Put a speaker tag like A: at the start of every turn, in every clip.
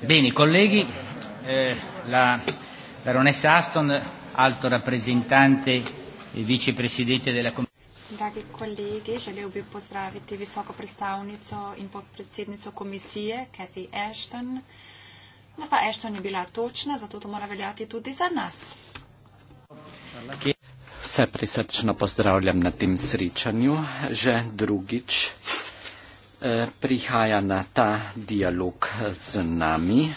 A: Bene, colleghi, eh, la baronessa Aston, alto rappresentante e vicepresidente della Commissione.
B: Dragi colleghi, želel bi pozdraviti visoko predstavnico in podpredsednico komisije, Cathy Ashton. No pa Ashton je bila točna, zato to mora veljati tudi za nas.
A: Vse prisrčno pozdravljam na tem srečanju, že drugič. Eh, prihaja na ta dialog z nami.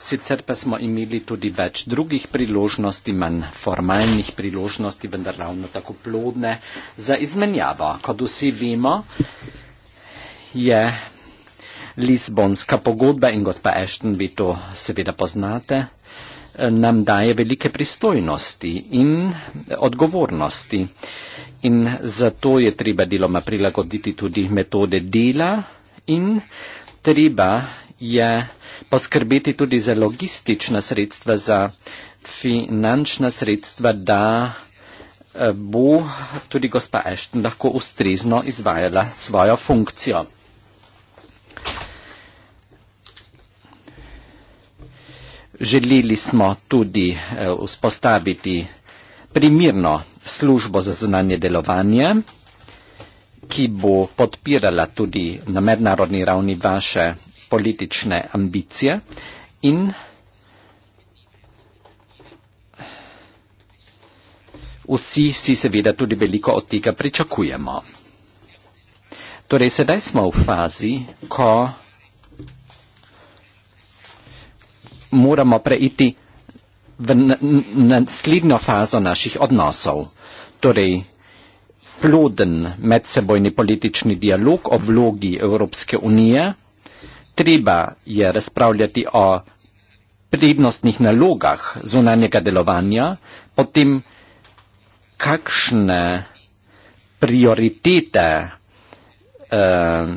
A: Sicer pa smo imeli tudi več drugih priložnosti, manj formalnih priložnosti, vendar ravno tako plodne za izmenjavo. Kot vsi vemo, je Lisbonska pogodba in gospa Ashton, vi to seveda poznate, eh, nam daje velike pristojnosti in odgovornosti in zato je treba deloma prilagoditi tudi metode dela in treba je poskrbeti tudi za logistična sredstva, za finančna sredstva, da eh, bo tudi gospa Ešten lahko ustrezno izvajala svojo funkcijo. Želeli smo tudi eh, vzpostaviti primirno službo za znanje delovanje, ki bo podpirala tudi na mednarodni ravni vaše politične ambicije in vsi si seveda tudi veliko od tega pričakujemo. Torej, sedaj smo v fazi, ko moramo preiti v naslednjo fazo naših odnosov, torej ploden medsebojni politični dialog o vlogi Evropske unije. Treba je razpravljati o prednostnih nalogah zunanjega delovanja, potem kakšne prioritete eh,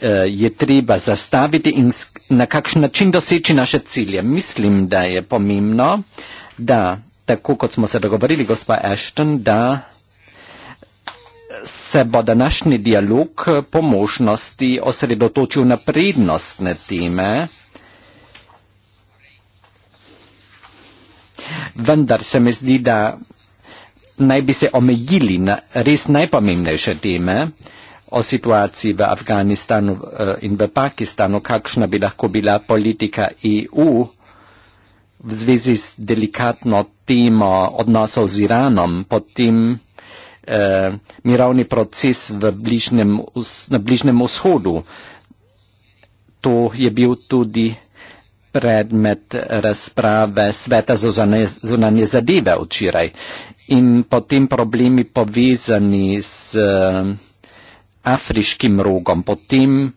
A: Eh, je treba zastaviti in na kakšen način doseči naše cilje. Mislim, da je pomembno, da tako kot smo se dogovorili, gospa Ashton, da se bo današnji dialog eh, po možnosti osredotočil na prednostne teme, vendar se mi zdi, da naj bi se omejili na res najpomembnejše teme. Uh, o situaciji v Afganistanu eh, in v Pakistanu, kakšna bi lahko bila politika EU v zvezi s delikatno temo odnosov z Iranom, potem eh, mirovni proces v bližnem, na bližnjem vzhodu. To je bil tudi predmet razprave Sveta za zunanje, zunanje zadeve včeraj. In potem problemi povezani z eh, afriškim rogom, potem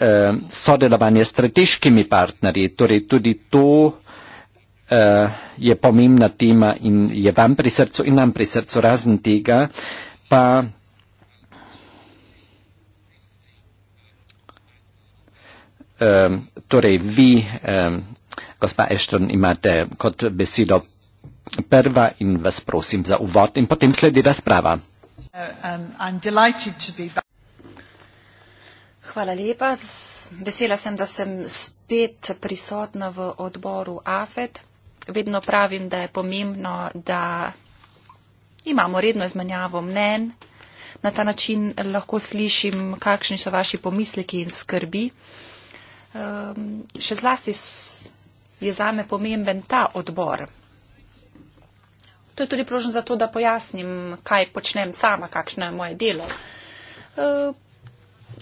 A: eh, sodelovanje s strateškimi partnerji, torej tudi to eh, je pomembna tema in je vam pri srcu in nam pri srcu razen tega, pa eh, torej vi, eh, gospa Ešton, imate kot besedo prva in vas prosim za uvod in potem sledi razprava.
B: Um, Hvala lepa. Vesela sem, da sem spet prisotna v odboru AFED. Vedno pravim, da je pomembno, da imamo redno izmenjavo mnen. Na ta način lahko slišim, kakšni so vaši pomisleki in skrbi. Um, še zlasti je zame pomemben ta odbor. To je tudi priložnost za to, da pojasnim, kaj počnem sama, kakšno je moje delo. E,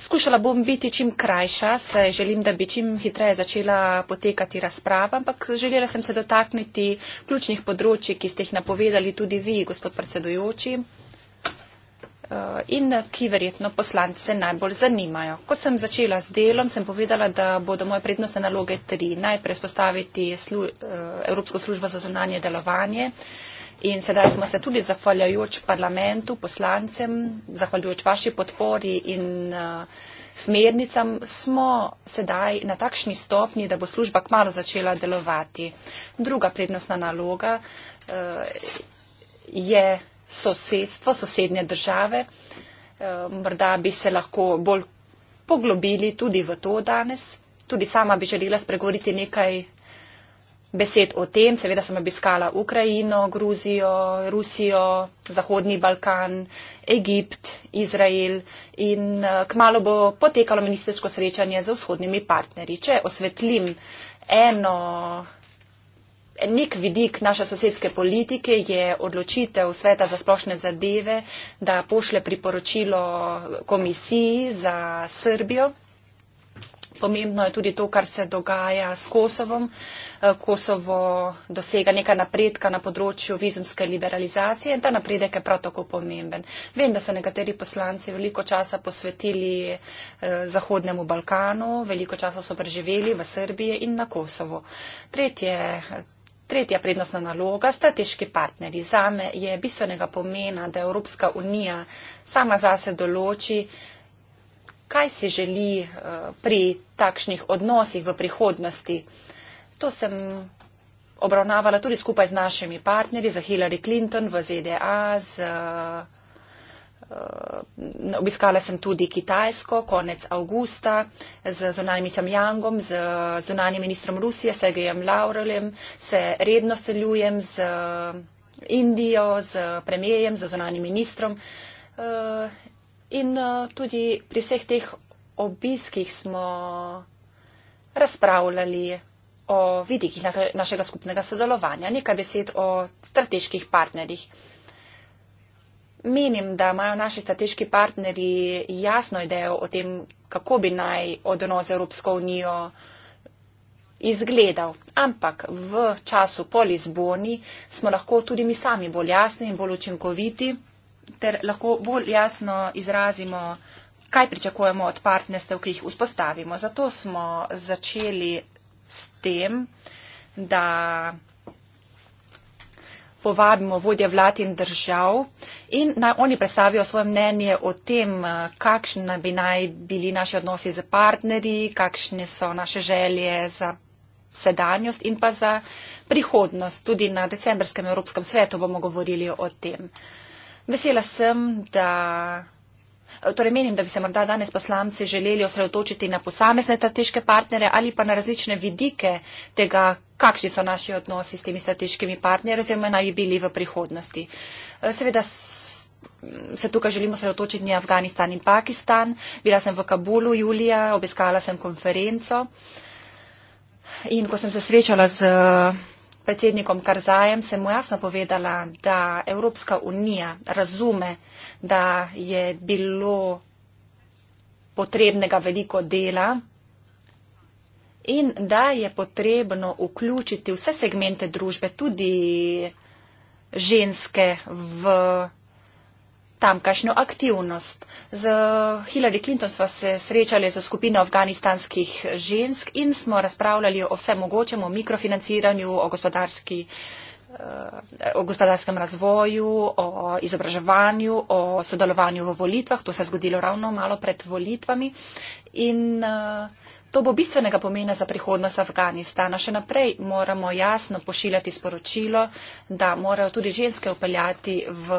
B: skušala bom biti čim krajša, se želim, da bi čim hitreje začela potekati razprava, ampak želela sem se dotakniti ključnih področji, ki ste jih napovedali tudi vi, gospod predsedujoči, e, in ki verjetno poslance najbolj zanimajo. Ko sem začela z delom, sem povedala, da bodo moje prednostne naloge tri. Najprej spostaviti slu e, Evropsko službo za zunanje delovanje, In sedaj smo se tudi zahvaljujoč parlamentu, poslancem, zahvaljujoč vaši podpori in uh, smernicam, smo sedaj na takšni stopni, da bo služba kmalo začela delovati. Druga prednostna naloga uh, je sosedstvo, sosednje države. Uh, morda bi se lahko bolj poglobili tudi v to danes. Tudi sama bi želela spregovoriti nekaj besed o tem. Seveda sem obiskala Ukrajino, Gruzijo, Rusijo, Zahodni Balkan, Egipt, Izrael in eh, kmalo bo potekalo ministersko srečanje z vzhodnimi partnerji. Če osvetlim eno. Nek vidik naše sosedske politike je odločitev Sveta za splošne zadeve, da pošle priporočilo komisiji za Srbijo. Pomembno je tudi to, kar se dogaja s Kosovom. Uh, Eh, Kosovo dosega neka napredka na področju vizumske liberalizacije in ta napredek je prav tako pomemben. Vem, da so nekateri poslanci veliko časa posvetili eh, Zahodnemu Balkanu, veliko časa so preživeli v Srbiji in na Kosovo. Tretje, Tretja prednostna naloga, strateški partneri. Zame je bistvenega pomena, da Evropska unija sama zase določi, kaj si želi eh, pri takšnih odnosih v prihodnosti. To sem obravnavala tudi skupaj z našimi partnerji, za Hillary Clinton v ZDA. Z, uh, obiskala sem tudi Kitajsko konec avgusta z zunanjim ministrom Yangom, z zunanjim ministrom Rusije Sergejem Laurelem, se redno seljujem z eh, Indijo, z premijejem, z zunanjim ministrom. Uh, in uh, tudi pri vseh teh obiskih smo razpravljali o vidikih našega skupnega sodelovanja, nekaj besed o strateških partnerjih. Menim, da imajo naši strateški partnerji jasno idejo o tem, kako bi naj odnos z Evropsko unijo izgledal. Ampak v času po Lizboni smo lahko tudi mi sami bolj jasni in bolj učinkoviti ter lahko bolj jasno izrazimo, kaj pričakujemo od partnerstev, ki jih vzpostavimo. Zato smo začeli s tem, da povabimo vodje vlad in držav in naj oni predstavijo svoje mnenje o tem, eh, kakšne bi naj bili naše odnosi z partnerji, kakšne so naše želje za sedanjost in pa za prihodnost. Tudi na decembrskem Evropskem svetu bomo govorili o tem. Vesela sem, da Torej menim, da bi se morda danes poslanci želeli osredotočiti na posamezne strateške partnere ali pa na različne vidike tega, kakšni so naši odnosi s temi strateškimi partnerji oziroma naj bi bili v prihodnosti. Eh, seveda se tukaj želimo osredotočiti na Afganistan in Pakistan. Bila sem v Kabulu julija, obiskala sem konferenco in ko sem se srečala z predsednikom Karzajem sem mu jasno povedala, da Evropska unija razume, da je bilo potrebnega veliko dela in da je potrebno vključiti vse segmente družbe, tudi ženske v tamkajšnjo aktivnost. Z Hillary Clinton smo se srečali z skupino afganistanskih žensk in smo razpravljali o vsem mogočem, o mikrofinanciranju, o, eh, o gospodarskem razvoju, o izobraževanju, o sodelovanju v volitvah. To se je zgodilo ravno malo pred volitvami. In, uh, To bo bistvenega pomena za prihodnost Afganistana. Še naprej moramo jasno pošiljati sporočilo, da morajo tudi ženske upeljati v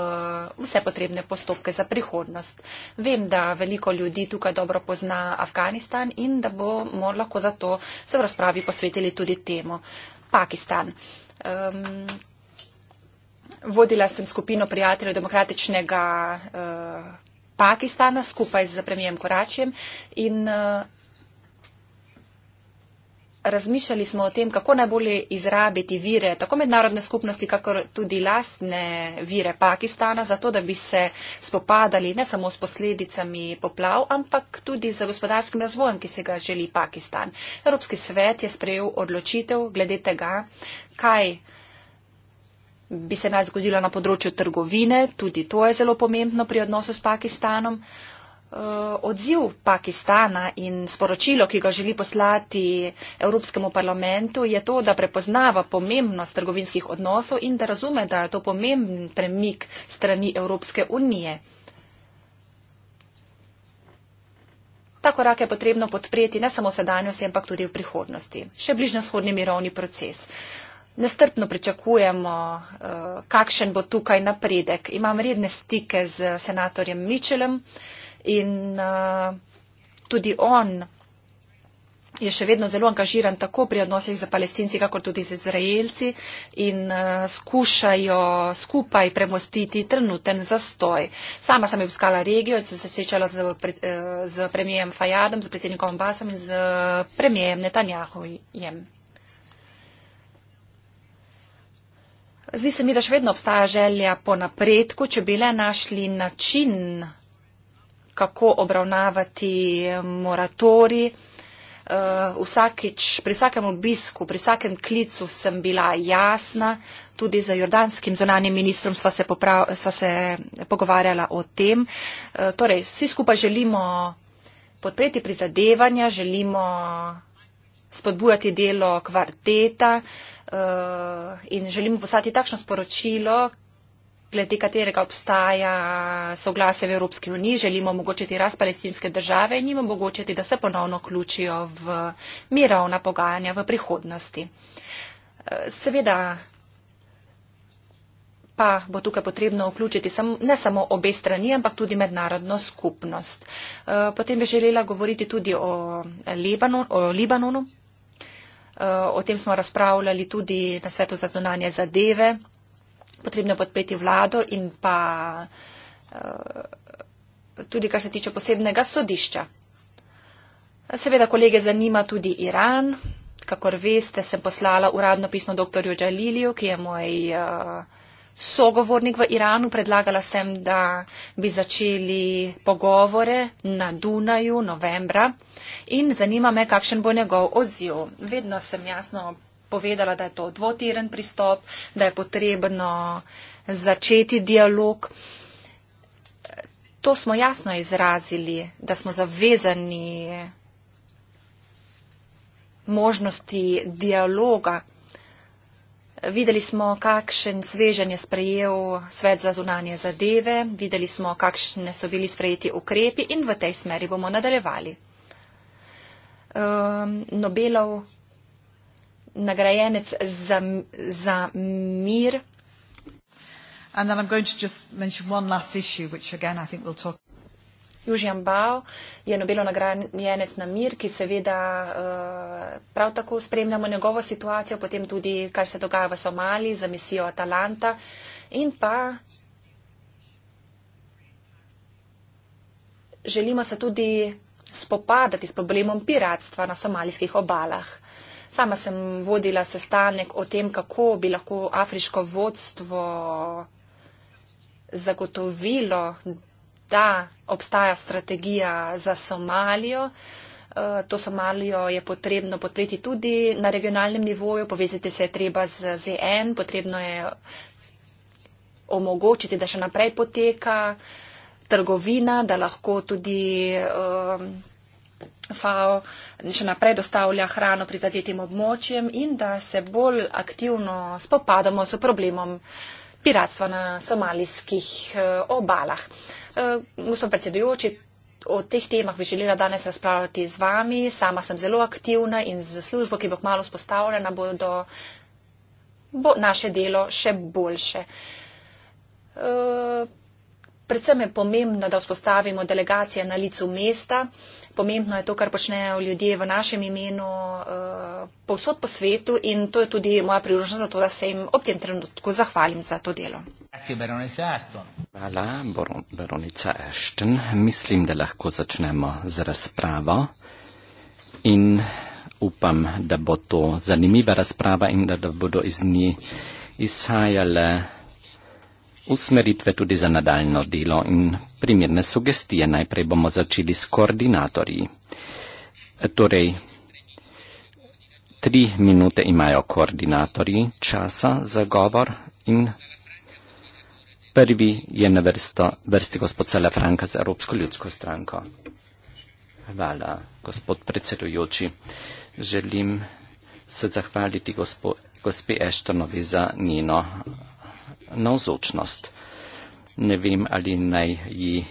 B: vse potrebne postopke za prihodnost. Vem, da veliko ljudi tukaj dobro pozna Afganistan in da bomo lahko zato se v razpravi posvetili tudi temu. Pakistan. Um, vodila sem skupino prijateljev demokratičnega. Uh, Pakistana skupaj z premijem Koračjem in uh, razmišljali smo o tem, kako najbolje izrabiti vire, tako mednarodne skupnosti, kakor tudi lastne vire Pakistana, zato da bi se spopadali ne samo s posledicami poplav, ampak tudi z gospodarskim razvojem, ki se ga želi Pakistan. Evropski svet je sprejel odločitev glede tega, kaj bi se naj zgodilo na področju trgovine, tudi to je zelo pomembno pri odnosu s Pakistanom. Eh, odziv Pakistana in sporočilo, ki ga želi poslati Evropskemu parlamentu, je to, da prepoznava pomembnost trgovinskih odnosov in da razume, da je to pomemben premik strani Evropske unije. Ta korak je potrebno podpreti ne samo sedanjosti, ampak tudi v prihodnosti. Še bližnjoshodni mirovni proces. Nestrpno pričakujemo, eh, kakšen bo tukaj napredek. Imam redne stike z senatorjem Mičelem. In uh, tudi on je še vedno zelo angažiran tako pri odnosih z palestinci, kakor tudi z izraelci in uh, skušajo skupaj premostiti trenuten zastoj. Sama sem obiskala regijo, sem se srečala z, pre, uh, z premijem Fajadom, z predsednikom Basom in z premijem Netanjahujem. Zdi se mi, da še vedno obstaja želja po napredku, če bi le našli način kako obravnavati moratori. Eh, vsakič, pri vsakem obisku, pri vsakem klicu sem bila jasna, tudi z jordanskim zonanjem ministrom sva se, poprav, sva se pogovarjala o tem. Eh, torej, vsi skupaj želimo podpreti prizadevanja, želimo spodbujati delo kvarteta eh, in želimo poslati takšno sporočilo, glede katerega obstaja soglase v Evropski uniji, želimo omogočiti rast palestinske države in jim omogočiti, da se ponovno vključijo v mirovna pogajanja v prihodnosti. Seveda pa bo tukaj potrebno vključiti ne samo obe strani, ampak tudi mednarodno skupnost. Potem bi želela govoriti tudi o Libanonu. O tem smo razpravljali tudi na svetu za zunanje zadeve potrebno podpreti vlado in pa eh, tudi, kar se tiče posebnega sodišča. Seveda, kolege, zanima tudi Iran. Kakor veste, sem poslala uradno pismo dr. Džaliliju, ki je moj eh, sogovornik v Iranu. Predlagala sem, da bi začeli pogovore na Dunaju novembra in zanima me, kakšen bo njegov odziv. Vedno sem jasno povedala, da je to dvotiren pristop, da je potrebno začeti dialog. To smo jasno izrazili, da smo zavezani možnosti dialoga. Videli smo, kakšen svežen je sprejel svet za zunanje zadeve, videli smo, kakšne so bili sprejeti ukrepi in v tej smeri bomo nadaljevali. Um, Nobelov nagrajenec za, za mir. And then I'm going to just mention one last issue, which again I think we'll talk Južjan Bao je Nobelo nagrajenec na mir, ki seveda uh, prav tako spremljamo njegovo situacijo, potem tudi, kar se dogaja v Somali za misijo Atalanta in pa želimo se tudi spopadati s problemom piratstva na somalijskih obalah. Sama sem vodila sestanek o tem, kako bi lahko afriško vodstvo zagotovilo, da obstaja strategija za Somalijo. Eh, to Somalijo je potrebno podpreti tudi na regionalnem nivoju, povezati se je treba z ZN, potrebno je omogočiti, da še naprej poteka trgovina, da lahko tudi. Um, FAO še naprej dostavlja hrano prizadetim območjem in da se bolj aktivno spopadamo s problemom piratstva na somalijskih eh, obalah. Eh, gospod predsedujoči, o teh temah bi želela danes razpravljati z vami. Sama sem zelo aktivna in z službo, ki bo kmalo spostavljena, bo, do, bo naše delo še boljše. Eh, predvsem je pomembno, da vzpostavimo delegacije na licu mesta pomembno je to, kar počnejo ljudje v našem imenu eh, povsod po svetu in to je tudi moja priložnost za to, da se jim ob tem trenutku zahvalim za to delo.
A: Hvala, Veronica Ashton. Mislim, da lahko začnemo z razpravo in upam, da bo to zanimiva razprava in da, da bodo iz nje izhajale usmeritve tudi za nadaljno delo in primerne sugestije. Najprej bomo začeli s koordinatorji. Torej, tri minute imajo koordinatorji časa za govor in prvi je na vrsto, vrsti gospod Sele Franka z Evropsko ljudsko stranko. Hvala, gospod predsedujoči. Želim se zahvaliti gospe Eštonovi za njeno navzočnost. No ne vem, ali naj ji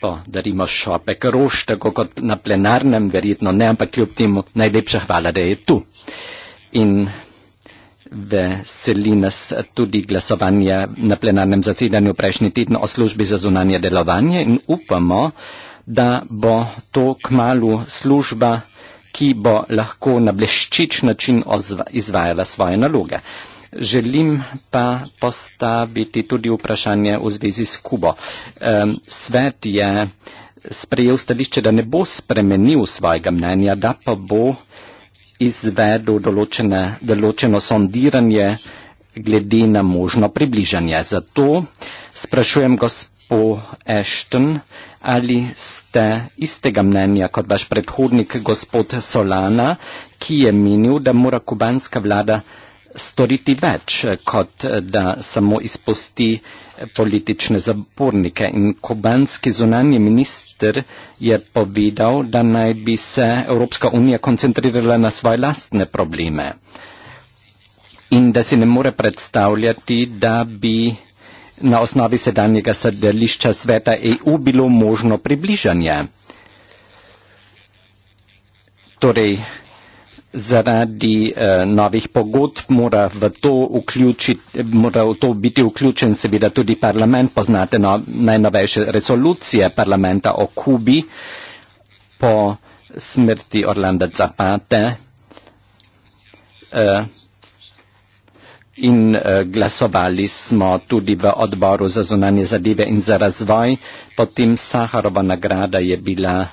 A: podarimo šopek rož, tako kot na plenarnem, verjetno ne, ampak kljub temu najlepša hvala, da je tu. In veseli nas tudi glasovanja na plenarnem zasedanju prejšnji teden o službi za zunanje delovanje in upamo, da bo to kmalu služba, ki bo lahko na bleščič način izvajala svoje naloge. Želim pa postaviti tudi vprašanje v zvezi s Kubo. Svet je sprejel stališče, da ne bo spremenil svojega mnenja, da pa bo izvedel določene, določeno sondiranje glede na možno približanje. Zato sprašujem gospo Ashton, ali ste istega mnenja kot vaš predhodnik gospod Solana, ki je menil, da mora kubanska vlada storiti več, kot da samo izpusti politične zapornike. In kubanski zunanji minister je povedal, da naj bi se Evropska unija koncentrirala na svoje lastne probleme in da si ne more predstavljati, da bi na osnovi sedanjega sedelišča sveta EU bilo možno približanje. Torej, zaradi eh, novih pogodb mora v to, vključiti, mora v to biti vključen seveda tudi parlament. Poznate no, najnovejše resolucije parlamenta o Kubi po smrti Orlanda Zapate eh, in eh, glasovali smo tudi v odboru za zunanje zadeve in za razvoj. Potem Saharova nagrada je bila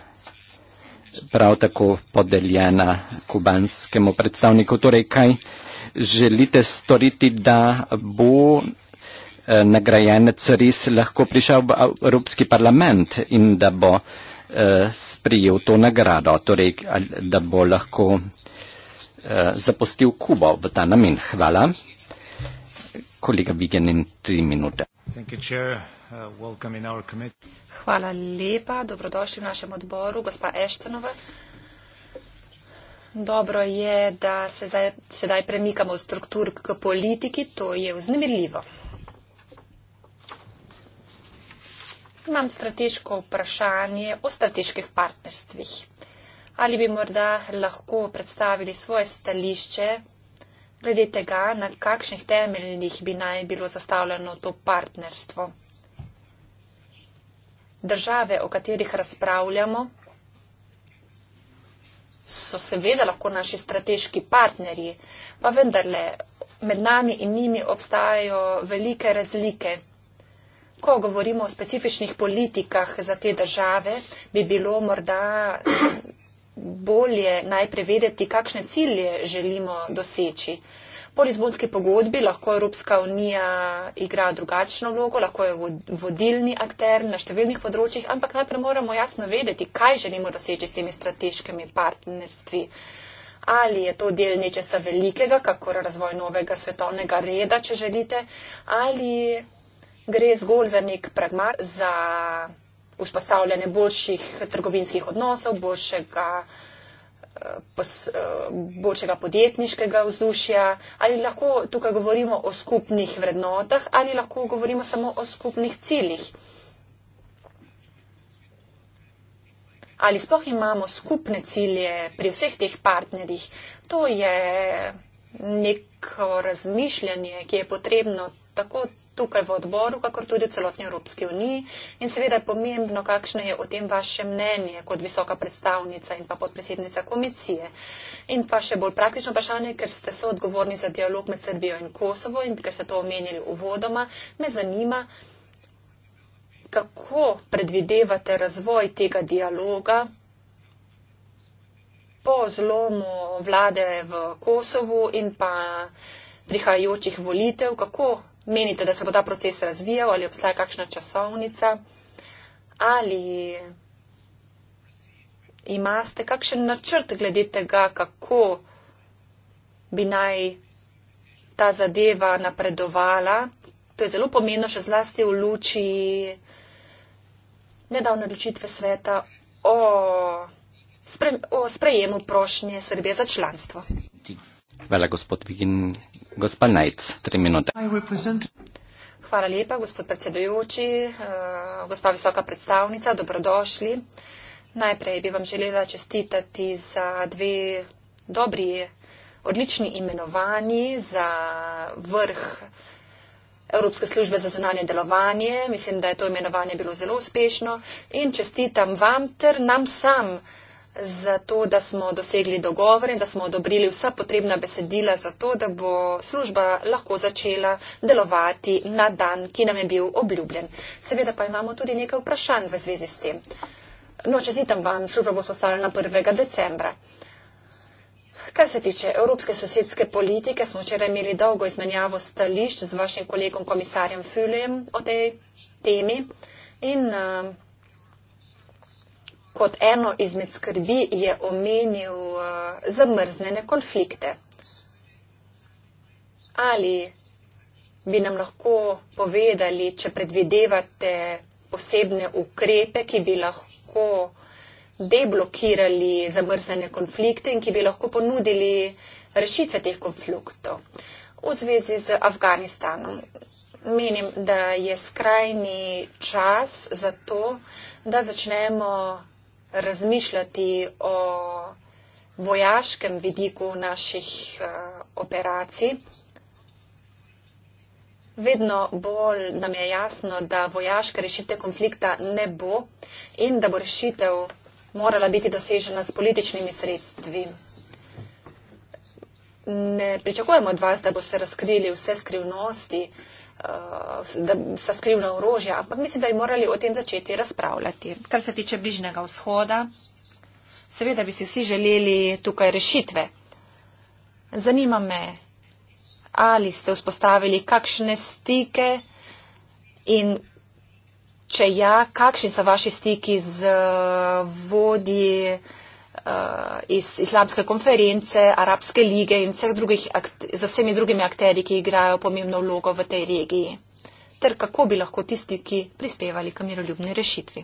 A: prav tako podeljena kubanskemu predstavniku. Torej, kaj želite storiti, da bo eh, nagrajenec res lahko prišel v Evropski parlament in da bo eh, sprijel to nagrado, torej, da bo lahko eh, zapustil Kubo v ta namen. Hvala. Kolega Vigenin, tri minute. Thank you, chair. Uh, welcome in our committee.
B: Hvala lepa, dobrodošli v našem odboru, gospa Eštonova. Dobro je, da se zdaj, sedaj premikamo od struktur k politiki, to je vznemirljivo. Imam strateško vprašanje o strateških partnerstvih. Ali bi morda lahko predstavili svoje stališče glede tega, na kakšnih temeljih bi naj bilo zastavljeno to partnerstvo? Države, o katerih razpravljamo, so seveda lahko naši strateški partnerji, pa vendarle med nami in njimi obstajajo velike razlike. Ko govorimo o specifičnih politikah za te države, bi bilo morda bolje najprej vedeti, kakšne cilje želimo doseči. Po Lizbonski pogodbi lahko Evropska unija igra drugačno vlogo, lahko je vodilni akter na številnih področjih, ampak najprej moramo jasno vedeti, kaj želimo doseči s temi strateškimi partnerstvi. Ali je to del nečesa velikega, kako razvoj novega svetovnega reda, če želite, ali gre zgolj za nek pragmatizem, za vzpostavljanje boljših trgovinskih odnosov, boljšega pos, boljšega podjetniškega vzdušja, ali lahko tukaj govorimo o skupnih vrednotah, ali lahko govorimo samo o skupnih ciljih. Ali sploh imamo skupne cilje pri vseh teh partnerjih? To je neko razmišljanje, ki je potrebno tako tukaj v odboru, kakor tudi v celotni Evropski uniji. In seveda je pomembno, kakšno je o tem vaše mnenje kot visoka predstavnica in pa podpredsednica komisije. In pa še bolj praktično vprašanje, ker ste so odgovorni za dialog med Srbijo in Kosovo in ker ste to omenili uvodoma, me zanima, kako predvidevate razvoj tega dialoga. Po zlomu vlade v Kosovu in pa prihajajočih volitev, kako menite, da se bo ta proces razvijal, ali obstaja kakšna časovnica, ali imate kakšen načrt glede tega, kako bi naj ta zadeva napredovala. To je zelo pomembno, še zlasti v luči nedavne odločitve sveta o, spre, o sprejemu prošnje Srbije za članstvo.
A: Hvala, gospod Vigin. Gospa Najc, tri minute.
B: Hvala lepa, gospod predsedujoči, eh, gospa visoka predstavnica, dobrodošli. Najprej bi vam želela čestitati za dve dobri, odlični imenovanji za vrh Evropske službe za zunanje delovanje. Mislim, da je to imenovanje bilo zelo uspešno in čestitam vam ter nam sam za to, da smo dosegli dogovore, da smo odobrili vsa potrebna besedila za to, da bo služba lahko začela delovati na dan, ki nam je bil obljubljen. Seveda pa imamo tudi nekaj vprašanj v zvezi s tem. No, če zitam vam, služba bo postavljena 1. decembra. Kar se tiče evropske sosedske politike, smo včeraj imeli dolgo izmenjavo stališč z vašim kolegom komisarjem Füllem o tej temi. In, uh, kot eno izmed skrbi je omenil eh, zamrznjene konflikte. Ali bi nam lahko povedali, če predvidevate posebne ukrepe, ki bi lahko deblokirali zamrznjene konflikte in ki bi lahko ponudili rešitve teh konfliktov v zvezi z Afganistanom? Menim, da je skrajni čas za to, da začnemo razmišljati o vojaškem vidiku naših uh, operacij. Vedno bolj nam je jasno, da vojaške rešitve konflikta ne bo in da bo rešitev morala biti dosežena s političnimi sredstvi. Ne pričakujemo od vas, da boste razkrili vse skrivnosti, uh, Eh, da, sa skrivna orožja, ampak mislim, da bi morali o tem začeti razpravljati. Kar se tiče bližnjega vzhoda, seveda bi si vsi želeli tukaj rešitve. Zanima me, ali ste vzpostavili kakšne stike in če ja, kakšni so vaši stiki z vodji. Eh, iz islamske konference, arabske lige in vseh drugih, za vsemi drugimi akteri, ki igrajo pomembno vlogo v tej regiji. Ter kako bi lahko tisti, ki prispevali k miroljubni rešitvi.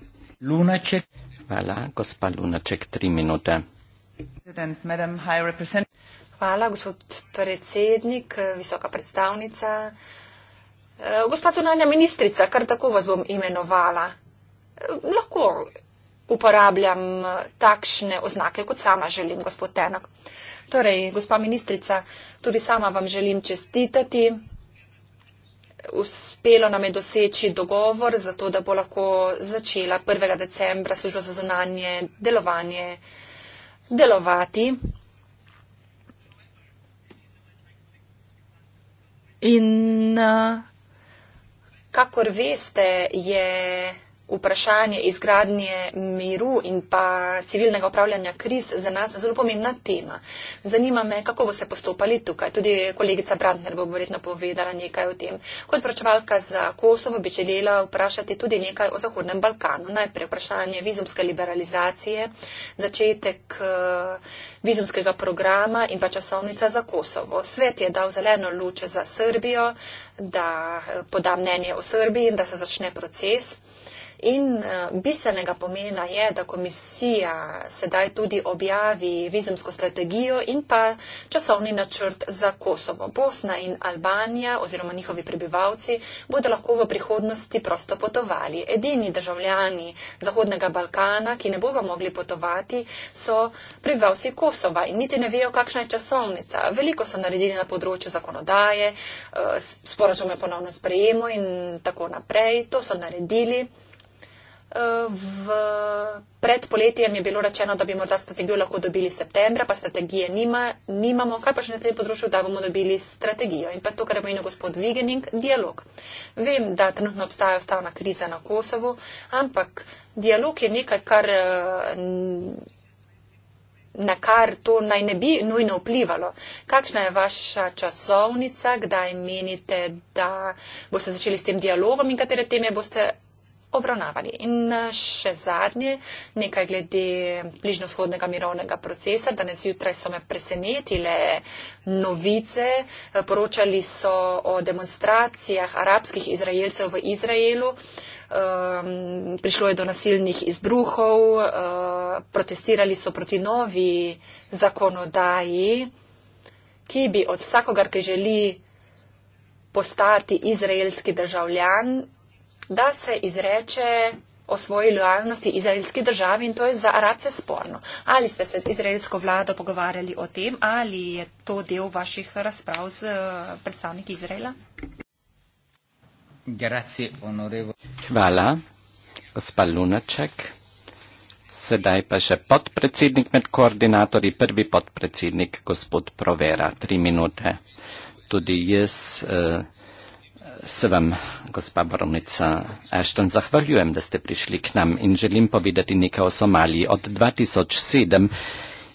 A: Lunaček. Hvala, gospa Lunaček, tri minute.
B: Hvala, gospod predsednik, visoka predstavnica. Eh, gospa zunanja ministrica, kar tako vas bom imenovala. Eh, lahko uporabljam eh, takšne oznake, kot sama želim, gospod Tenak. Torej, gospa ministrica, tudi sama vam želim čestitati. Uspelo nam je doseči dogovor, zato da bo lahko začela 1. decembra služba za zunanje delovanje delovati. In uh, kakor veste, je vprašanje izgradnje miru in pa civilnega upravljanja kriz za nas zelo pomembna tema. Zanima me, kako boste postopali tukaj. Tudi kolegica Brandner bo verjetno povedala nekaj o tem. Kot vprašavka za Kosovo bi želela vprašati tudi nekaj o Zahodnem Balkanu. Najprej vprašanje vizumske liberalizacije, začetek eh, vizumskega programa in pa časovnica za Kosovo. Svet je dal zeleno luče za Srbijo, da eh, poda mnenje o Srbiji in da se začne proces. In eh, bistvenega pomena je, da komisija sedaj tudi objavi vizumsko strategijo in pa časovni načrt za Kosovo. Bosna in Albanija oziroma njihovi prebivalci bodo lahko v prihodnosti prosto potovali. Edini državljani Zahodnega Balkana, ki ne bodo mogli potovati, so prebivalci Kosova in niti ne vejo, kakšna je časovnica. Veliko so naredili na področju zakonodaje, eh, sporažome ponovno sprejemo in tako naprej. To so naredili. V predpoletjem je bilo rečeno, da bi morda strategijo lahko dobili septembra, pa strategije nima, nimamo. Kaj pa še na tem področju, da bomo dobili strategijo? In pa to, kar je pomenil gospod Vigening, dialog. Vem, da trenutno obstaja stavna kriza na Kosovu, ampak dialog je nekaj, kar, eh, na kar to naj ne bi nujno vplivalo. Kakšna je vaša časovnica, kdaj menite, da boste začeli s tem dialogom in katere teme boste obravnavali. In eh, še zadnje, nekaj glede bližnjo-shodnega mirovnega procesa. Danes jutraj so me presenetile novice. Eh, poročali so o demonstracijah arabskih izraelcev v Izraelu. Um, prišlo je do nasilnih izbruhov, uh, protestirali so proti novi zakonodaji, ki bi od vsakogar, ki želi postati izraelski državljan, da se izreče o svoji lojalnosti izraelski državi in to je za Arabce sporno. Ali ste se z izraelsko vlado pogovarjali o tem ali je to del vaših razprav z eh, predstavniki Izraela?
A: Hvala, gospa Lunaček. Sedaj pa še podpredsednik med koordinatorji, prvi podpredsednik, gospod Provera, tri minute. Tudi jaz eh, se vam, gospa baronica Ashton, zahvaljujem, da ste prišli k nam in želim povedati nekaj o Somaliji. Od 2007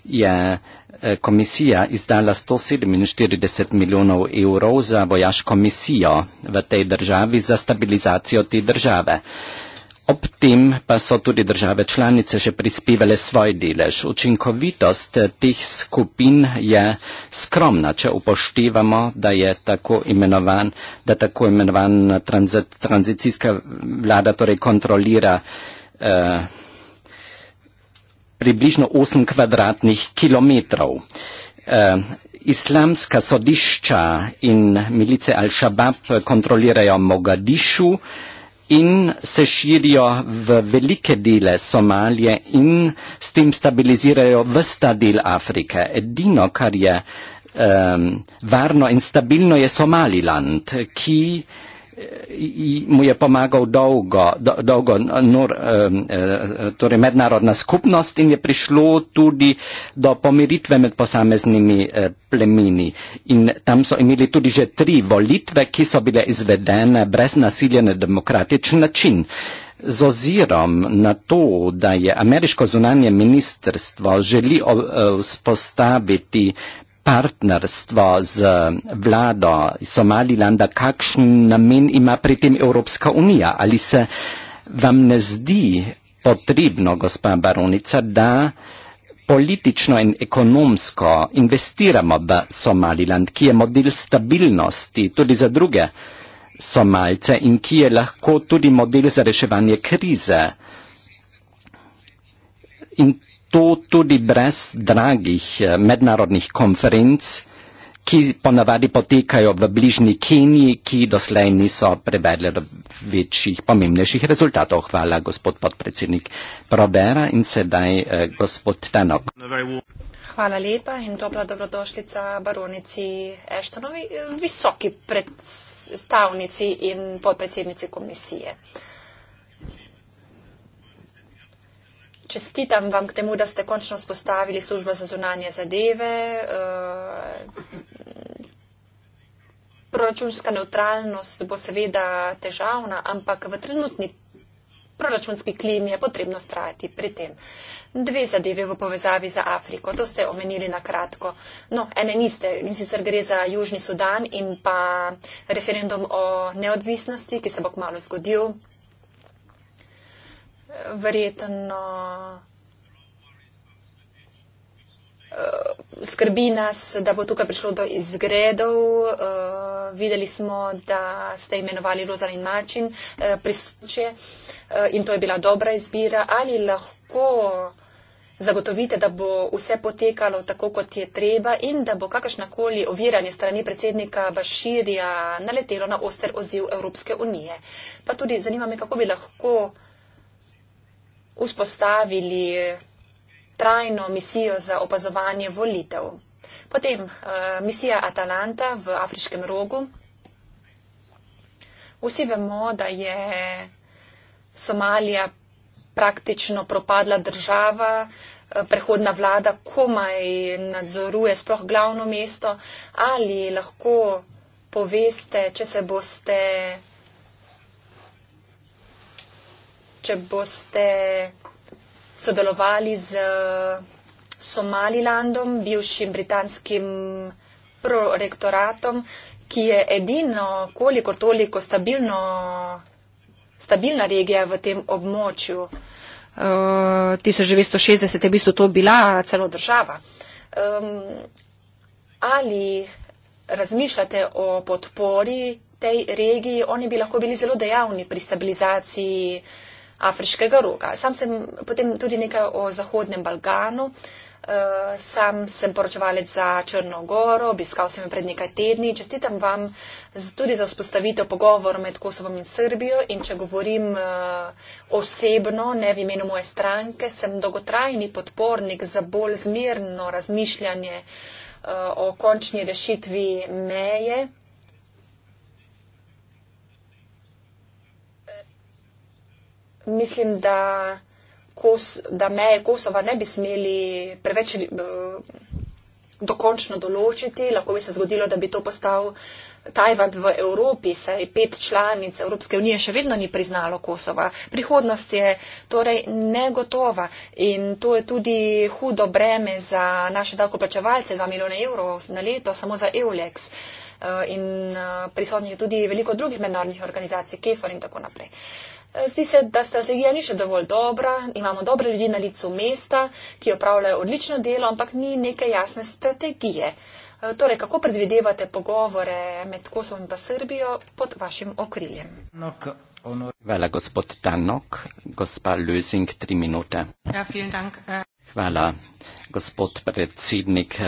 A: je eh, komisija izdala 147 milijonov evrov za vojaško misijo v tej državi za stabilizacijo te države. Ob tem pa so tudi države članice že prispevale svoj delež. Učinkovitost eh, teh skupin je skromna, če upoštevamo, da je tako imenovan, da tako imenovan eh, tranzit, tranzicijska vlada torej kontrolira eh, približno 8 kvadratnih kilometrov. Eh, islamska sodišča in milice Al-Shabaab eh, kontrolirajo Mogadišu. Eh, in se širijo v velike dele Somalije in s tem stabilizirajo vsta del Afrike. Edino, kar je um, varno in stabilno, je Somaliland, ki i mu je pomagal dolgo, do, dolgo nur, eh, eh, torej mednarodna skupnost in je prišlo tudi do pomiritve med posameznimi eh, plemini. In tam so imeli tudi že tri volitve, ki so bile izvedene brez nasilja na demokratičen način. Z ozirom na to, da je ameriško zunanje ministrstvo želi vzpostaviti partnerstvo z vlado Somalilanda, kakšen namen ima pri tem Evropska unija? Ali se vam ne zdi potrebno, gospa baronica, da politično in ekonomsko investiramo v Somaliland, ki je model stabilnosti tudi za druge Somalce in ki je lahko tudi model za reševanje krize? In to tudi brez dragih eh, mednarodnih konferenc, ki ponavadi potekajo v bližnji Keniji, ki doslej niso prevedle do večjih, pomembnejših rezultatov. Hvala, gospod podpredsednik Probera in sedaj eh, gospod Tanok.
B: Hvala lepa in dobra dobrodošlica baronici Eštonovi, eh, visoki predstavnici in podpredsednici komisije. Eh, čestitam vam k temu, da ste končno spostavili službo za zunanje zadeve. Eh, proračunska neutralnost bo seveda težavna, ampak v trenutni proračunski klimi je potrebno strajati pri tem. Dve zadeve v povezavi za Afriko, to ste omenili na kratko. No, ene niste, in sicer gre za Južni Sudan in pa referendum o neodvisnosti, ki se bo kmalo zgodil verjetno eh, skrbi nas, da bo tukaj prišlo do izgredov. Eh, videli smo, da ste imenovali Rozalin Mačin eh, prisotnoče in to je bila dobra izbira. Ali lahko zagotovite, da bo vse potekalo tako, kot je treba in da bo kakršnakoli oviranje strani predsednika Baširja naletelo na oster oziv Evropske unije. Pa tudi zanima me, kako bi lahko vzpostavili trajno misijo za opazovanje volitev. Potem eh, misija Atalanta v Afriškem rogu. Vsi vemo, da je Somalija praktično propadla država, eh, prehodna vlada komaj nadzoruje sploh glavno mesto. Ali lahko poveste, če se boste če boste sodelovali z Somalilandom, bivšim britanskim prorektoratom, ki je edino kolikor toliko stabilno, stabilna regija v tem območju. Uh, eh, 1960 je v bistvu to bila celo država. Um, ali razmišljate o podpori tej regiji? Oni bi lahko bili zelo dejavni pri stabilizaciji uh, afriškega roga. Sam sem potem tudi nekaj o Zahodnem Balkanu, eh, sam sem poročevalec za Črnogoro, obiskal sem jo pred nekaj tedni. Čestitam vam tudi za vzpostavitev pogovora med Kosovom in Srbijo in če govorim eh, osebno, ne v imenu moje stranke, sem dolgotrajni podpornik za bolj zmirno razmišljanje eh, o končni rešitvi meje mislim, da, Kos, da meje Kosova ne bi smeli preveč uh, dokončno določiti. Lahko bi se zgodilo, da bi to postal Tajvan v Evropi, saj pet članic Evropske unije še vedno ni priznalo Kosova. Prihodnost je torej negotova in to je tudi hudo breme za naše davkoplačevalce, 2 milijone evrov na leto samo za EULEX. Eh, in eh, prisotnih je tudi veliko drugih mednarodnih organizacij, KEFOR in tako naprej. Uh, Zdi se, da strategija ni še dovolj dobra, imamo dobre ljudi na licu mesta, ki opravljajo odlično delo, ampak ni neke jasne strategije. E, torej, kako predvidevate pogovore med Kosovom in Srbijo pod vašim okriljem?
A: Hvala, gospod Tanok. Gospa Lüzing, tri minute.
B: Ja, eh.
A: Hvala, gospod predsednik.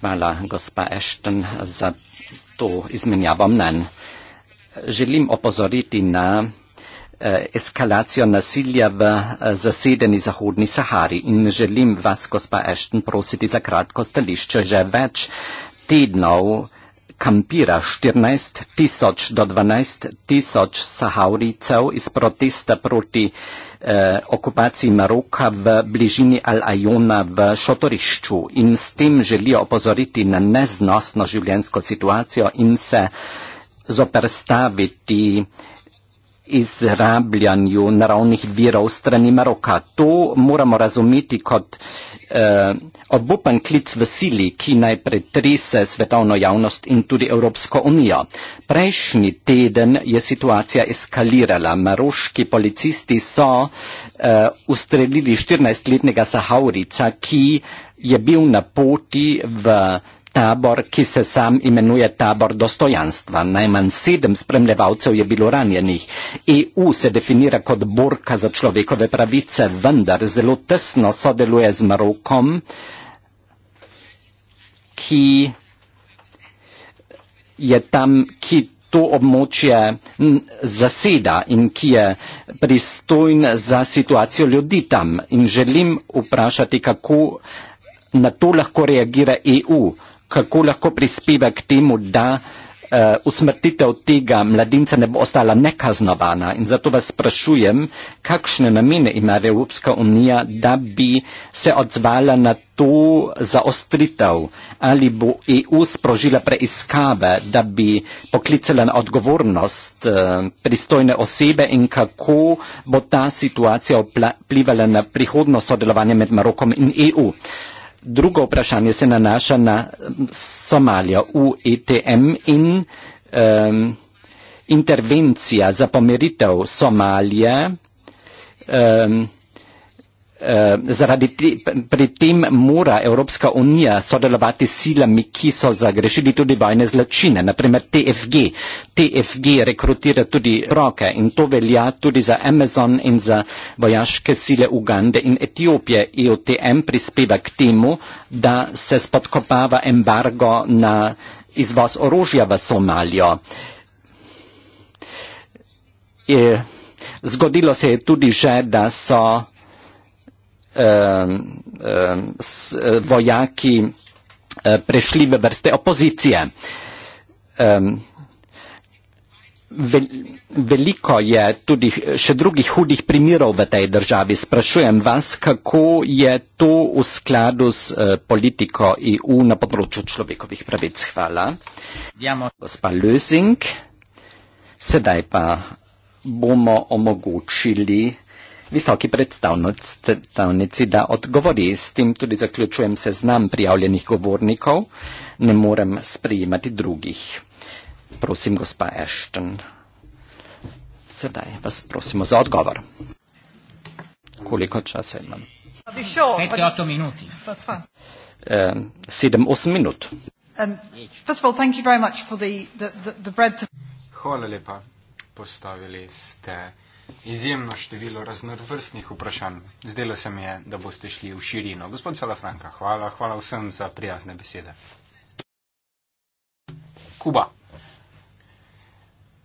A: Hvala, gospa Ešten, za to izmenjavo mnen. Želim opozoriti na Eh, eskalacijo nasilja v eh, zasedeni Zahodni Sahari in želim vas, gospa Ešten, prositi za kratko stališče. Že več tednov kampira 14 tisoč do 12 tisoč saharicev iz protesta proti eh, okupaciji Maroka v bližini Al-Ajona v Šotorišču in s tem želijo opozoriti na neznosno življensko situacijo in se zoperstaviti eh, izrabljanju naravnih virov strani Maroka. To moramo razumeti kot eh, obupen klic v sili, ki naj pretrese svetovno javnost in tudi Evropsko unijo. Prejšnji teden je situacija eskalirala. Maroški policisti so eh, ustrelili 14-letnega Sahaurica, ki je bil na poti v tabor, ki se sam imenuje tabor dostojanstva. Najmanj sedem spremljevalcev je bilo ranjenih. EU se definira kot burka za človekove pravice, vendar zelo tesno sodeluje z Marokom, ki je tam, ki to območje zaseda in ki je pristojn za situacijo ljudi tam. In želim vprašati, kako na to lahko reagira EU kako lahko prispeva k temu, da uh, usmrtitev tega mladinca ne bo ostala nekaznovana. In zato vas sprašujem, kakšne namene ima Evropska unija, da bi se odzvala na to zaostritev ali bo EU sprožila preiskave, da bi poklicala na odgovornost uh, pristojne osebe in kako bo ta situacija vplivala na prihodno sodelovanje med Marokom in EU. Uh, Drugo vprašanje se nanaša na Somalijo, UETM in um, intervencija za pomeritev Somalije. Um, Eh, zaradi te, pri tem mora Evropska unija sodelovati s silami, ki so zagrešili tudi vojne zločine, naprimer TFG. TFG rekrutira tudi roke in to velja tudi za Amazon in za vojaške sile Ugande in Etiopije. IOTM e prispeva k temu, da se spodkopava embargo na izvoz orožja v Somalijo. E, zgodilo se je tudi že, da so Ehm, ehm, s, eh, vojaki eh, prešli v vrste opozicije. Ehm, veliko je tudi še drugih hudih primirov v tej državi. Sprašujem vas, kako je to v skladu s eh, politiko EU na področju človekovih pravic. Hvala. Gospa Lösing, sedaj pa bomo omogočili Visoki predstavnici, da odgovori. S tem tudi zaključujem seznam prijavljenih govornikov. Ne morem sprejemati drugih. Prosim, gospa Ešten. Sedaj vas prosimo za odgovor. Koliko časa imam?
B: 7-8
A: minut. Um, minut.
C: Hvala lepa. Postavili ste izjemno število raznovrstnih vprašanj. Zdelo se mi je, da boste šli v širino. Gospod Salafranka, hvala, hvala vsem za prijazne besede. Kuba.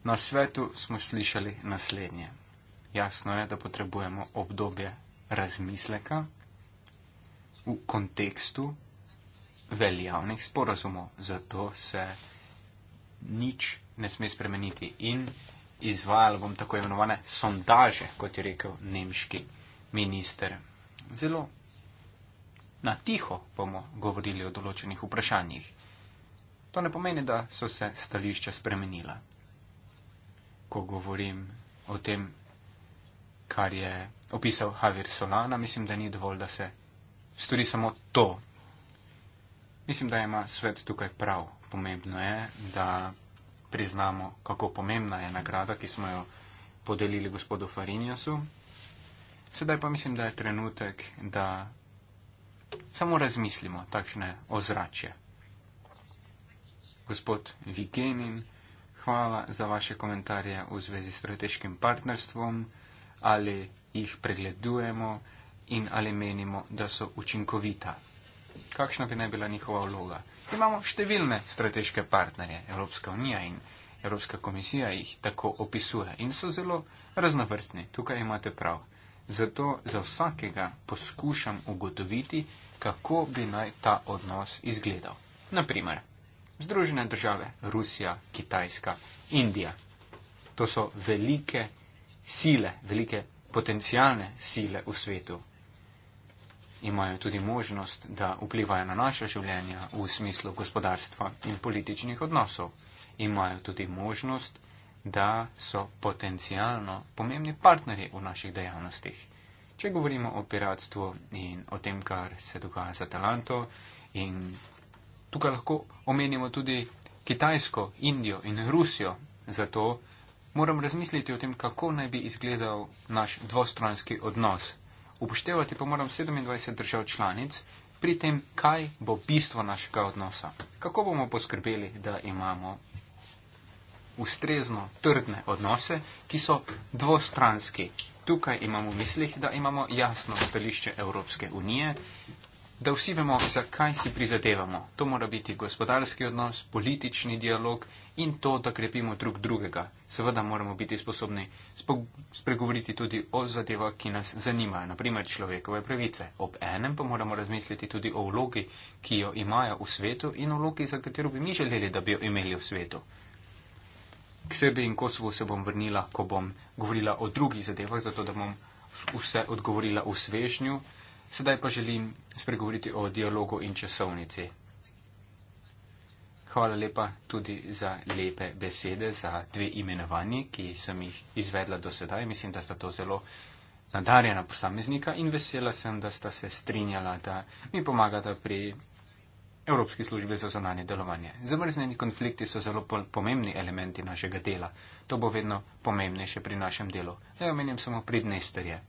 C: Na svetu smo slišali naslednje. Jasno je, da potrebujemo obdobje razmisleka v kontekstu veljavnih sporazumov. Zato se nič ne sme spremeniti in izvajali, bom tako imenovane, sondaže, kot je rekel nemški minister. Zelo na tiho bomo govorili o določenih vprašanjih. To ne pomeni, da so se stališča spremenila. Ko govorim o tem, kar je opisal Javier Solana, mislim, da ni dovolj, da se stori samo to. Mislim, da ima svet tukaj prav. Pomembno je, da priznamo, kako pomembna je nagrada, ki smo jo podelili gospodu Farinjasu. Sedaj pa mislim, da je trenutek, da samo razmislimo takšne ozračje. Gospod Vigenin, hvala za vaše komentarje v zvezi s strateškim partnerstvom, ali jih pregledujemo in ali menimo, da so učinkovita. Kakšna bi naj bila njihova vloga? imamo številne strateške partnerje. Evropska unija in Evropska komisija jih tako opisuje in so zelo raznovrstni. Tukaj imate prav. Zato za vsakega poskušam ugotoviti, kako bi naj ta odnos izgledal. Naprimer, Združene države, Rusija, Kitajska, Indija. To so velike sile, velike potencijalne sile v svetu, imajo tudi možnost, da vplivajo na naša življenja v smislu gospodarstva in političnih odnosov. Imajo tudi možnost, da so potencijalno pomembni partnerji v naših dejavnostih. Če govorimo o piratstvu in o tem, kar se dogaja za talento, in tukaj lahko omenimo tudi Kitajsko, Indijo in Rusijo, zato moram razmisliti o tem, kako naj bi izgledal naš dvostranski odnos upoštevati pa moram 27 držav članic pri tem, kaj bo bistvo našega odnosa. Kako bomo poskrbeli, da imamo ustrezno trdne odnose, ki so dvostranski. Tukaj imamo v mislih, da imamo jasno stališče Evropske unije, da vsi vemo, zakaj si prizadevamo. To mora biti gospodarski odnos, politični dialog in to, da krepimo drug drugega. Seveda moramo biti sposobni spregovoriti tudi o zadevah, ki nas zanimajo, naprimer človekove pravice. Ob enem pa moramo razmisliti tudi o vlogi, ki jo imajo v svetu in o vlogi, za katero bi mi želeli, da bi jo imeli v svetu. K sebi in Kosovu se bom vrnila, ko bom govorila o drugih zadevah, zato da bom vse odgovorila v svežnju. Sedaj pa želim spregovoriti o dialogu in časovnici. Hvala lepa tudi za lepe besede, za dve imenovanji, ki sem jih izvedla do sedaj. Mislim, da sta to zelo nadarjena posameznika in vesela sem, da sta se strinjala, da mi pomagata pri Evropski službi za zonanje delovanje. Zamrznjeni konflikti so zelo pomembni elementi našega dela. To bo vedno pomembnejše pri našem delu. Ne omenjam samo pridne strje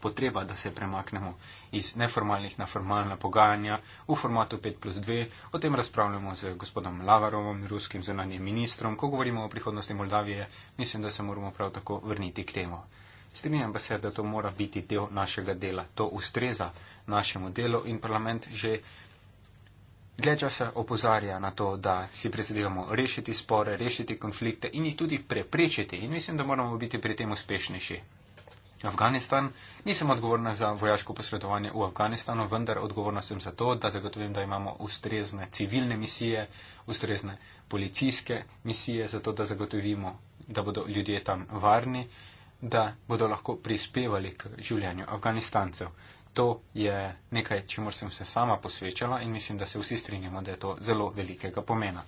C: potreba, da se premaknemo iz neformalnih na formalna pogajanja v formatu 5 plus 2. O tem razpravljamo z gospodom Lavarovom, ruskim zunanjem ministrom. Ko govorimo o prihodnosti Moldavije, mislim, da se moramo prav tako vrniti k temu. Strinjam pa se, da to mora biti del našega dela. To ustreza našemu delu in parlament že. Dlje časa opozarja na to, da si prizadevamo rešiti spore, rešiti konflikte in jih tudi preprečiti. In mislim, da moramo biti pri tem uspešnejši. Afganistan. Nisem odgovorna za vojaško posredovanje v Afganistanu, vendar odgovorna sem za to, da zagotovim, da imamo ustrezne civilne misije, ustrezne policijske misije, zato da zagotovimo, da bodo ljudje tam varni, da bodo lahko prispevali k življenju Afganistancev. To je nekaj, čemur sem se sama posvečala in mislim, da se vsi strinjamo, da je to zelo velikega pomena.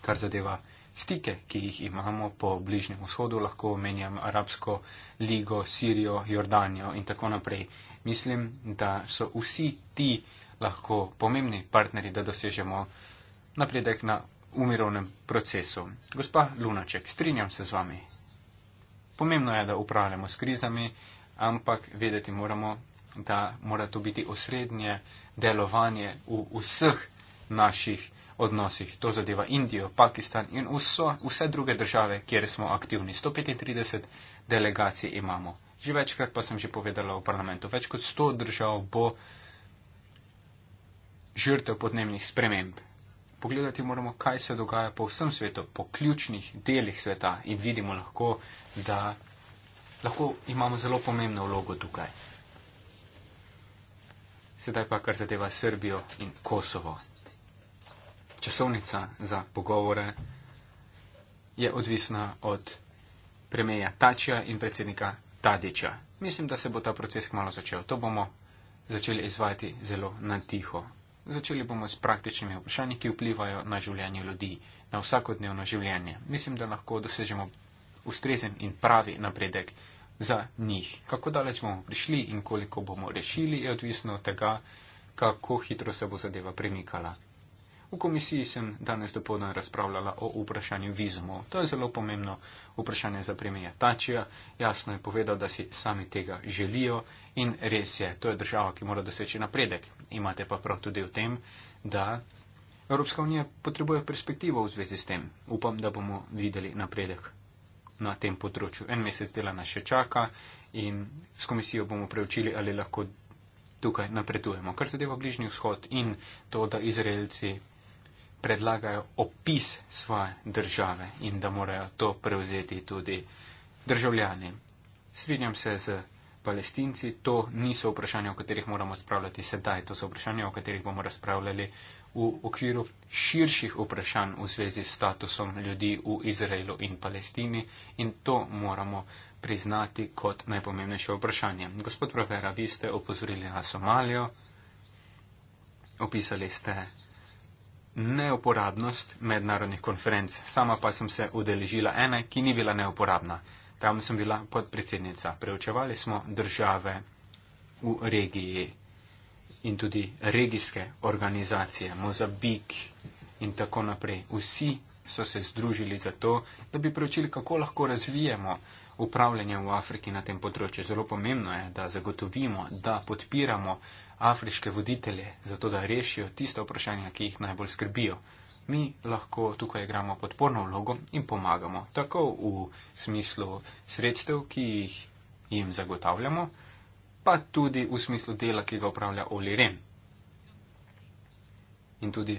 C: Kar zadeva stike, ki jih imamo po Bližnjem vzhodu, lahko omenjam Arabsko ligo, Sirijo, Jordanijo in tako naprej. Mislim, da so vsi ti lahko pomembni partnerji, da dosežemo napredek na umirovnem procesu. Gospa Lunaček, strinjam se z vami. Pomembno je, da upravljamo s krizami, ampak vedeti moramo, da mora to biti osrednje delovanje v vseh naših odnosih. To zadeva Indijo, Pakistan in vso, vse druge države, kjer smo aktivni. 135 delegacij imamo. Že večkrat pa sem že povedala v parlamentu, več kot 100 držav bo žrtev podnebnih sprememb. Pogledati moramo, kaj se dogaja po vsem svetu, po ključnih delih sveta in vidimo lahko, da lahko imamo zelo pomembno vlogo tukaj. Sedaj pa kar zadeva Srbijo in Kosovo časovnica za pogovore je odvisna od premijeja Tačija in predsednika Tadiča. Mislim, da se bo ta proces kmalo začel. To bomo začeli izvajati zelo na tiho. Začeli bomo s praktičnimi vprašanji, ki vplivajo na življenje ljudi, na vsakodnevno življenje. Mislim, da lahko dosežemo ustrezen in pravi napredek za njih. Kako daleč bomo prišli in koliko bomo rešili, je odvisno od tega, kako hitro se bo zadeva premikala. V komisiji sem danes dopolno razpravljala o vprašanju vizumov. To je zelo pomembno vprašanje za premija Tačija. Jasno je povedal, da si sami tega želijo in res je, to je država, ki mora doseči napredek. Imate pa prav tudi v tem, da Evropska unija potrebuje perspektivo v zvezi s tem. Upam, da bomo videli napredek na tem področju. En mesec dela nas še čaka in s komisijo bomo preučili, ali lahko. Tukaj napredujemo. Kar zadeva bližnji vzhod in to, da Izraelci predlagajo opis svoje države in da morajo to prevzeti tudi državljani. Svidnjam se z palestinci, to niso vprašanja, o katerih moramo spravljati sedaj, to so vprašanja, o katerih bomo razpravljali v okviru širših vprašanj v zvezi s statusom ljudi v Izraelu in Palestini in to moramo priznati kot najpomembnejše vprašanje. Gospod Provera, vi ste opozorili na Somalijo, opisali ste neuporabnost mednarodnih konferenc. Sama pa sem se udeležila ene, ki ni bila neuporabna. Tam sem bila podpredsednica. Preučevali smo države v regiji in tudi regijske organizacije, Mozambik in tako naprej. Vsi so se združili za to, da bi preučili, kako lahko razvijemo upravljanje v Afriki na tem področju. Zelo pomembno je, da zagotovimo, da podpiramo afriške voditelje, zato da rešijo tiste vprašanja, ki jih najbolj skrbijo. Mi lahko tukaj igramo podporno vlogo in pomagamo, tako v smislu sredstev, ki jih jim zagotavljamo, pa tudi v smislu dela, ki ga upravlja Oli Ren. In tudi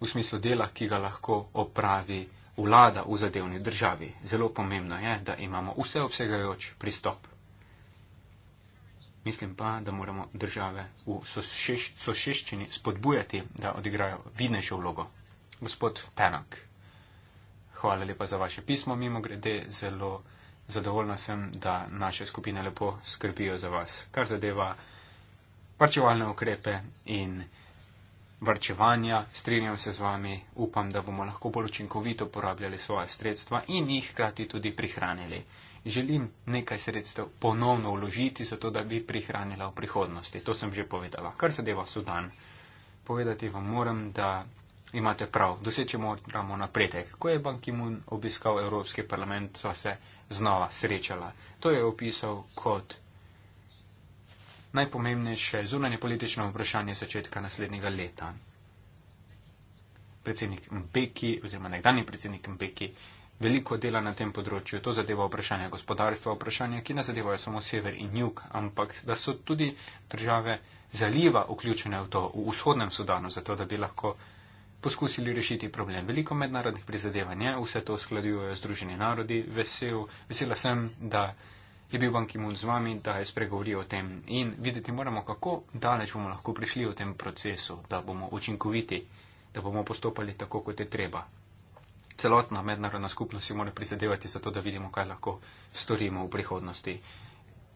C: v smislu dela, ki ga lahko opravi vlada v zadevni državi. Zelo pomembno je, da imamo vse obsegajoč pristop mislim pa, da moramo države v sošeščini spodbujati, da odigrajo vidnejšo vlogo. Gospod Tenak, hvala lepa za vaše pismo, mimo grede, zelo zadovoljna sem, da naše skupine lepo skrbijo za vas, kar zadeva varčevalne ukrepe in varčevanja. Strinjam se z vami, upam, da bomo lahko bolj učinkovito porabljali svoje sredstva in jih krati tudi prihranili želim nekaj sredstev ponovno vložiti, zato da bi prihranila v prihodnosti. To sem že povedala. Kar se deva Sudan, povedati vam moram, da imate prav, doseči moramo napredek. Ko je Bankimun obiskal Evropski parlament, so se znova srečala. To je opisal kot najpomembnejše zunanje politično vprašanje začetka naslednjega leta. Predsednik Mbeki oziroma nekdani predsednik Mbeki veliko dela na tem področju. To zadeva vprašanje gospodarstva, vprašanje, ki ne zadevajo samo sever in jug, ampak da so tudi države zaliva vključene v to, v vzhodnem Sudanu, zato da bi lahko poskusili rešiti problem. Veliko mednarodnih prizadevanj je, vse to skladujejo Združeni narodi. Vesel, vesela sem, da je bil Bankimun z vami, da je spregovoril o tem in videti moramo, kako daleč bomo lahko prišli v tem procesu, da bomo učinkoviti, da bomo postopali tako, kot je treba celotna mednarodna skupnost si mora prizadevati za to, da vidimo, kaj lahko storimo v prihodnosti.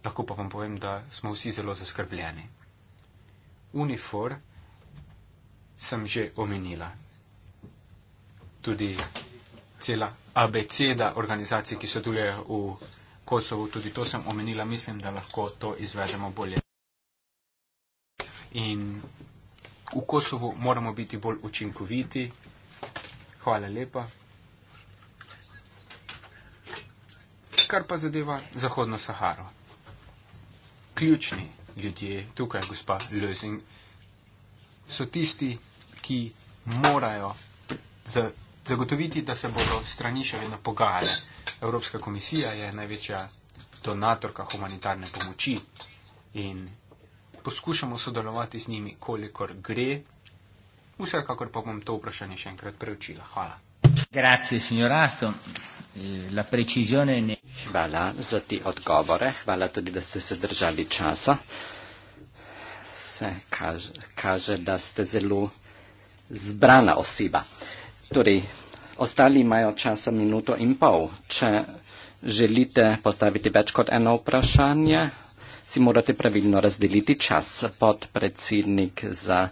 C: Lahko pa vam povem, da smo vsi zelo zaskrbljeni. Unifor sem že omenila. Tudi cela abeceda organizacij, ki sodelujejo v Kosovo, tudi to sem omenila. Mislim, da lahko to izvedemo bolje. In v Kosovo moramo biti bolj učinkoviti. Hvala lepa. kar pa zadeva Zahodno Saharo. Ključni ljudje, tukaj gospa Lözing, so tisti, ki morajo zagotoviti, da se bodo strani še vedno pogajali. Evropska komisija je največja donatorka humanitarne pomoči in poskušamo sodelovati z njimi, kolikor gre. Vsekakor pa bom to vprašanje še enkrat preučila. Hvala.
A: Grazie, signor Aston. Eh, la precisione. Ne... Hvala za ti odgovore, hvala tudi, da ste se držali časa. Se kaže, kaže da ste zelo zbrana oseba. Torej, ostali imajo časa minuto in pol. Če želite postaviti več kot eno vprašanje, si morate pravilno razdeliti čas pod predsednik za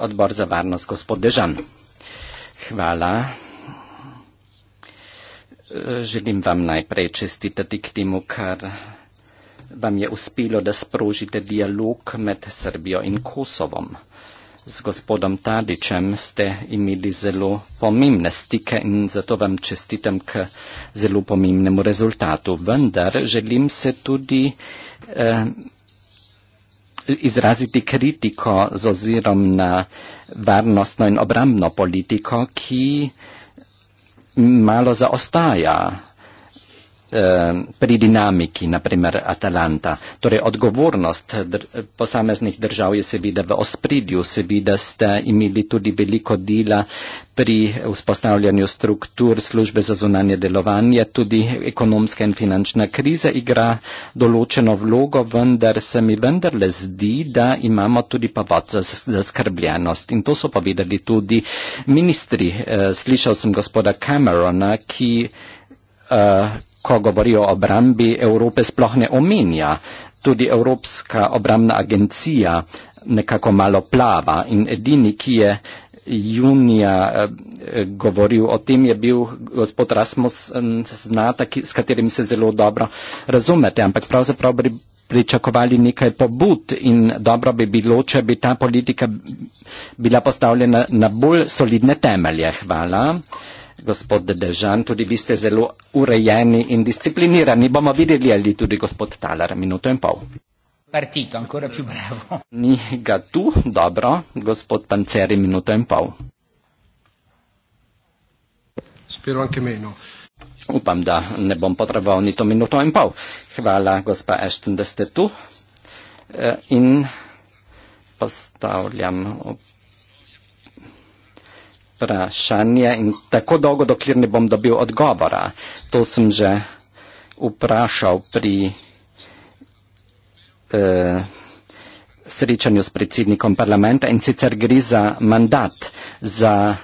A: odbor za varnost gospod Dežan. Hvala želim vam najprej čestitati k temu, kar vam je uspelo, da sprožite dialog med Srbijo in Kosovom. Z gospodom Tadičem ste imeli zelo pomembne stike in zato vam čestitam k zelo pomembnemu rezultatu. Vendar želim se tudi eh, izraziti kritiko z ozirom na varnostno in obrambno politiko, ki eh, malo zaostaja Ehm, pri dinamiki, naprimer Atalanta. Torej, odgovornost dr posameznih držav je seveda v ospridju, seveda ste imeli tudi veliko dela pri vzpostavljanju struktur službe za zunanje delovanje, tudi ekonomska in finančna kriza igra določeno vlogo, vendar se mi vendarle zdi, da imamo tudi povod za, za skrbljenost. In to so povedali tudi ministri. Eh, slišal sem gospoda Camerona, ki. Uh, ko govorijo o obrambi, Evrope sploh ne omenja. Tudi Evropska obramna agencija nekako malo plava in edini, ki je junija eh, govoril o tem, je bil gospod Rasmus mm, Znata, ki, s katerim se zelo dobro razumete, ampak pravzaprav bi pričakovali nekaj pobud in dobro bi bilo, če bi ta politika bila postavljena na bolj solidne temelje. Hvala gospod Dežan, tudi vi ste zelo urejeni in disciplinirani. Bomo videli, ali tudi gospod Talar, minuto in pol.
C: Partito, ancora più bravo.
A: Ni ga tu, dobro, gospod Panceri, minuto in pol.
C: Spero anche meno.
A: Upam, da ne bom potreboval ni to minuto in pol. Hvala, gospa Ešten, da ste tu. Eh, in postavljam. Op- vprašanje in tako dolgo, dokler ne bom dobil odgovora. To sem že vprašal pri eh, srečanju s predsednikom parlamenta in sicer gre za mandat, za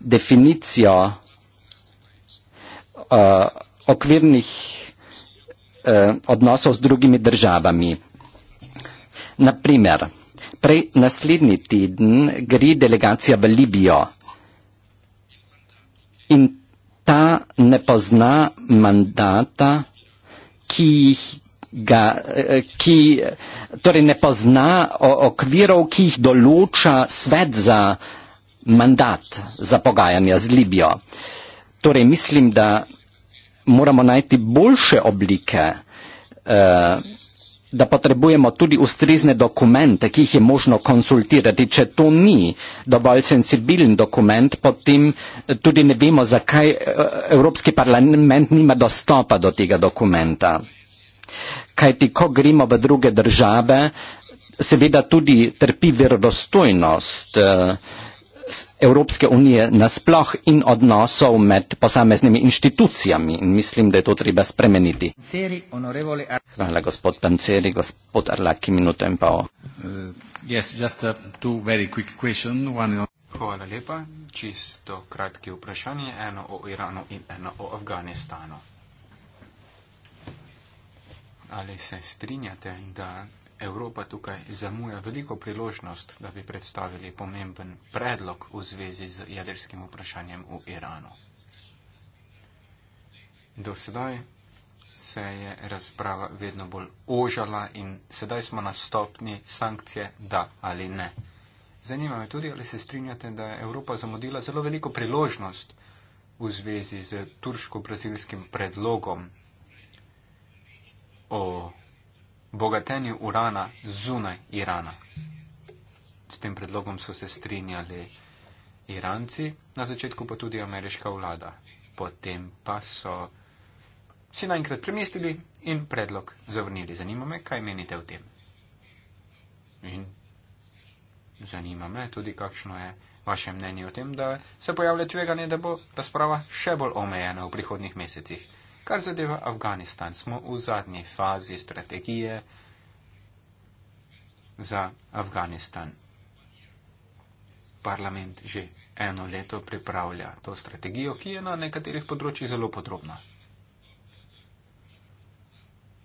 A: definicijo eh, okvirnih eh, odnosov z drugimi državami. Naprimer, prej naslednji teden gre delegacija v Libijo in ta ne pozna mandata, ki jih Ga, eh, ki torej ne pozna okvirov, ki jih določa svet za mandat za pogajanja z Libijo. Torej mislim, da moramo najti boljše oblike eh, da potrebujemo tudi ustrezne dokumente, ki jih je možno konsultirati. Če to ni dovolj sensibilen dokument, potem eh, tudi ne vemo, zakaj eh, Evropski parlament nima dostopa do tega dokumenta. Kajti, ko gremo v druge države, seveda tudi trpi verodostojnost. Eh, Evropske unije nasploh in odnosov med posameznimi inštitucijami. Mislim, da je to treba spremeniti. Hvala, gospod Panceri, gospod Arlaki, minuto in pol. Eh, uh,
C: Hvala lepa. Čisto kratki vprašanje, eno o Iranu in eno o Afganistanu. Ali se strinjate, da Evropa tukaj zamuja veliko priložnost, da bi predstavili pomemben predlog v zvezi z jedrskim vprašanjem v Iranu. Do sedaj se je razprava vedno bolj ožala in sedaj smo na stopni sankcije da ali ne. Zanima me tudi, ali se strinjate, da je Evropa zamudila zelo veliko priložnost v zvezi z turško-brazilskim predlogom o bogatenju urana zunaj Irana. S tem predlogom so se strinjali Iranci, na začetku pa tudi ameriška vlada. Potem pa so si naenkrat premislili in predlog zavrnili. Zanima me, kaj menite o tem. In zanima me tudi, kakšno je vaše mnenje o tem, da se pojavlja tveganje, da bo razprava še bolj omejena v prihodnih mesecih. Kar zadeva Afganistan, smo v zadnji fazi strategije za Afganistan. Parlament že eno leto pripravlja to strategijo, ki je na nekaterih področjih zelo podrobna.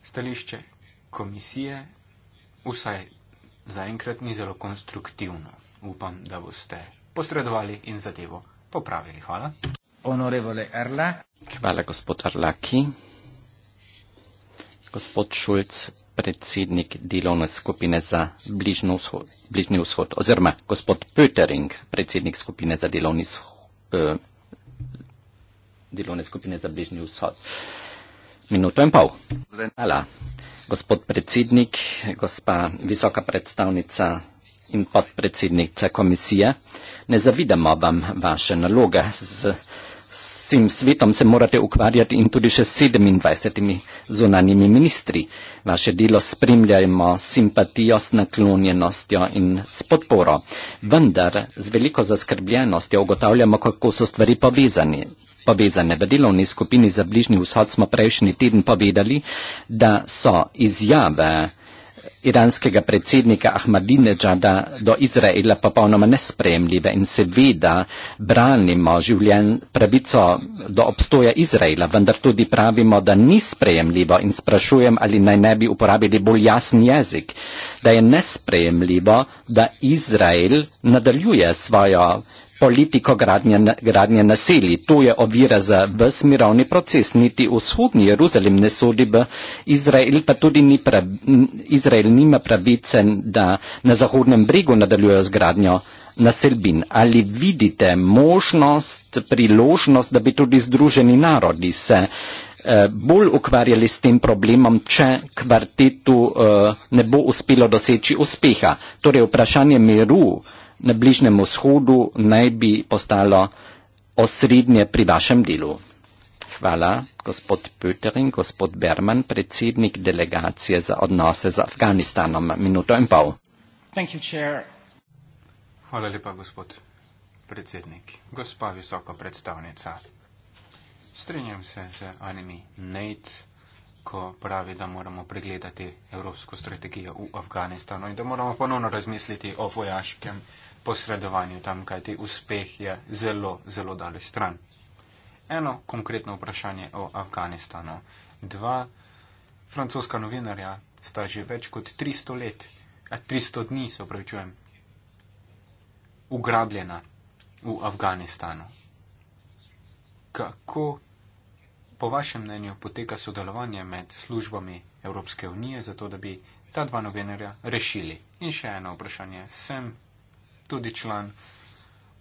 C: Stališče komisije vsaj zaenkrat ni zelo konstruktivno. Upam, da boste posredovali in zadevo popravili. Hvala. Honorevole Erle.
A: Hvala, gospod Arlaki. Gospod Šulc, predsednik delovne skupine za bližnji vzhod, bližnji vzhod oziroma gospod Pötering, predsednik skupine za delovni vzhod, eh, delovne skupine za bližnji vzhod. Minuto in pol. Hvala, gospod predsednik, gospa visoka predstavnica in podpredsednica komisije. Ne zavidamo vam vaše naloge z s tem svetom se morate ukvarjati in tudi še 27 zunanimi ministri. Vaše delo spremljajmo s simpatijo, s naklonjenostjo in s podporo. Vendar z veliko zaskrbljenostjo ugotavljamo, kako so stvari povezane. Povezane v delovni skupini za bližnji vzhod smo prejšnji teden povedali, da so izjave iranskega predsednika Ahmadineja do Izraela popolnoma nespremljive in seveda branimo življen pravico do obstoja Izraela, vendar tudi pravimo, da ni sprejemljivo in sprašujem, ali naj ne bi uporabili bolj jasen jezik, da je nesprejemljivo, da Izrael nadaljuje svojo politiko gradnje, gradnje naselij. To je ovira za ves mirovni proces. Niti vzhodni Jeruzalem ne sodi v Izrael, pa tudi ni pra, Izrael nima pravice, da na Zahodnem bregu nadaljujejo z gradnjo naselbin. Ali vidite možnost, priložnost, da bi tudi združeni narodi se eh, bolj ukvarjali s tem problemom, če kvartetu uh, ne bo uspelo doseči uspeha. Torej, vprašanje miru uh, na Bližnjem vzhodu naj bi postalo osrednje pri vašem delu. Hvala, gospod Pötering, gospod Berman, predsednik delegacije za odnose z Afganistanom. Minuto in pol. Thank you, chair.
C: Hvala lepa, gospod predsednik. Gospa visoka predstavnica. Strenjam se z Anemi Nates ko pravi, da moramo pregledati evropsko strategijo v Afganistanu in da moramo ponovno razmisliti o vojaškem posredovanju tam, kajti uspeh je zelo, zelo daleč stran. Eno konkretno vprašanje o Afganistanu. Dva francoska novinarja sta že več kot 300 let, a 300 dni, se upravičujem, ugrabljena v Afganistanu. Kako po vašem mnenju poteka sodelovanje med službami Evropske unije, zato da bi ta dva novinarja rešili? In še eno vprašanje. Sem tudi član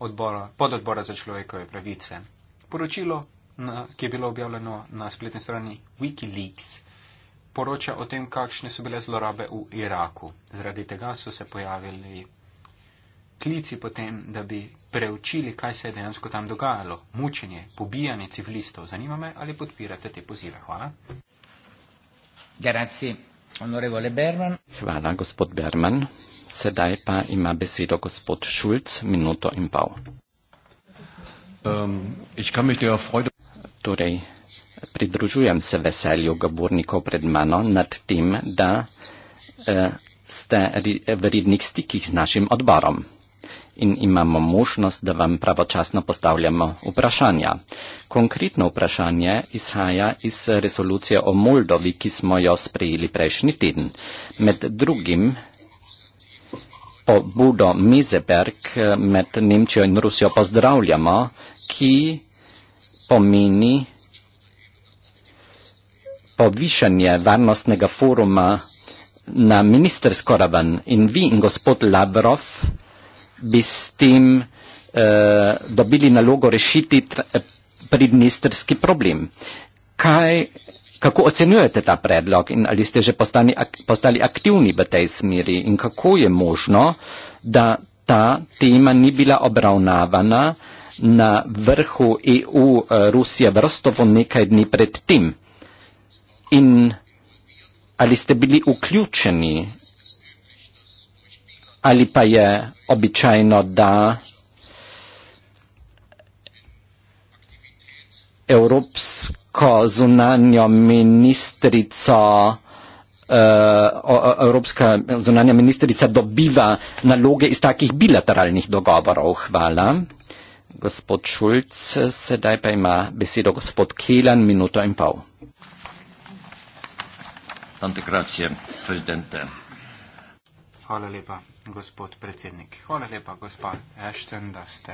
C: odbora, pododbora za človekove pravice. Poročilo, na, ki je bilo objavljeno na spletni strani Wikileaks, poroča o tem, kakšne so bile zlorabe v Iraku. Zaradi tega so se pojavili klici potem, da bi preučili, kaj se je dejansko tam dogajalo. Mučenje, pobijanje civilistov. Zanima me, ali podpirate
A: te pozive. Hvala. Grazie, onorevole Berman. Hvala, gospod Berman. Sedaj pa ima besedo gospod Šulc, minuto in pol. Um, torej, pridružujem se veselju govornikov pred mano nad tem, da uh, ste v rednih stikih z našim odborom in imamo možnost, da vam pravočasno postavljamo vprašanja. Konkretno vprašanje izhaja iz resolucije o Moldovi, ki smo jo sprejeli prejšnji teden. Med drugim pobudo Mizeberg eh, med Nemčijo in Rusijo pozdravljamo, ki pomeni povišanje varnostnega foruma na ministersko raven. In vi in gospod Lavrov bi s tem eh, dobili nalogo rešiti eh, pridnistrski problem. Kaj, kako ocenjujete ta predlog in ali ste že postani, ak, postali aktivni v tej smeri in kako je možno, da ta tema ni bila obravnavana na vrhu EU eh, Rusija vrstovo nekaj dni pred tem? In ali ste bili vključeni ali pa je običajno, da Evropsko zunanjo ministrico eh, Evropska zunanja ministrica dobiva naloge iz takih bilateralnih dogovorov. Hvala. Gospod Šulc, sedaj pa ima besedo gospod Kelan, minuto in pol.
C: Hvala lepa gospod predsednik. Hvala lepa, gospa Ashton, da ste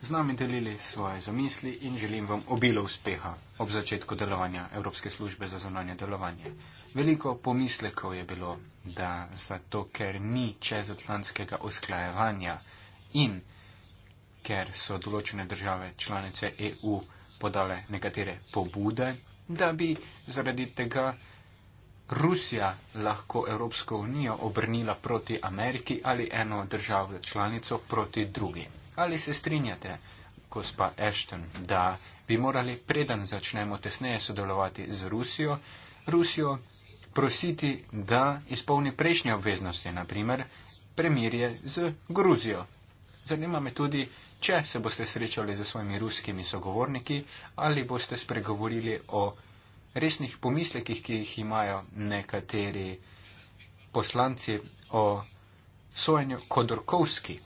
C: z nami delili svoje zamisli in želim vam obilo uspeha ob začetku delovanja Evropske službe za zunanje delovanje. Veliko pomislekov je bilo, da zato, ker ni čezatlantskega usklajevanja in ker so določene države članice EU podale nekatere pobude, da bi zaradi tega Rusija lahko Evropsko unijo obrnila proti Ameriki ali eno državo članico proti drugi. Ali se strinjate, gospa Ashton, da bi morali, preden začnemo tesneje sodelovati z Rusijo, Rusijo prositi, da izpolni prejšnje obveznosti, naprimer premirje z Gruzijo? Zanima me tudi, če se boste srečali z svojimi ruskimi sogovorniki ali boste spregovorili o resnih pomislekih, ki jih imajo nekateri poslanci o sojenju Kodorkovski.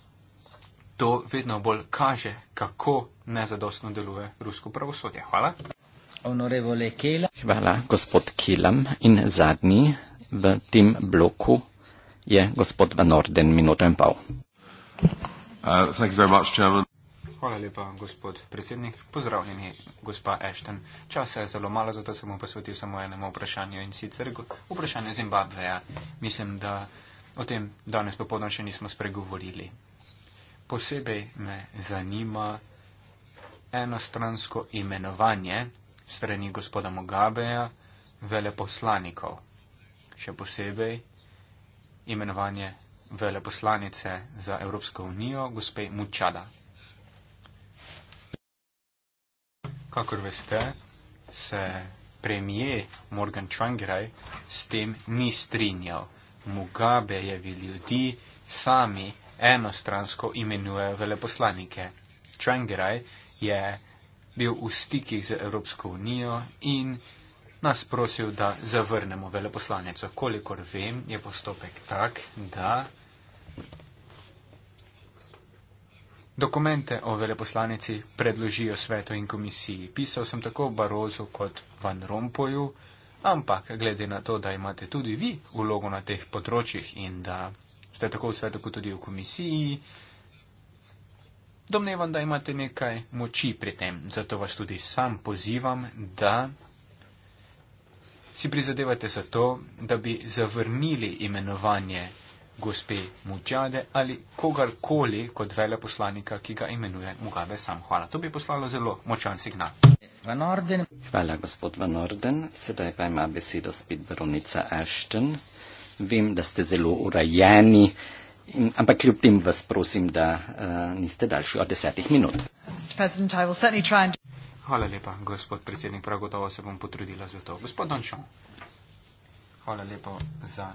C: To vedno bolj kaže, kako nezadostno deluje rusko pravosodje. Hvala.
A: Hvala, gospod Kilam. In zadnji v tem bloku je gospod Van Orden, minuto in pol. Uh, thank you very much, Chairman.
C: Hvala lepa, gospod predsednik. Pozdravljeni, gospa Ešten. Čas je zelo malo, zato se bom posvetil samo enemu vprašanju in sicer vprašanju Zimbabveja. Mislim, da o tem danes popolnoma še nismo spregovorili. Posebej me zanima enostransko imenovanje strani gospoda Mugabeja veleposlanikov. Še posebej imenovanje veleposlanice za Evropsko unijo, gospe Mučada. Kakor veste, se premijer Morgan Čangiraj s tem ni strinjal. Mugabejevi ljudi sami enostransko imenujejo veleposlanike. Čangiraj je bil v stikih z Evropsko unijo in nas prosil, da zavrnemo veleposlanico. Kolikor vem, je postopek tak, da dokumente o veleposlanici predložijo svetu in komisiji. Pisal sem tako Barozu kot Van Rompuju, ampak glede na to, da imate tudi vi vlogo na teh področjih in da ste tako v svetu kot tudi v komisiji, domnevam, da imate nekaj moči pri tem. Zato vas tudi sam pozivam, da. Si prizadevate za to, da bi zavrnili imenovanje gospe Mujade ali kogarkoli kot veleposlanika, ki ga imenuje Mugabe sam. Hvala. To bi poslalo zelo močan signal.
A: Hvala, gospod Van Orden. Sedaj pa ima besedo spet baronica Ashton. Vem, da ste zelo urajeni, in, ampak kljub tem vas prosim, da uh, niste daljši od desetih minut.
C: Hvala lepa, gospod predsednik. Prav gotovo se bom potrudila za to. Gospod Donšon, hvala lepa za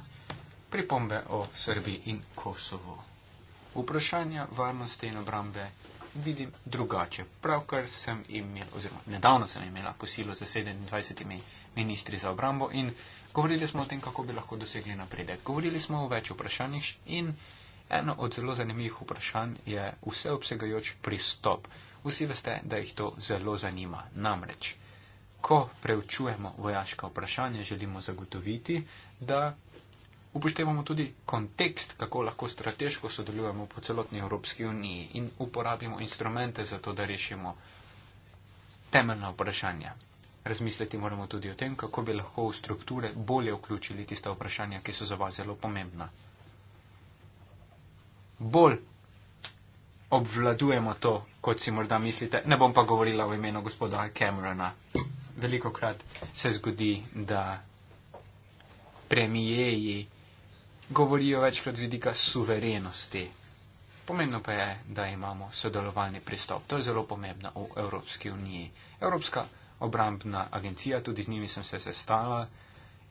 C: pripombe o Srbiji in Kosovo. Vprašanja varnosti in obrambe vidim drugače. Pravkar sem imel, oziroma nedavno sem imela posilo z 27 ministri za obrambo in govorili smo o tem, kako bi lahko dosegli napredek. Govorili smo o več vprašanjih in eno od zelo zanimivih vprašanj je vseobsegajoč pristop. Vsi veste, da jih to zelo zanima. Namreč, ko preučujemo vojaška vprašanja, želimo zagotoviti, da upoštevamo tudi kontekst, kako lahko strateško sodelujemo po celotni Evropski uniji in uporabimo instrumente za to, da rešimo temeljna vprašanja. Razmisliti moramo tudi o tem, kako bi lahko v strukture bolje vključili tiste vprašanja, ki so za vas zelo pomembna. Bolj obvladujemo to, kot si morda mislite. Ne bom pa govorila v imenu gospoda Camerona. Veliko krat se zgodi, da premijeji govorijo večkrat z vidika suverenosti. Pomembno pa je, da imamo sodelovalni pristop. To je zelo pomembno v Evropski uniji. Evropska obrambna agencija, tudi z njimi sem se sestala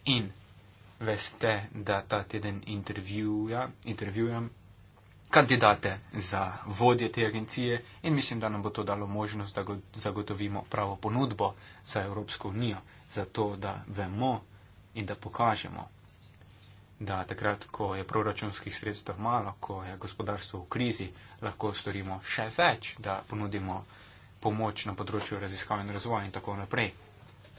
C: in veste, da ta teden intervjuja, intervjujem kandidate za vodje te agencije in mislim, da nam bo to dalo možnost, da zagotovimo pravo ponudbo za Evropsko unijo, zato da vemo in da pokažemo, da takrat, ko je proračunskih sredstev malo, ko je gospodarstvo v krizi, lahko storimo še več, da ponudimo pomoč na področju raziskav in razvoja in tako naprej.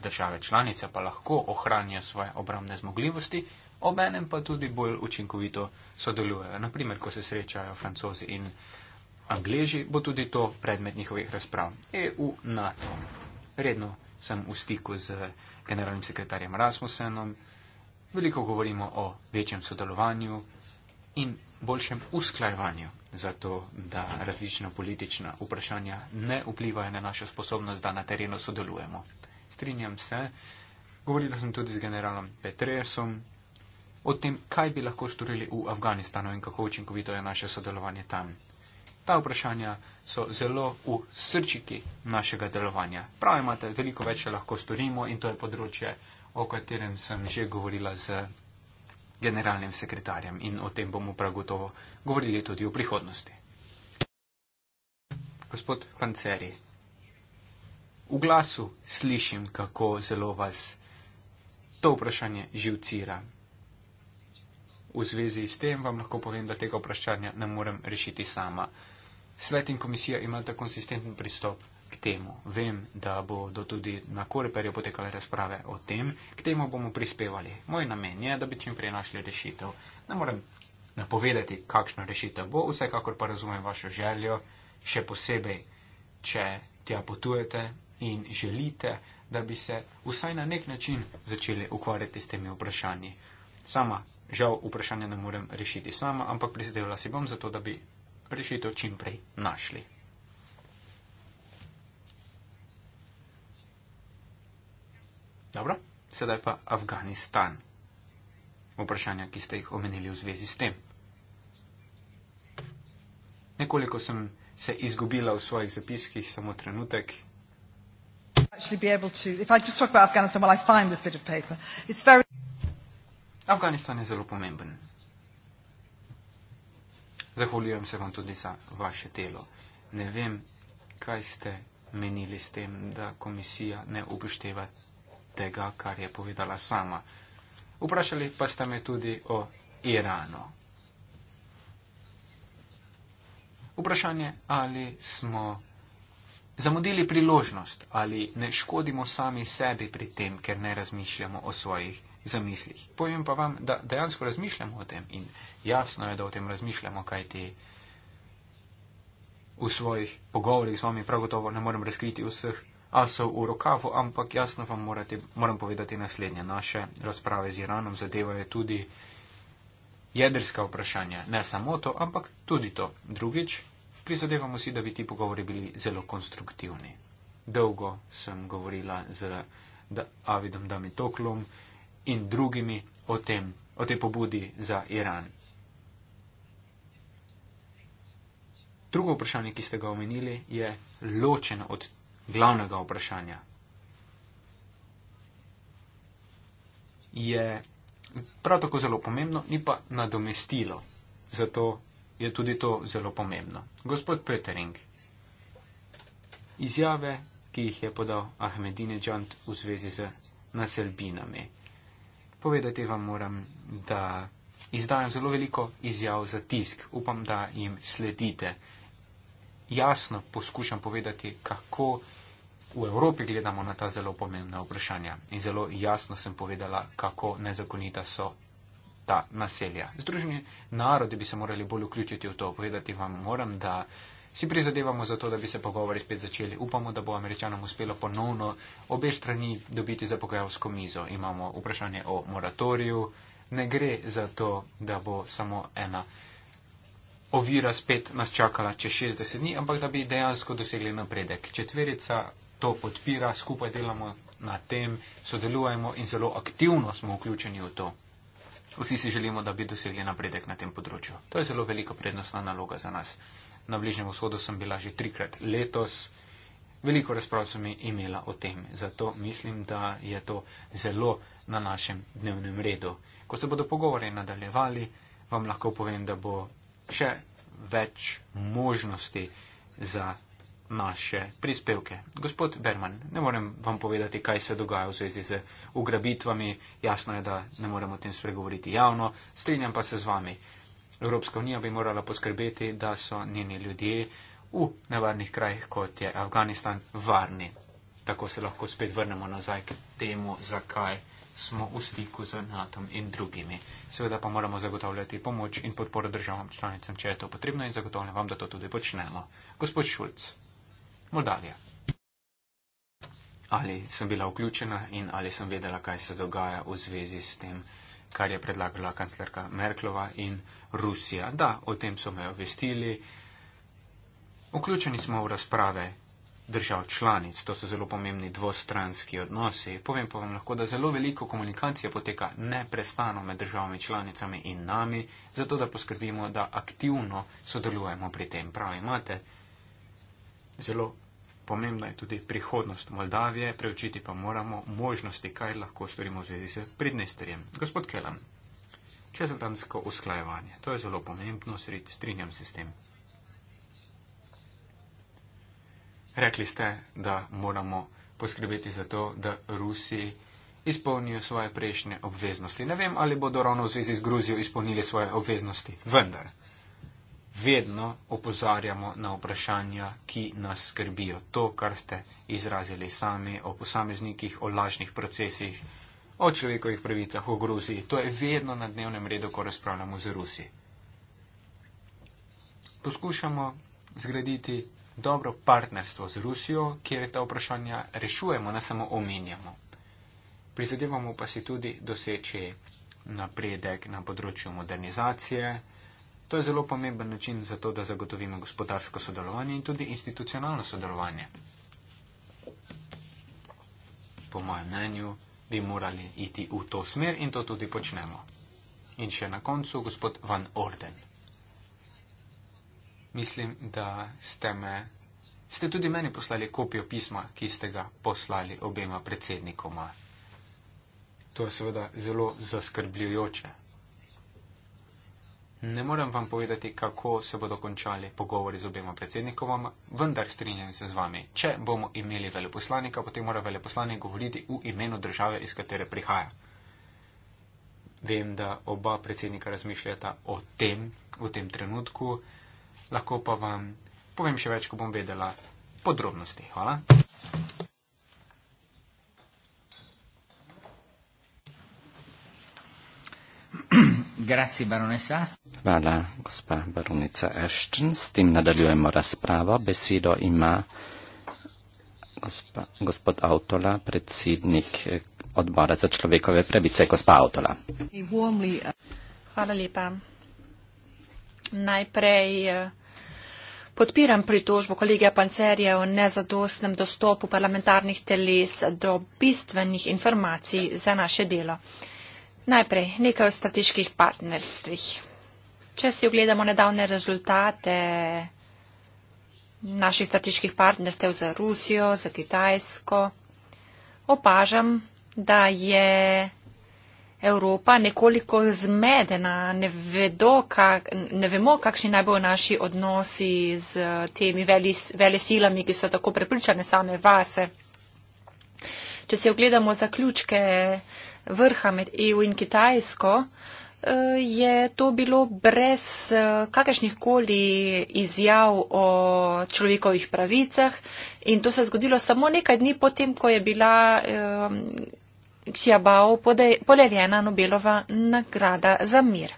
C: Države članice pa lahko ohranijo svoje obramne zmogljivosti, obenem pa tudi bolj učinkovito sodelujejo. Naprimer, ko se srečajo francozi in angleži, bo tudi to predmet njihovih razprav. EU, NATO. Redno sem v stiku z generalnim sekretarjem Rasmussenom. Veliko govorimo o večjem sodelovanju in boljšem usklajevanju, zato da različna politična vprašanja ne vplivajo na našo sposobnost, da na terenu sodelujemo. Strinjam se, govorila sem tudi z generalom Petresom o tem, kaj bi lahko storili v Afganistanu in kako učinkovito je naše sodelovanje tam. Ta vprašanja so zelo v srčiki našega delovanja. Prav imate, veliko več lahko storimo in to je področje o katerem sem že govorila z generalnim sekretarjem in o tem bomo prav gotovo govorili tudi v prihodnosti. Gospod Panceri, v glasu slišim, kako zelo vas to vprašanje živcira. V zvezi s tem vam lahko povem, da tega vprašanja ne morem rešiti sama. Svet in komisija imata konsistenten pristop k temu. Vem, da bodo tudi na koreperju potekale razprave o tem, k temu bomo prispevali. Moj namen je, da bi čim prej našli rešitev. Ne morem napovedati, kakšna rešitev bo, vsekakor pa razumem vašo željo, še posebej, če tja potujete in želite, da bi se vsaj na nek način začeli ukvarjati s temi vprašanji. Sama, žal, vprašanje ne morem rešiti sama, ampak prizadevala si bom za to, da bi rešitev čim prej našli. Dobro. Sedaj pa Afganistan. Vprašanja, ki ste jih omenili v zvezi s tem. Nekoliko sem se izgubila v svojih zapiskih, samo trenutek.
A: To, well, very...
C: Afganistan je zelo pomemben. Zahvaljujem se vam tudi za vaše delo. Ne vem, kaj ste menili s tem, da komisija ne upošteva tega, kar je povedala sama. Vprašali pa ste me tudi o Iranu. Vprašanje, ali smo zamudili priložnost, ali ne škodimo sami sebi pri tem, ker ne razmišljamo o svojih zamislih. Povem pa vam, da dejansko razmišljamo o tem in jasno je, da o tem razmišljamo, kaj ti v svojih pogovorih z vami prav gotovo ne morem razkriti vseh asov v rokavu, ampak jasno vam morate, moram povedati naslednje. Naše razprave z Iranom zadevajo tudi jedrska vprašanja. Ne samo to, ampak tudi to. Drugič, prizadevamo si, da bi ti pogovori bili zelo konstruktivni. Dolgo sem govorila z Avidom Damitoklom in drugimi o, tem, o tej pobudi za Iran. Drugo vprašanje, ki ste ga omenili, je ločeno od glavnega vprašanja. Je prav tako zelo pomembno, ni pa nadomestilo. Zato je tudi to zelo pomembno. Gospod Petering, izjave, ki jih je podal Ahmedine Džant v zvezi z naselbinami. Povedati vam moram, da izdajam zelo veliko izjav za tisk. Upam, da jim sledite jasno poskušam povedati, kako v Evropi gledamo na ta zelo pomembna vprašanja. In zelo jasno sem povedala, kako nezakonita so ta naselja. Združeni narodi bi se morali bolj vključiti v to. Povedati vam moram, da si prizadevamo za to, da bi se pogovori spet začeli. Upamo, da bo američanom uspelo ponovno obe strani dobiti za pogajalsko mizo. Imamo vprašanje o moratoriju. Ne gre za to, da bo samo ena ovira spet nas čakala čez 60 dni, ampak da bi dejansko dosegli napredek. Četverica to podpira, skupaj delamo na tem, sodelujemo in zelo aktivno smo vključeni v to. Vsi si želimo, da bi dosegli napredek na tem področju. To je zelo velika prednostna naloga za nas. Na Bližnjem vzhodu sem bila že trikrat letos. Veliko razprav sem imela o tem, zato mislim, da je to zelo na našem dnevnem redu. Ko se bodo pogovori nadaljevali, vam lahko povem, da bo še več možnosti za naše prispevke. Gospod Berman, ne morem vam povedati, kaj se dogaja v zvezi z ugrabitvami. Jasno je, da ne morem o tem spregovoriti javno. Strinjam pa se z vami. Evropska unija bi morala poskrbeti, da so njeni ljudje v nevarnih krajih, kot je Afganistan, varni. Tako se lahko spet vrnemo nazaj k temu, zakaj smo v stiku z NATO in drugimi. Seveda pa moramo zagotavljati pomoč in podporo državam članicam, če je to potrebno in zagotavljam vam, da to tudi počnemo. Gospod Šulc, Moldavija. Ali sem bila vključena in ali sem vedela, kaj se dogaja v zvezi s tem, kar je predlagala kanclerka Merklova in Rusija. Da, o tem so me obvestili. Vključeni smo v razprave, držav članic, to so zelo pomembni dvostranski odnosi. Povem pa vam lahko, da zelo veliko komunikacije poteka neprestano med državami članicami in nami, zato da poskrbimo, da aktivno sodelujemo pri tem. Prav imate, zelo pomembna je tudi prihodnost Moldavije, preučiti pa moramo možnosti, kaj lahko storimo v zvezi s pridnesterjem. Gospod Kelam, čezatansko usklajevanje, to je zelo pomembno, strinjam se s tem. Rekli ste, da moramo poskrbeti za to, da Rusi izpolnijo svoje prejšnje obveznosti. Ne vem, ali bodo ravno v zvezi z Gruzijo izpolnili svoje obveznosti, vendar vedno opozarjamo na vprašanja, ki nas skrbijo. To, kar ste izrazili sami o posameznikih, o lažnih procesih, o človekovih pravicah v Gruziji, to je vedno na dnevnem redu, ko razpravljamo z Rusi. Poskušamo zgraditi dobro partnerstvo z Rusijo, kjer ta vprašanja rešujemo, ne samo omenjamo. Prizadevamo pa si tudi doseči napredek na področju modernizacije. To je zelo pomemben način za to, da zagotovimo gospodarsko sodelovanje in tudi institucionalno sodelovanje. Po mojem mnenju bi morali iti v to smer in to tudi počnemo. In še na koncu gospod Van Orden. Mislim, da ste, me, ste tudi meni poslali kopijo pisma, ki ste ga poslali obema predsednikoma. To je seveda zelo zaskrbljujoče. Ne morem vam povedati, kako se bodo končali pogovori z obema predsednikoma, vendar strinjam se z vami. Če bomo imeli veleposlanika, potem mora veleposlanik govoriti v imenu države, iz katere prihaja. Vem, da oba predsednika razmišljata o tem v tem trenutku lahko pa vam povem še več, ko bom vedela podrobnosti. Hvala.
A: Grazie, baronesa. Hvala, gospa baronica Ashton. S tem nadaljujemo razpravo. Besedo ima gospa, gospod Autola, predsednik eh, odbora za človekove pravice, gospa Autola.
B: Uh, Hvala lepa. Najprej eh, podpiram pritožbo kolegija Pancerja o nezadostnem dostopu parlamentarnih teles do bistvenih informacij za naše delo. Najprej nekaj o strateških partnerstvih. Če si ogledamo nedavne rezultate naših strateških partnerstev za Rusijo, za Kitajsko, opažam, da je Evropa nekoliko zmedena, ne, vedo, kak, ne vemo, kakšni naj bojo naši odnosi z eh, temi velesilami, ki so tako prepričane same vase. Če si ogledamo zaključke vrha med EU in Kitajsko, eh, je to bilo brez eh, kakršnih koli izjav o človekovih pravicah in to se je zgodilo samo nekaj dni potem, ko je bila. Um, Xiaobao podeljena Nobelova nagrada za mir.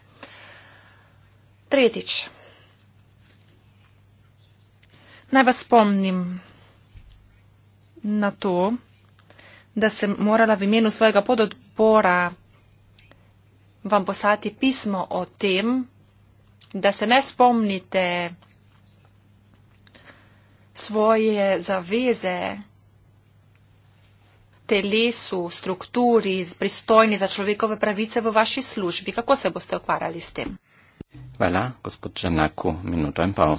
B: Tretjič. Naj vas spomnim na to, da sem morala v imenu svojega pododpora vam poslati pismo o tem, da se ne spomnite svoje zaveze, telesu, strukturi, pristojni za človekove pravice v vaši službi. Kako se boste ukvarjali s tem?
A: Hvala, gospod Čanaku, minuto in pol.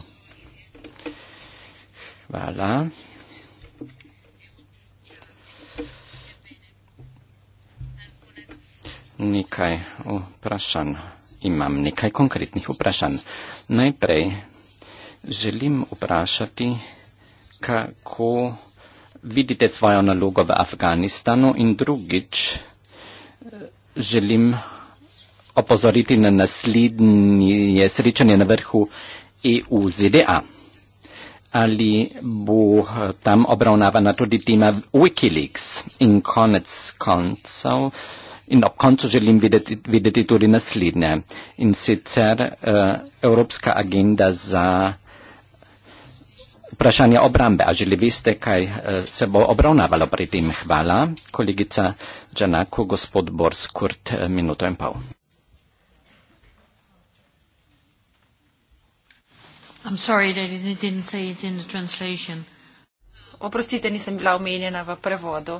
A: Hvala. Nekaj vprašanj. Imam nekaj konkretnih vprašanj. Najprej želim vprašati, kako vidite svojo nalogo v Afganistanu in drugič želim opozoriti na naslednje srečanje na vrhu EU-ZDA. Ali bo tam obravnavana tudi tema Wikileaks in konec koncev in ob koncu želim videti, videti tudi naslednje in sicer uh, Evropska agenda za vprašanje obrambe, a želi veste, kaj eh, se bo obravnavalo pri tem. Hvala, kolegica Džanako, gospod Bors, kurt eh, minuto in pol.
B: Oprostite, nisem bila omenjena v prevodu.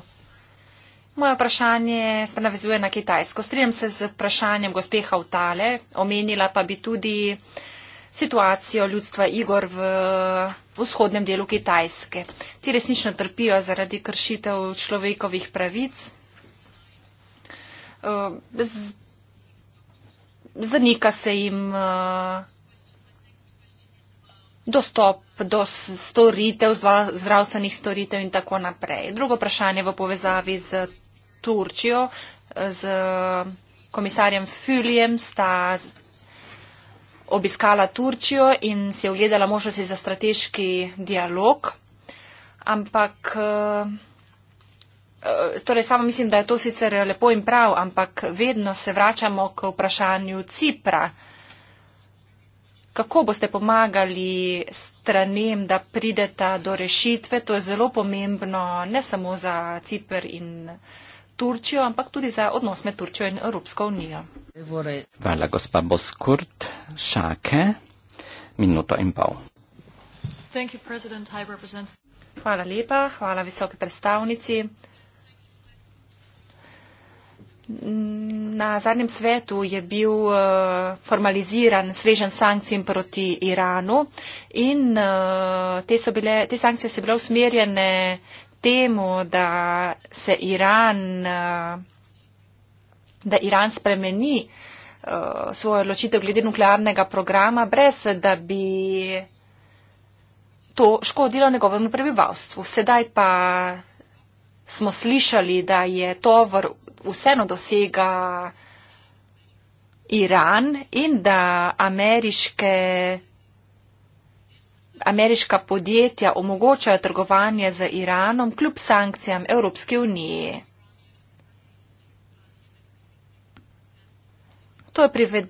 B: Moje vprašanje se navezuje na Kitajsko. Strinjam se z vprašanjem gospe Hautale, omenila pa bi tudi uh, situacijo ljudstva Igor v vzhodnem delu Kitajske. Ti resnično trpijo zaradi kršitev človekovih pravic. Eh, zanika se jim eh, dostop do storitev, zdravstvenih storitev in tako naprej. Drugo vprašanje v povezavi z Turčijo, eh, z komisarjem Füljem sta obiskala Turčijo in si je ogledala možnosti za strateški dialog. Ampak, eh, eh, torej sama mislim, da je to sicer lepo in prav, ampak vedno se vračamo k vprašanju Cipra. Kako boste pomagali stranem, da prideta do rešitve? To je zelo pomembno, ne samo za Cipr in Cipr. Turčijo, ampak tudi za odnos med Turčijo in Evropsko unijo.
A: Hvala, gospa Boskurt. Šake, minuto in pol.
B: Hvala lepa, hvala visoke predstavnici. Na zadnjem svetu je bil eh, formaliziran svežen sankcij proti Iranu in eh, te, bile, te sankcije so bile usmerjene temu, da se Iran, eh, da Iran spremeni eh, svojo odločitev glede nuklearnega programa, brez da bi to škodilo njegovemu prebivalstvu. Sedaj pa smo slišali, da je tovor vseeno dosega Iran in da ameriške ameriška podjetja omogočajo trgovanje z Iranom kljub sankcijam Evropske unije. To je, prived,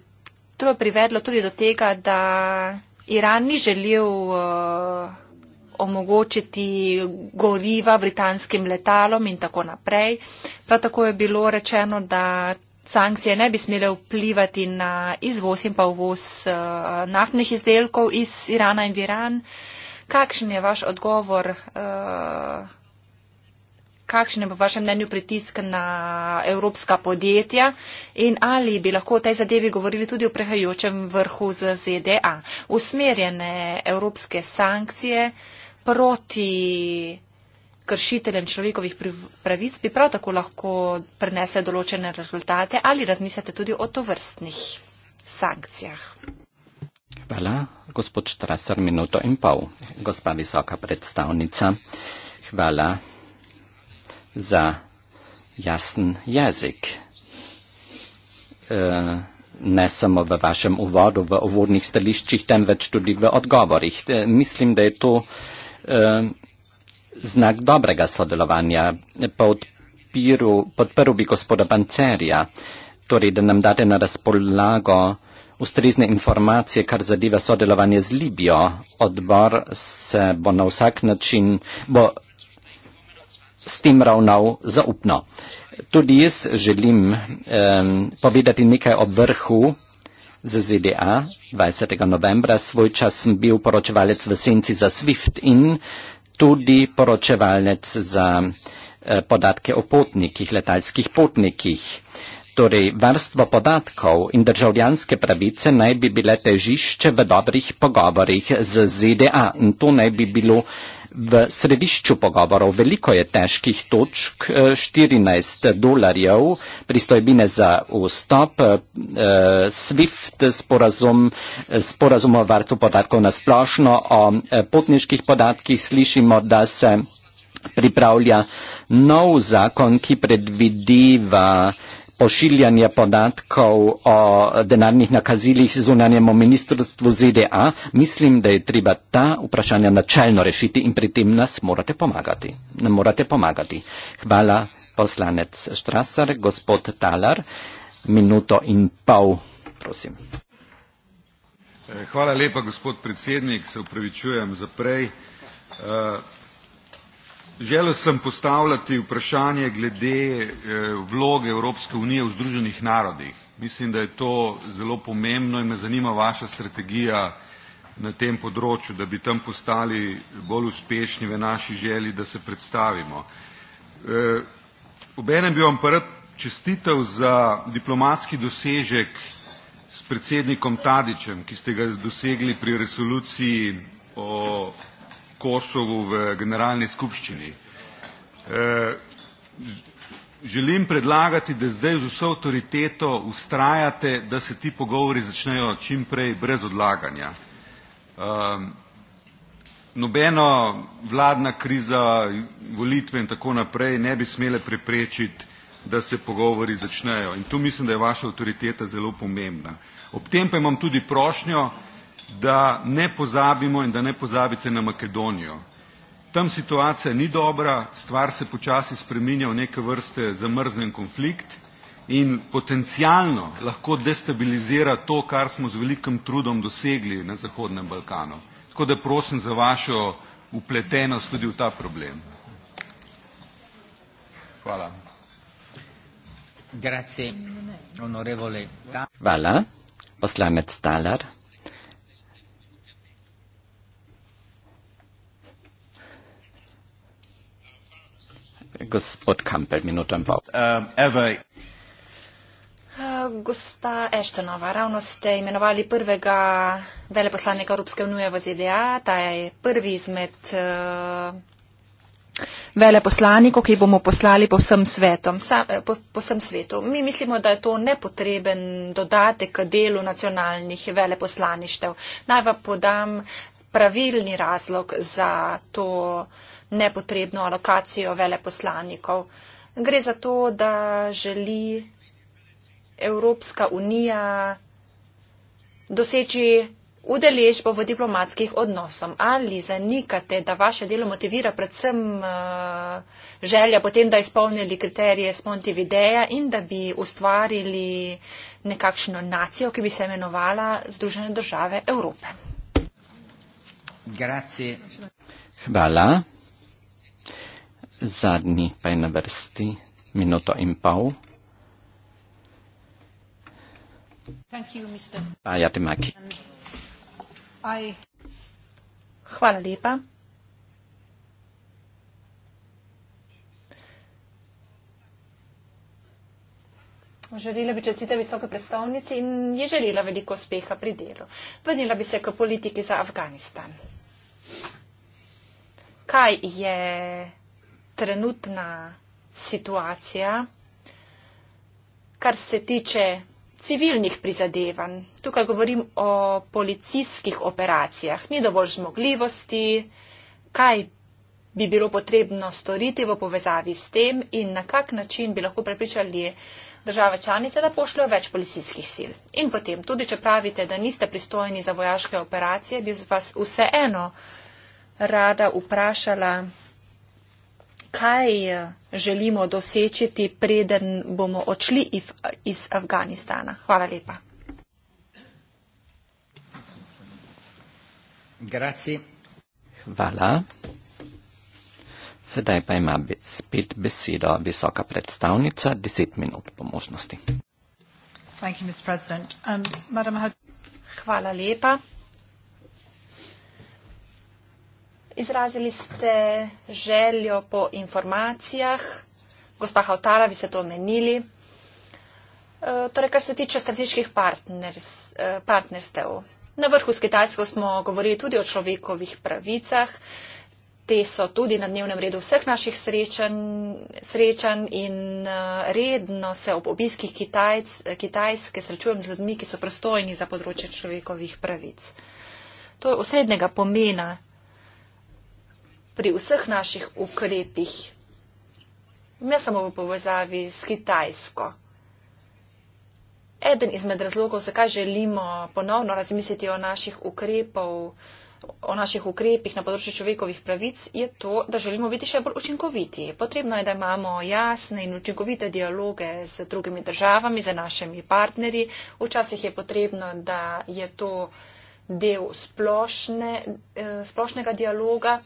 B: to je privedlo tudi do tega, da Iran ni želel uh, omogočiti goriva britanskim letalom in tako naprej. Prav tako je bilo rečeno, da sankcije ne bi smele vplivati na izvoz in pa uvoz eh, naftnih izdelkov iz Irana in Viran. Kakšen je vaš odgovor, eh, kakšen je po vašem mnenju pritisk na evropska podjetja in ali bi lahko o tej zadevi govorili tudi v prehajajočem vrhu z ZDA? Usmerjene evropske sankcije proti kršiteljem človekovih pravic, bi prav tako lahko prenese določene rezultate ali razmislite tudi o tovrstnih sankcijah.
A: Hvala, gospod Štraser, minuto in pol. Gospa visoka predstavnica, hvala za jasen jezik. E, ne samo v vašem uvodu, v uvodnih stališčih, temveč tudi v odgovorih. E, mislim, da je to e, znak dobrega sodelovanja. Podpiru, podprl bi gospoda Pancerja, torej da nam date na razpolago ustrezne informacije, kar zadeva sodelovanje z Libijo. Odbor se bo na vsak način bo s tem ravnal zaupno. Tudi jaz želim um, povedati nekaj o vrhu z ZDA 20. novembra. Svoj čas sem bil poročevalec v senci za SWIFT in tudi poročevalec za eh, podatke o potnikih, letalskih potnikih. Torej, varstvo podatkov in državljanske pravice naj bi bile težišče v dobrih pogovorih z ZDA in to naj bi bilo eh, v središču pogovorov. Veliko je težkih točk, 14 eh, dolarjev, pristojbine za vstop, eh, SWIFT sporazum, eh, sporazum o vartu podatkov na splošno, o potniških podatkih slišimo, da se pripravlja nov zakon, ki predvidiva pošiljanje podatkov o denarnih nakazilih zunanjemu ministrstvu ZDA, mislim, da je treba ta vprašanja načelno rešiti in pri tem nas morate pomagati. Morate pomagati. Hvala, poslanec Štrasar, gospod Talar. Minuto in pol, prosim.
D: Hvala lepa, gospod predsednik. Se upravičujem za prej. Uh, Želel sem postavljati vprašanje glede eh, vloge Evropske unije v Združenih narodih. Mislim, da je to zelo pomembno in me zanima vaša strategija na tem področju, da bi tam postali bolj uspešni v naši želji, da se predstavimo. Eh, obenem bi vam prv čestitev za diplomatski dosežek s predsednikom Tadićem, ki ste ga dosegli pri resoluciji o Kosovu v generalni skupščini. Eh, želim predlagati, da zdaj z vso avtoriteto ustrajate, da se ti pogovori začnejo čim prej brez odlaganja. Ehm, nobeno vladna kriza, volitve in tako naprej ne bi smele preprečiti, da se pogovori začnejo. In tu mislim, da je vaša avtoriteta zelo pomembna. Ob tem pa imam tudi prošnjo, da ne pozabimo in da ne pozabite na Makedonijo. Tam situacija ni dobra, stvar se počasi spreminja v neke vrste zamrznen konflikt in potencialno lahko destabilizira to, kar smo z velikim trudom dosegli na Zahodnem Balkanu. Tako da prosim za vašo upletenost tudi v ta problem. Hvala.
A: Hvala. Poslanec Talar. Gospod Kampel, minuto in pol. Uh,
B: uh, gospa Eštonova, ravno ste imenovali prvega veleposlanika Evropske unije v ZDA. Ta je prvi izmed uh, veleposlanikov, ki bomo poslali po vsem, svetom, sa, eh, po, po vsem svetu. Mi mislimo, da je to nepotreben dodatek k delu nacionalnih veleposlaništev. Naj vam podam pravilni razlog za to. Uh, nepotrebno alokacijo veleposlanikov. Gre za to, da želi Evropska unija doseči udeležbo v diplomatskih odnosom. Ali zanikate, da vaše delo motivira predvsem eh, želja potem, da izpolnili kriterije Spontivideja in da bi ustvarili nekakšno nacijo, ki bi se imenovala Združene države Evrope?
A: Grazie. Hvala zadnji pa je na vrsti minuto in pol. Ja,
B: Hvala lepa. Želela bi čestita visoke predstavnici in je želela veliko uspeha pri delu. Vrnila bi se k politiki za Afganistan. Kaj je trenutna situacija, kar se tiče civilnih prizadevanj. Tukaj govorim o policijskih operacijah. Ni dovolj zmogljivosti, kaj bi bilo potrebno storiti v povezavi s tem in na kak način bi lahko prepričali države članice, da pošljajo več policijskih sil. In potem, tudi če pravite, da niste pristojni za vojaške operacije, bi vas vseeno rada vprašala, kaj eh, želimo dosečiti, preden bomo odšli iz Afganistana. Hvala lepa.
A: Grazie. Hvala. Sedaj pa ima spet besedo visoka predstavnica, deset minut po možnosti.
B: Thank you, um, Hvala lepa. Izrazili ste željo po informacijah, gospa Hautara, vi ste to omenili. E, torej, kar se tiče strateških e, partnerstev. Na vrhu s Kitajsko smo govorili tudi o človekovih pravicah. Te so tudi na dnevnem redu vseh naših srečanj, srečanj in e, redno se ob obiskih Kitajc, Kitajske srečujem z ljudmi, ki so prostojni za področje človekovih pravic. To je osrednjega pomena pri vseh naših ukrepih, ne samo v povezavi s Kitajsko. Eden izmed razlogov, zakaj želimo ponovno razmisliti o naših, ukrepov, o naših ukrepih na področju človekovih pravic, je to, da želimo biti še bolj učinkoviti. Potrebno je, da imamo jasne in učinkovite dialoge z drugimi državami, z našimi partnerji. Včasih je potrebno, da je to del splošne, eh, splošnega dialoga.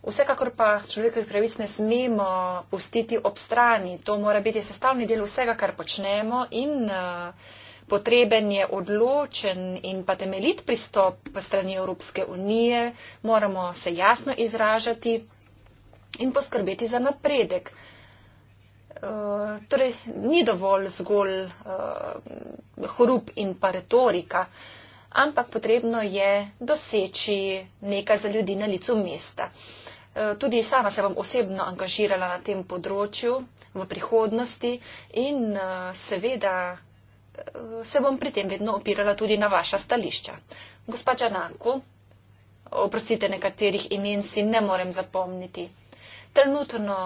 B: Vsekakor pa človekovih pravic ne smemo pustiti ob strani. To mora biti sestavni del vsega, kar počnemo in eh, potreben je odločen in pa temeljit pristop strani Evropske unije. Moramo se jasno izražati in poskrbeti za napredek. Eh, torej, ni dovolj zgolj eh, hrup in pa retorika, ampak potrebno je doseči nekaj za ljudi na licu mesta. Eh, tudi sama se bom osebno angažirala na tem področju v prihodnosti in eh, seveda eh, se bom pri tem vedno opirala tudi na vaša stališča. Gospa Čananko, oprostite, nekaterih imen si ne morem zapomniti. Trenutno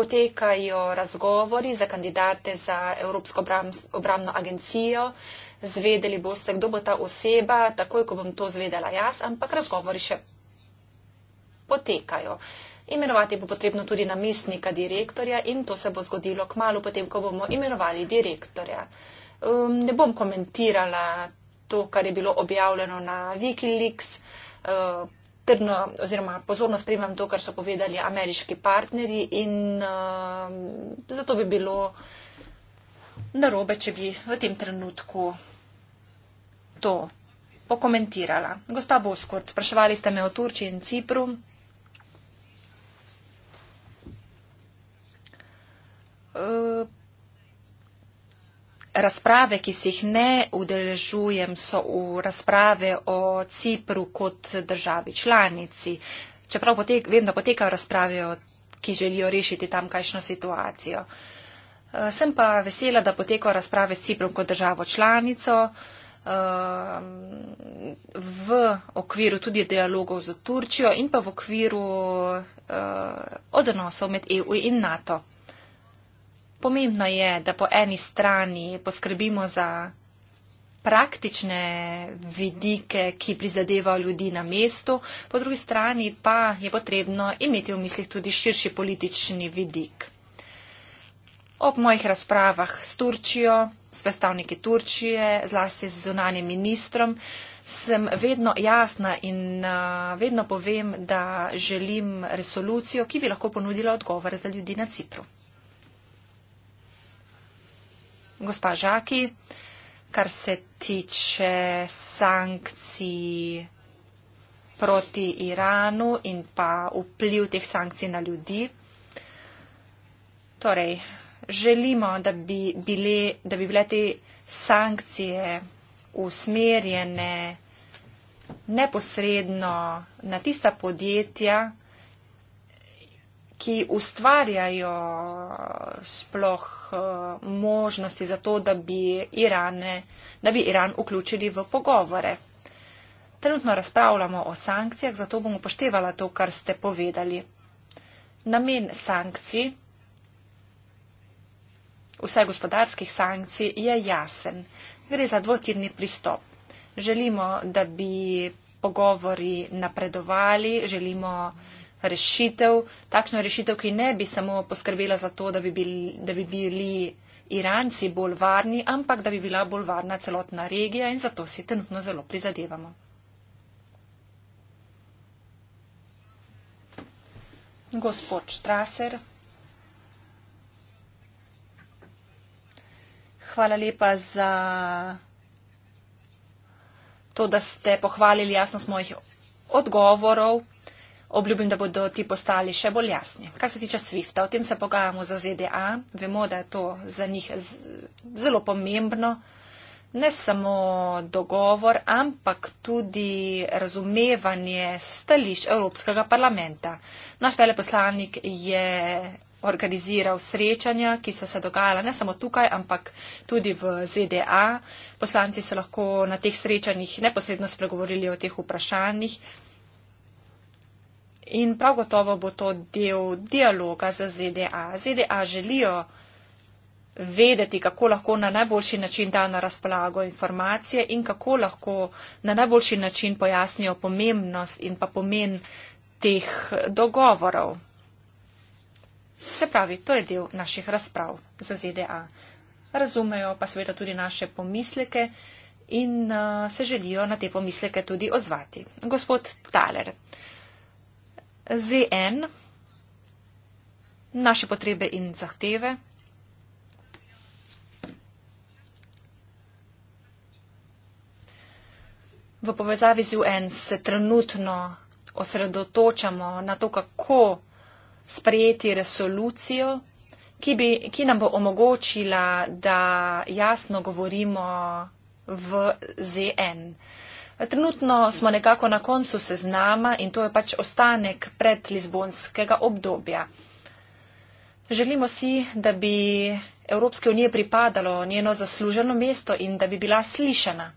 B: potekajo razgovori za kandidate za Evropsko obramno agencijo. Zvedeli boste, kdo bo ta oseba, takoj, ko bom to zvedela jaz, ampak razgovori še potekajo. Imenovati bo potrebno tudi namestnika direktorja in to se bo zgodilo k malu potem, ko bomo imenovali direktorja. Um, ne bom komentirala to, kar je bilo objavljeno na Wikileaks. Uh, Trdno oziroma pozorno spremljam to, kar so povedali ameriški partnerji in uh, zato bi bilo narobe, če bi v tem trenutku to pokomentirala. Gospa Boskort, spraševali ste me o Turčiji in Cipru. Eh, razprave, ki si jih ne udeležujem, so v razprave o Cipru kot državi članici. Čeprav potek, vem, da potekajo razprave, ki želijo rešiti tam kajšno situacijo. Eh, sem pa vesela, da potekajo razprave s Ciprom kot državo članico eh, v okviru tudi dialogov z Turčijo in pa v okviru odnosov med EU in NATO pomembno je, da po eni strani poskrbimo za praktične vidike, ki prizadevajo ljudi na mestu, po drugi strani pa je potrebno imeti v mislih tudi širši politični vidik. Ob mojih razpravah s Turčijo, s predstavniki Turčije, zlasti z zunanjem ministrom, sem vedno jasna in uh, vedno povem, da želim resolucijo, ki bi lahko ponudila odgovore za ljudi na Cipru gospa Žaki, kar se tiče sankcij proti Iranu in pa vpliv teh sankcij na ljudi. Torej, želimo, da bi, bile, da bi bile te sankcije usmerjene neposredno na tista podjetja, ki ustvarjajo sploh eh, možnosti za to, da bi, Irane, da bi Iran vključili v pogovore. Trenutno razpravljamo o sankcijah, zato bom upoštevala to, kar ste povedali. Namen sankcij, vsaj gospodarskih sankcij, je jasen. Gre za dvotirni pristop. Želimo, da bi pogovori napredovali, želimo, rešitev, takšno rešitev, ki ne bi samo poskrbela za to, da bi bili, da bi bili Iranci bolj varni, ampak da bi bila bolj varna celotna regija in zato si trenutno zelo prizadevamo. Gospod Štraser. Hvala lepa za to, da ste pohvalili jasnost mojih odgovorov obljubim, da bodo ti postali še bolj jasni. Kar se tiče SWIFT-a, o tem se pogajamo za ZDA, vemo, da je to za njih zelo pomembno. Ne samo dogovor, ampak tudi razumevanje stališč Evropskega parlamenta. Naš veleposlanik je organiziral srečanja, ki so se dogajala ne samo tukaj, ampak tudi v ZDA. Poslanci so lahko na teh srečanjih neposredno spregovorili o teh vprašanjih. In prav gotovo bo to del dialoga z ZDA. ZDA želijo vedeti, kako lahko na najboljši način da na razpolago informacije in kako lahko na najboljši način pojasnijo pomembnost in pa pomen teh dogovorov. Se pravi, to je del naših razprav za ZDA. Razumejo pa seveda tudi naše pomisleke in uh, se želijo na te pomisleke tudi ozvati. Gospod Taler. Uh, ZN, naše potrebe in zahteve, V povezavi z UN se trenutno osredotočamo na to, kako sprejeti resolucijo, ki, bi, ki nam bo omogočila, da jasno govorimo v ZN. Trenutno smo nekako na koncu seznama in to je pač ostanek pred Lizbonskega obdobja. Želimo si, da bi Evropske unije pripadalo njeno zasluženo mesto in da bi bila slišena.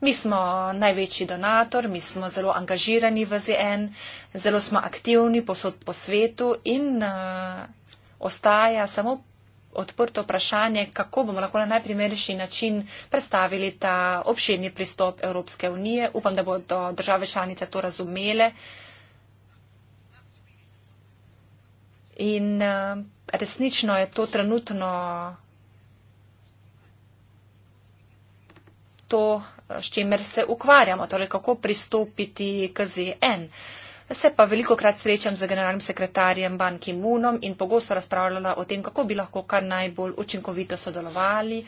B: Mi smo največji donator, mi smo zelo angažirani v ZN, zelo smo aktivni posod po svetu in uh, ostaja samo odprto vprašanje, kako bomo lahko na najprimernejši način predstavili ta obširni pristop Evropske unije. Upam, da bodo države članice to razumele. In eh, resnično je to trenutno to, s čimer se ukvarjamo, torej kako pristopiti k ZN se pa veliko krat srečam z generalnim sekretarjem Ban Ki-moonom in pogosto razpravljala o tem, kako bi lahko kar najbolj učinkovito sodelovali.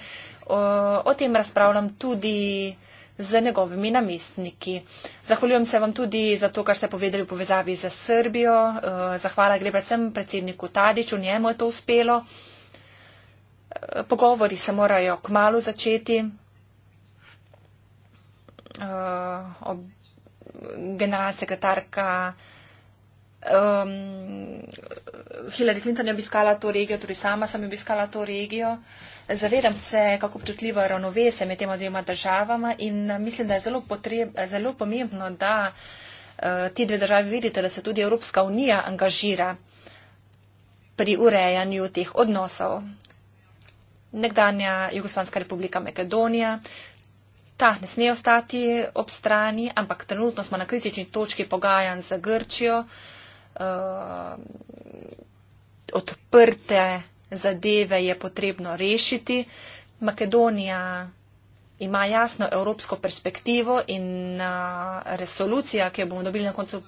B: O, o tem razpravljam tudi z njegovimi namestniki. Zahvaljujem se vam tudi za to, kar ste povedali v povezavi z Srbijo. E, zahvala gre predvsem predsedniku Tadiču, njemu je to uspelo. E, pogovori se morajo kmalo začeti. E, ob generalna sekretarka um, Hillary Clinton je obiskala to regijo, tudi sama sem obiskala to regijo. Zavedam se, kako občutljivo je ravnovesje med tema dvema državama in uh, mislim, da je zelo, potreb, zelo pomembno, da uh, ti dve državi vidite, da se tudi Evropska unija angažira pri urejanju teh odnosov. Nekdanja Jugoslanska republika Makedonija, ta ne sme ostati ob strani, ampak trenutno smo na kritični točki pogajanj za Grčijo. Uh, odprte zadeve je potrebno rešiti. Makedonija ima jasno evropsko perspektivo in uh, resolucija, ki jo bomo dobili na koncu uh,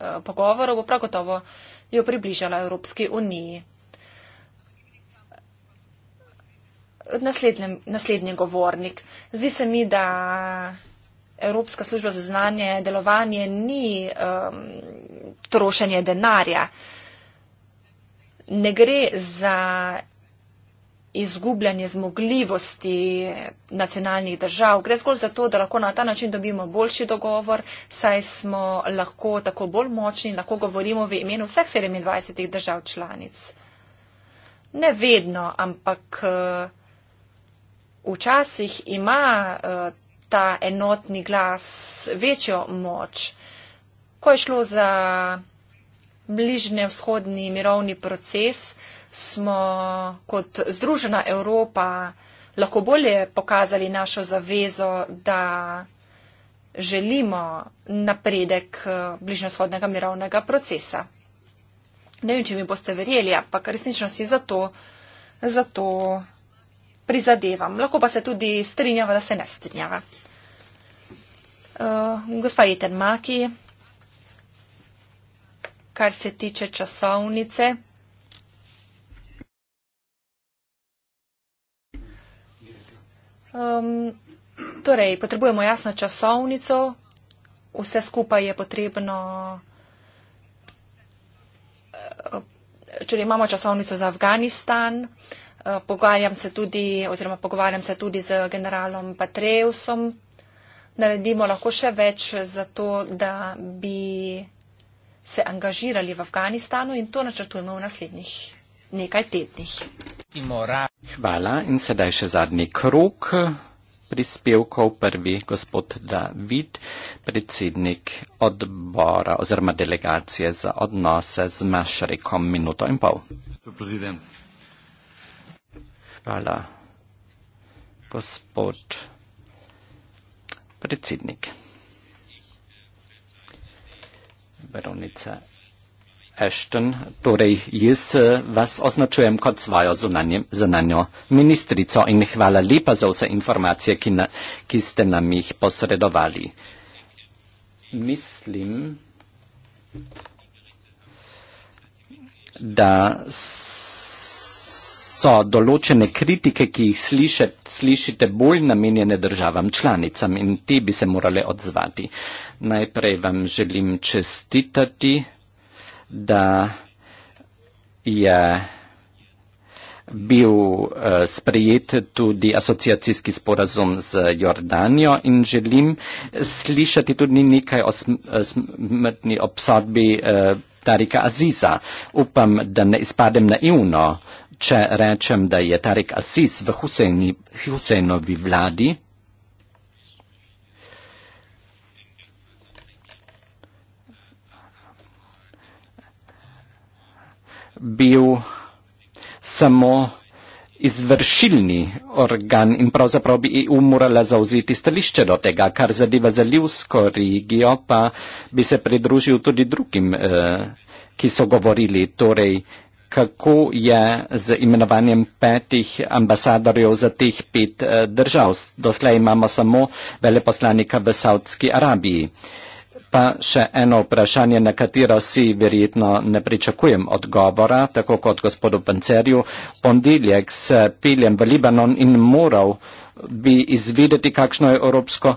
B: eh, pogovora, bo prav gotovo jo približala Evropski uniji. naslednjem, naslednji govornik. Zdi se mi, da Evropska služba za znanje delovanje ni um, trošenje denarja. Ne gre za izgubljanje zmogljivosti nacionalnih držav. Gre zgolj za to, da lahko na ta način dobimo boljši dogovor, saj smo lahko tako bolj močni in lahko govorimo v imenu vseh 27 držav članic. Ne vedno, ampak. Uh, včasih ima eh, ta enotni glas večjo moč. Ko je šlo za bližnje vzhodni mirovni proces, smo kot Združena Evropa lahko bolje pokazali našo zavezo, da želimo napredek eh, bližnjevzhodnega mirovnega procesa. Ne vem, če mi boste verjeli, ampak resnično si zato, zato prizadevam, lahko pa se tudi strinjava, da se ne strinjava. Uh, gospa Jeten Maki, kar se tiče časovnice. Um, torej, potrebujemo jasno časovnico, vse skupaj je potrebno. Eh, če imamo časovnico za Afganistan, uh, Eh, pogajam se tudi, oziroma pogovarjam se tudi z generalom Patreusom. Naredimo lahko še več za to, da bi se angažirali v Afganistanu in to načrtujemo v naslednjih nekaj tednih.
A: Hvala in sedaj še zadnji krok prispevkov. Prvi gospod David, predsednik odbora oziroma delegacije za odnose z Mašarikom, minuto in pol. Gospod predsednik. Hvala, gospod predsednik. Veronica Ashton, torej jaz eh, vas označujem kot svojo zunanjo ministrico in hvala lepa za vse informacije, ki, na, ki ste nam jih posredovali. Mislim, da so določene kritike, ki jih sliše, slišite, bolj namenjene državam članicam in te bi se morale odzvati. Najprej vam želim čestitati, da je bil eh, sprejet tudi asociacijski sporazum z Jordanijo in želim slišati tudi nekaj o eh, smrtni obsodbi eh, Tarika Aziza. Upam, da ne izpadem naivno če rečem, da je Tarek Asis v Huseini, Huseinovi vladi, bil samo izvršilni organ in pravzaprav bi EU morala zauziti stališče do tega, kar zadeva zalivsko regijo, pa bi se pridružil tudi drugim, eh, ki so govorili, torej kako je z imenovanjem petih ambasadorjev za teh pet eh, držav. Doslej imamo samo veleposlanika v Saudski Arabiji. Pa še eno vprašanje, na katero si verjetno ne pričakujem odgovora, tako kot gospodu Pancerju. Pondeljek s piljem v Libanon in moral bi izvedeti, kakšno je evropsko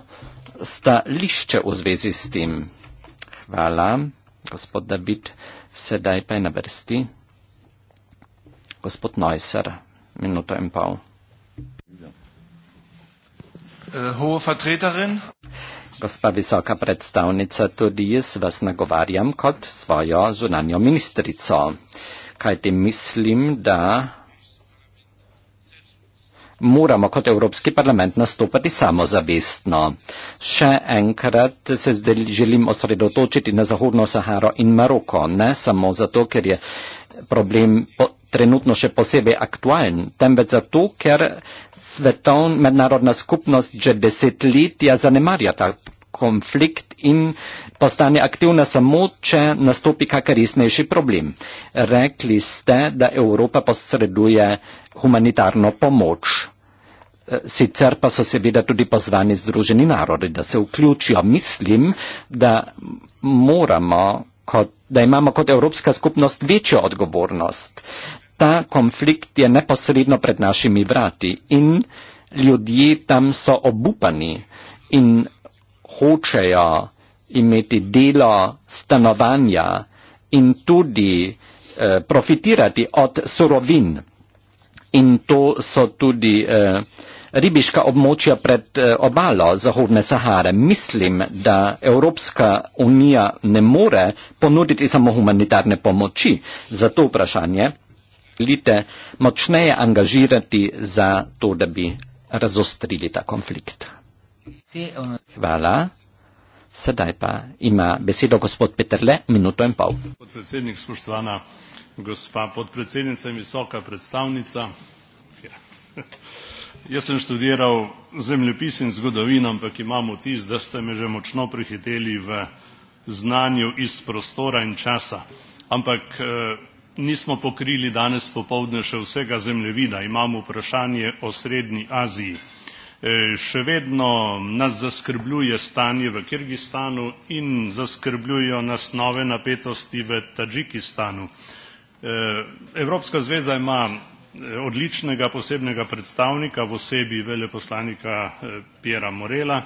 A: stališče v zvezi s tem. Hvala, gospod David, sedaj pa je na vrsti. Gospod Neusser, minuto in pol.
D: Eh,
A: Gospa visoka predstavnica, tudi jaz vas nagovarjam kot svojo zunanjo ministrico, kajti mislim, da moramo kot Evropski parlament nastopati samozavestno. Še enkrat se želim osredotočiti na Zahodno Saharo in Maroko, ne samo zato, ker je problem trenutno še posebej aktualen, temveč zato, ker svetovna mednarodna skupnost že desetletja zanemarja ta konflikt in postane aktivna samo, če nastopi kakor resnejši problem. Rekli ste, da Evropa posreduje humanitarno pomoč. E, sicer pa so seveda tudi pozvani Združeni narodi, da se vključijo. Mislim, da moramo, kot, da imamo kot Evropska skupnost večjo odgovornost ta konflikt je neposredno pred našimi vrati in ljudje tam so obupani in hočejo imeti delo stanovanja in tudi eh, profitirati od surovin. In to so tudi eh, ribiška območja pred eh, obalo Zahodne Sahare. Mislim, da Evropska unija ne more ponuditi samo humanitarne pomoči za to vprašanje želite močneje angažirati za to, da bi razostrili ta konflikt. Hvala. Sedaj pa ima besedo gospod Peterle, minuto
E: in pol. Podpredsednik, spoštovana gospa podpredsednica in visoka predstavnica. Ja. Jaz sem študiral zemljepis in zgodovino, ampak imam vtis, da ste me že močno prehiteli v znanju iz prostora in časa. Ampak eh, nismo pokrili danes popovdne še vsega zemljevida, imamo vprašanje o Srednji Aziji. E, še vedno nas zaskrbljuje stanje v Kirgistanu in zaskrbljujo nas nove napetosti v Tadžikistanu. E, Evropska zveza ima e, odličnega posebnega predstavnika v osebi veleposlanika Pjera Morela,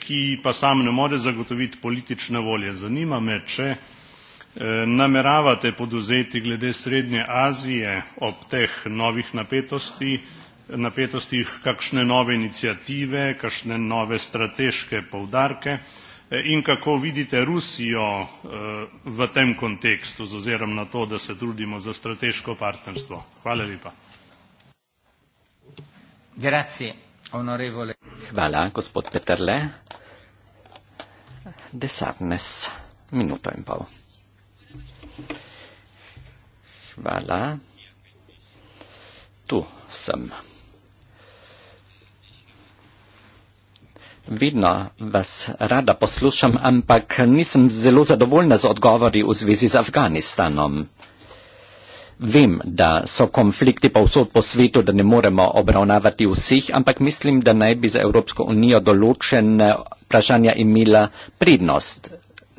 E: ki pa sam ne more zagotoviti politične volje. Zanima me, če Eh, nameravate poduzeti glede Srednje Azije ob teh novih napetosti, napetostih, kakšne nove inicijative, kakšne nove strateške poudarke eh, in kako vidite Rusijo eh, v tem kontekstu z ozirom na to, da se trudimo za strateško partnerstvo. Hvala lepa.
A: Hvala, gospod Peterle. Desarnes, minuto in pol. Hvala. Tu sem. Vidno vas rada poslušam, ampak nisem zelo zadovoljna z odgovori v zvezi z Afganistanom. Vem, da so konflikti povsod po svetu, da ne moremo obravnavati vseh, ampak mislim, da naj bi za Evropsko unijo določene vprašanja imela prednost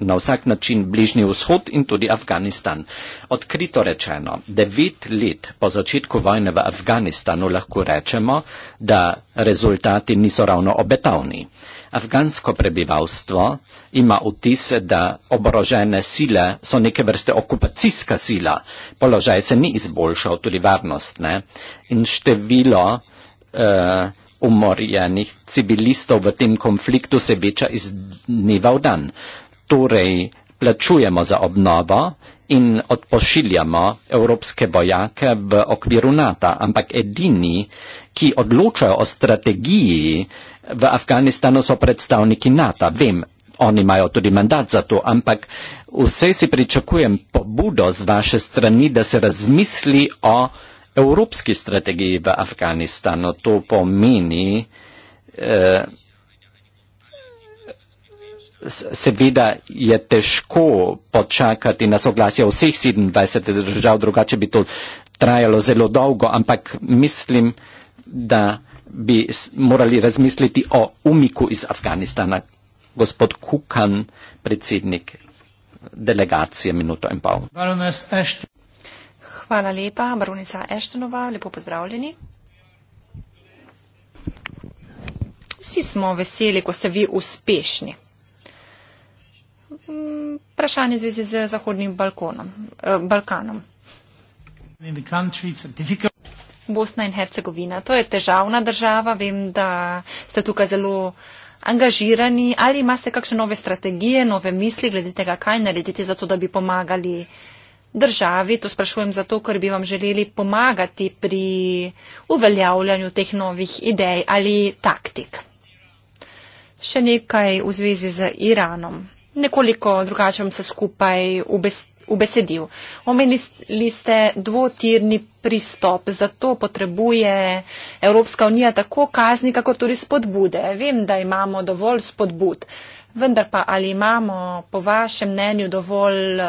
A: na vsak način Bližnji vzhod in tudi Afganistan. Odkrito rečeno, devet let po začetku vojne v Afganistanu lahko rečemo, da rezultati niso ravno obetavni. Afgansko prebivalstvo ima vtis, da oborožene sile so neke vrste okupacijska sila. Položaj se ni izboljšal, tudi varnost ne. In število uh, umorjenih civilistov v tem konfliktu se veča iz dneva v dan. Uh, której plečujemo za obnovo in odpošiljamo evropske vojake v okviru NATO, ampak edini, ki odločajo o strategiji v Afganistanu, so predstavniki NATO. Vem, oni imajo tudi mandat za to, ampak vse si pričakujem pobudo z vaše strani, da se razmisli o evropski strategiji v Afganistanu. To pomeni. Eh, seveda je težko počakati na soglasje vseh 27 držav, drugače bi to trajalo zelo dolgo, ampak mislim, da bi morali razmisliti o umiku iz Afganistana. Gospod Kukan, predsednik delegacije, minuto in pol.
B: Hvala lepa, baronica Eštenova, lepo pozdravljeni. Vsi smo veseli, ko ste vi uspešni vprašanje v zvezi z Zahodnim Balkonom, eh, Balkanom. Bosna in Hercegovina, to je težavna država. Vem, da ste tukaj zelo angažirani. Ali imate kakšne nove strategije, nove misli glede tega, kaj narediti za to, da bi pomagali državi? To sprašujem zato, ker bi vam želeli pomagati pri uveljavljanju teh novih idej ali taktik. Še nekaj v zvezi z Iranom nekoliko drugačem se skupaj ubesedil. Omenili ste dvotirni pristop, zato potrebuje Evropska unija tako kazni, kako tudi spodbude. Vem, da imamo dovolj spodbud, vendar pa ali imamo po vašem mnenju dovolj eh,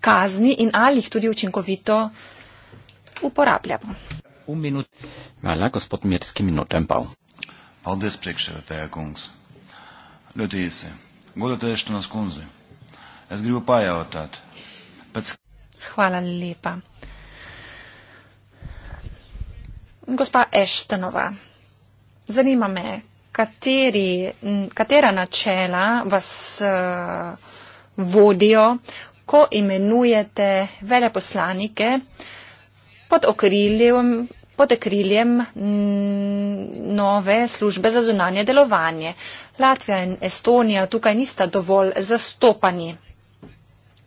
B: kazni in ali jih tudi učinkovito uporabljamo.
A: Hvala, gospod Mirski, minuto in pol. Hvala, gospod Mirski, minuto in pol ljudi. Godo te je šlo na skunzi.
D: Jaz gribu pa je od tat.
B: Hvala lepa. Gospa Eštenova, zanima me, kateri, katera načela vas uh, vodijo, ko imenujete veleposlanike pod okriljem pod okriljem mm, nove službe za zunanje delovanje. Latvija in Estonija tukaj nista dovolj zastopani.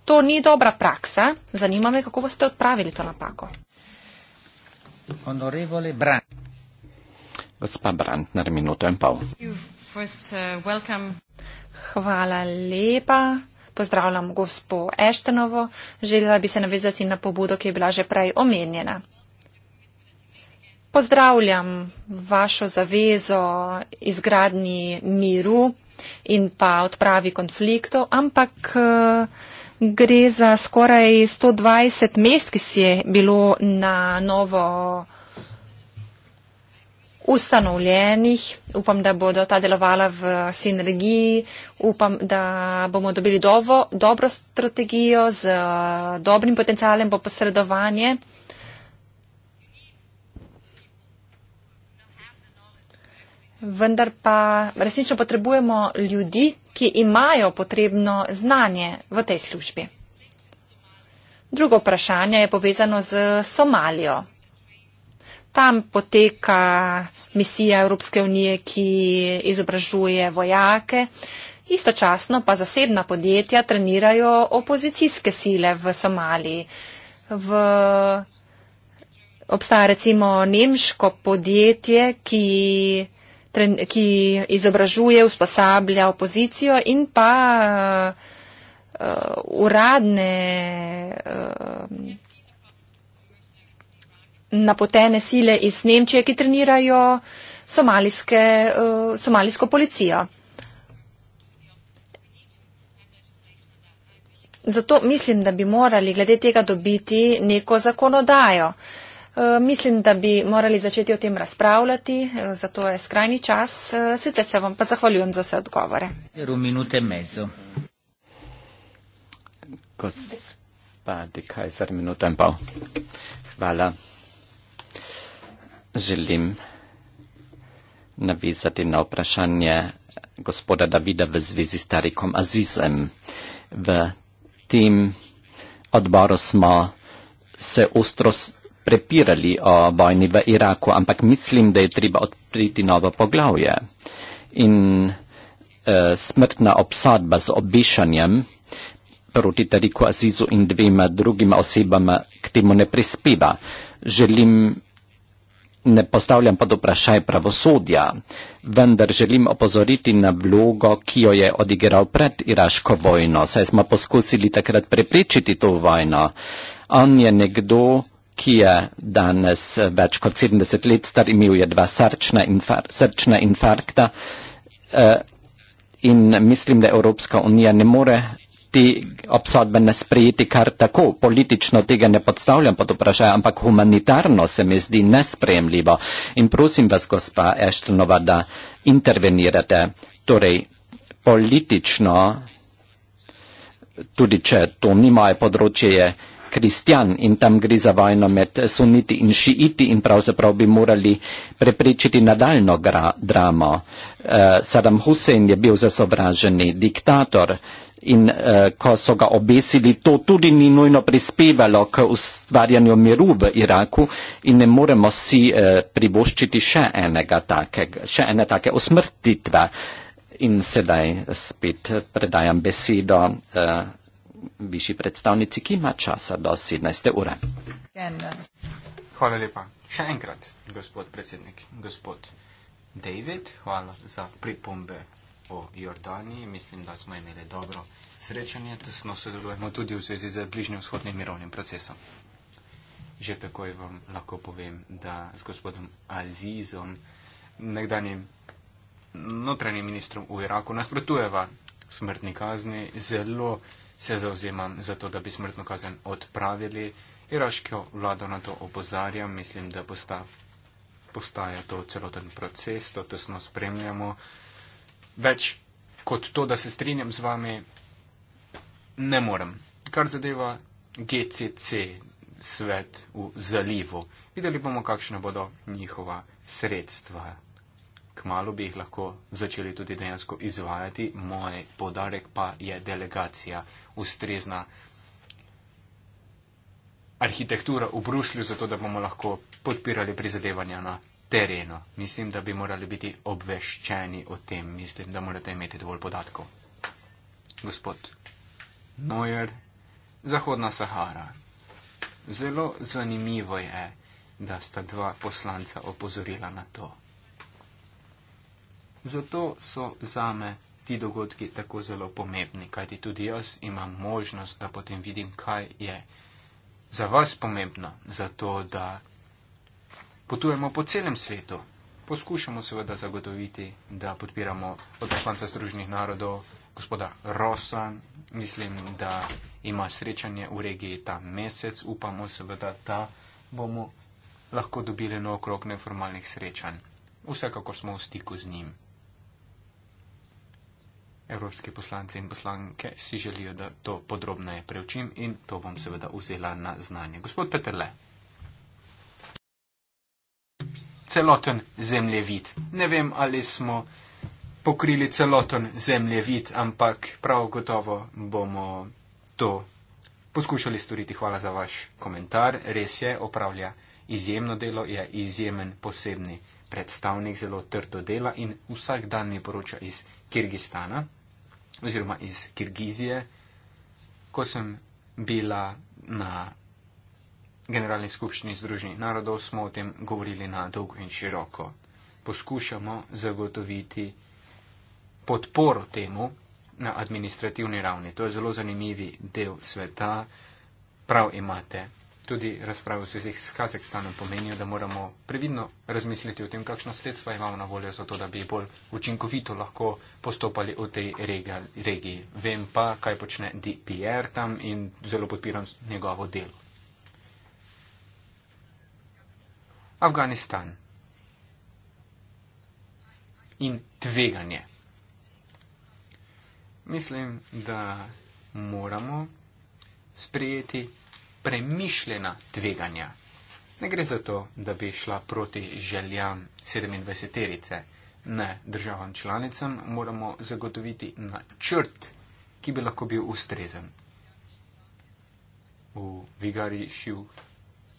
B: To ni dobra praksa. Zanima me, kako boste odpravili to napako.
A: Gospa Brandner, minuto in pol.
B: Uh, Hvala lepa. Pozdravljam gospo Eštenovo. Želela bi se navezati na pobudo, ki je bila že prej omenjena pozdravljam vašo zavezo izgradnji miru in pa odpravi konfliktov, ampak eh, gre za skoraj 120 mest, ki si je bilo na novo ustanovljenih. Upam, da bodo ta delovala v sinergiji, upam, da bomo dobili dovo, dobro strategijo z eh, dobrim potencialem po posredovanje. vendar pa resnično potrebujemo ljudi, ki imajo potrebno znanje v tej službi. Drugo vprašanje je povezano z Somalijo. Tam poteka misija Evropske unije, ki izobražuje vojake, istočasno pa zasebna podjetja trenirajo opozicijske sile v Somaliji. V obstaja recimo nemško podjetje, ki ki izobražuje, usposablja opozicijo in pa uh, uradne uh, napotene sile iz Nemčije, ki trenirajo somalijske, uh, somalijsko policijo. Zato mislim, da bi morali glede tega dobiti neko zakonodajo. Uh, Eh, mislim, da bi morali začeti o tem razpravljati, eh, zato je skrajni čas. Eh, sicer se vam pa zahvaljujem za vse odgovore.
A: Zero minute mezo. Gospodi, kaj za minuto in pol. Hvala. Želim navizati na vprašanje gospoda Davida v zvezi s Tarikom Azizem. V tem odboru smo se ostro prepirali o vojni v Iraku, ampak mislim, da je treba odpriti novo poglavje. In e, smrtna obsodba z obišanjem proti Tariku Azizu in dvema drugima osebama k temu ne prispeva. Želim, ne postavljam pod vprašaj pravosodja, vendar želim opozoriti na vlogo, ki jo je odigral pred Iraško vojno, saj smo poskusili takrat preprečiti to vojno. On je nekdo, ki je danes eh, več kot 70 let star, imel je dva srčna, infar srčna infarkta e, in mislim, da Evropska unija ne more te obsodbe ne sprejeti kar tako. Politično tega ne podstavljam pod vprašanje, ampak humanitarno se mi zdi nespremljivo. In prosim vas, gospa Eštenova, da intervenirate. Torej, politično, tudi če to ni moje področje, je kristjan in tam gre za vojno med suniti in šiiti in pravzaprav bi morali preprečiti nadaljno gra, dramo. Uh, Saddam Hussein je bil zasobraženi diktator in uh, ko so ga obesili, to tudi ni nujno prispevalo k ustvarjanju miru v Iraku in ne moremo si uh, privoščiti še, enega, takega, še ene take osmrtitve. In sedaj spet predajam besedo. Uh, višji predstavnici, ki ima časa do 17. ure.
C: Hvala lepa. Še enkrat, gospod predsednik, gospod David, hvala za pripombe o Jordaniji. Mislim, da smo imeli dobro srečanje, tesno sodelujemo tudi v zvezi z bližnjim vzhodnim mirovnim procesom. Že takoj vam lahko povem, da s gospodom Azizom, nekdanjim notranjim ministrom v Iraku, nasprotujeva smrtni kazni zelo se zauzemam za to, da bi smrtno kazen odpravili. Iraško vlado na to opozarjam, mislim, da posta, postaja to celoten proces, to tesno spremljamo. Več kot to, da se strinjam z vami, ne morem. Kar zadeva GCC, svet v zalivu. Videli bomo, kakšne bodo njihova sredstva kmalo bi jih lahko začeli tudi dejansko izvajati. Moj podarek pa je delegacija, ustrezna arhitektura v Bruslju, zato da bomo lahko podpirali prizadevanja na terenu. Mislim, da bi morali biti obveščeni o tem. Mislim, da morate imeti dovolj podatkov. Gospod Neuer, Zahodna Sahara. Zelo zanimivo je, da sta dva poslanca opozorila na to. Zato so za me ti dogodki tako zelo pomembni, kajti tudi jaz imam možnost, da potem vidim, kaj je za vas pomembno, zato da potujemo po celem svetu. Poskušamo seveda zagotoviti, da podpiramo odposlanca Združenih narodov, gospoda Rosa. Mislim, da ima srečanje v regiji ta mesec. Upamo seveda, da bomo lahko dobili nov krok neformalnih srečanj. Vsekakor smo v stiku z njim evropski poslanci in poslanke si želijo, da to podrobneje preučim in to bom seveda vzela na znanje. Gospod Peterle. Celoten zemljevid. Ne vem, ali smo pokrili celoten zemljevid, ampak prav gotovo bomo to poskušali storiti. Hvala za vaš komentar. Res je, opravlja izjemno delo, je izjemen posebni predstavnik, zelo trdo dela in vsak dan mi poroča iz Kirgistana oziroma iz Kirgizije, ko sem bila na Generalni skupščini Združenih narodov, smo o tem govorili na dolgo in široko. Poskušamo zagotoviti podporo temu na administrativni ravni. To je zelo zanimivi del sveta. Prav imate tudi razprave v zvezi s Kazahstanom pomenijo, da moramo previdno razmisliti o tem, kakšna sredstva imamo na voljo za to, da bi bolj učinkovito lahko postopali v tej regiji. Vem pa, kaj počne DPR tam in zelo podpiram njegovo delo. Afganistan in tveganje. Mislim, da moramo sprejeti premišljena tveganja. Ne gre za to, da bi šla proti željam 27-erice. Ne, državam članicam moramo zagotoviti načrt, ki bi lahko bil ustrezen. V Vigarišju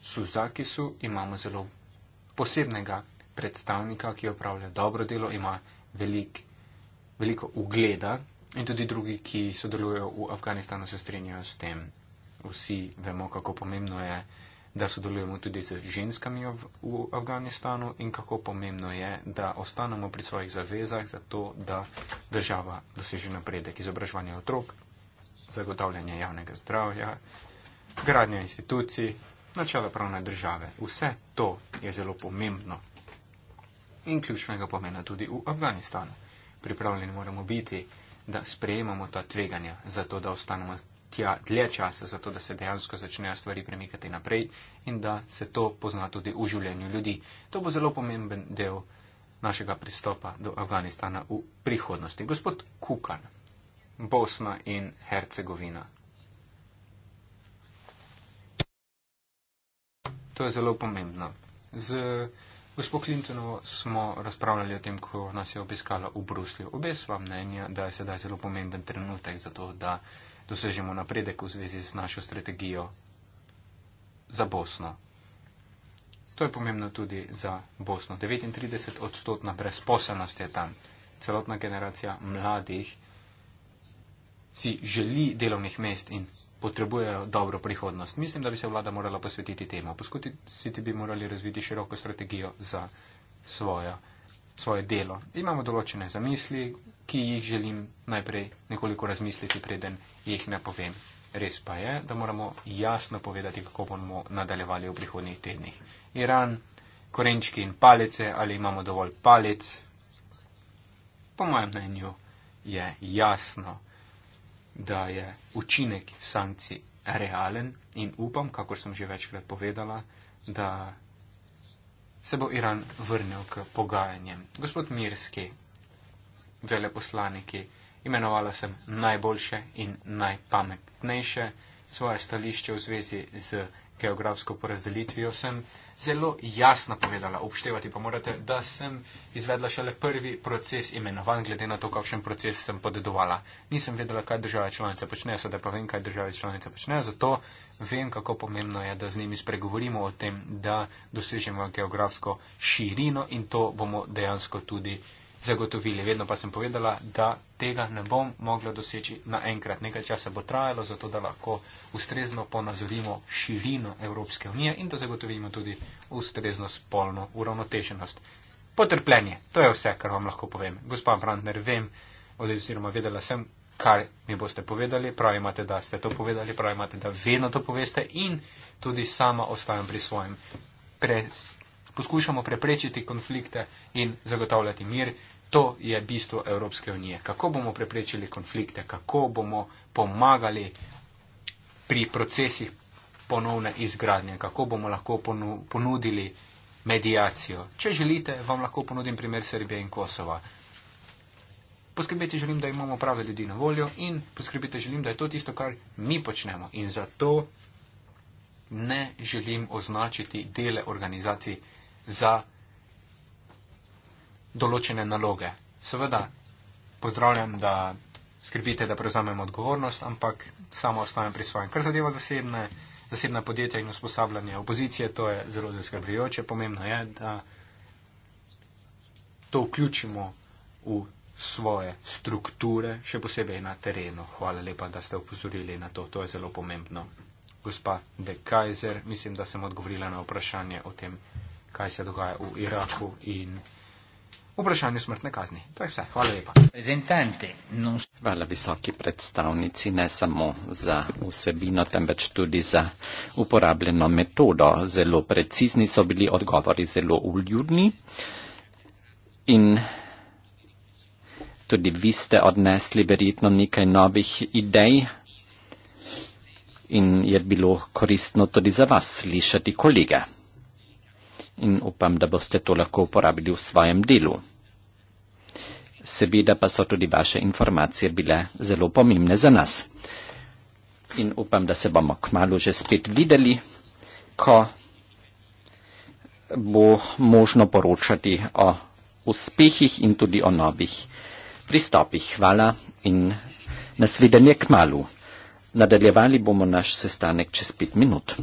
C: Suzakisu imamo zelo posebnega predstavnika, ki opravlja dobro delo, ima velik, veliko ugleda in tudi drugi, ki sodelujo v Afganistanu, se strinjajo s tem vsi vemo, kako pomembno je, da sodelujemo tudi z ženskami v Afganistanu in kako pomembno je, da ostanemo pri svojih zavezah za to, da država doseže napredek izobraževanja otrok, zagotavljanje javnega zdravja, gradnja institucij, načela pravne države. Vse to je zelo pomembno in ključnega pomena tudi v Afganistanu. Pripravljeni moramo biti, da sprejemamo ta tveganja, zato da ostanemo tja dlje časa, zato da se dejansko začnejo stvari premikati naprej in da se to pozna tudi v življenju ljudi. To bo zelo pomemben del našega pristopa do Afganistana v prihodnosti. Gospod Kukan, Bosna in Hercegovina. To je zelo pomembno. Z gospod Clintonovo smo razpravljali o tem, ko nas je obiskala v Bruslju. Obe sva mnenja, da je sedaj zelo pomemben trenutek za to, da dosežemo napredek v zvezi z našo strategijo za Bosno. To je pomembno tudi za Bosno. 39 odstotna brezposelnost je tam. Celotna generacija mladih si želi delovnih mest in potrebujejo dobro prihodnost. Mislim, da bi se vlada morala posvetiti temu. Poskusiti bi morali razviti široko strategijo za svojo, svoje delo. Imamo določene zamisli, ki jih želim najprej nekoliko razmisliti, preden jih napovem. Res pa je, da moramo jasno povedati, kako bomo nadaljevali v prihodnjih tednih. Iran, korenčki in palice, ali imamo dovolj palic? Po mojem mnenju je jasno, da je učinek sankcij realen in upam, kakor sem že večkrat povedala, da se bo Iran vrnil k pogajanjem. Gospod Mirski, veleposlaniki. Imenovala sem najboljše in najpametnejše. Svoje stališče v zvezi z geografsko porazdelitvijo sem zelo jasno povedala. Upoštevati pa morate, da sem izvedla šele prvi proces imenovan, glede na to, kakšen proces sem podedovala. Nisem vedela, kaj države članice počnejo, sedaj pa vem, kaj države članice počnejo, zato vem, kako pomembno je, da z njimi spregovorimo o tem, da dosežemo geografsko širino in to bomo dejansko tudi zagotovili. Vedno pa sem povedala, da tega ne bom mogla doseči naenkrat. Nekaj časa bo trajalo, zato da lahko ustrezno ponazorimo širino Evropske unije in da zagotovimo tudi ustrezno spolno uravnotešenost. Potrpljenje, to je vse, kar vam lahko povem. Gospa Brandner, vem, oziroma vedela sem, kar mi boste povedali, pravimate, da ste to povedali, pravimate, da vedno to poveste in tudi sama ostajam pri svojem. Pres poskušamo preprečiti konflikte in zagotavljati mir. To je bistvo Evropske unije. Kako bomo preprečili konflikte, kako bomo pomagali pri procesih ponovne izgradnje, kako bomo lahko ponudili medijacijo. Če želite, vam lahko ponudim primer Srbije in Kosova. Poskrbeti želim, da imamo prave ljudi na voljo in poskrbeti želim, da je to tisto, kar mi počnemo. In zato ne želim označiti dele organizacij, za določene naloge. Seveda, pozdravljam, da skrbite, da prevzamem odgovornost, ampak samo ostajam pri svojem. Kar zadeva zasebne, zasebna podjetja in usposabljanje opozicije, to je zelo zaskrbljujoče. Pomembno je, da to vključimo v svoje strukture, še posebej na terenu. Hvala lepa, da ste upozorili na to. To je zelo pomembno. Gospa De Kaiser, mislim, da sem odgovorila na vprašanje o tem kaj se dogaja v Iraku in vprašanju smrtne kazni. To je vse. Hvala lepa.
A: No. Hvala visoki predstavnici ne samo za vsebino, temveč tudi za uporabljeno metodo. Zelo precizni so bili odgovori, zelo uljudni. In tudi vi ste odnesli verjetno nekaj novih idej. In je bilo koristno tudi za vas slišati kolega in upam, da boste to lahko uporabili v svojem delu. Seveda pa so tudi vaše informacije bile zelo pomembne za nas. In upam, da se bomo kmalo že spet videli, ko bo možno poročati o uspehih in tudi o novih pristopih. Hvala in nasvidenje kmalo. Nadaljevali bomo naš sestanek čez pet minut.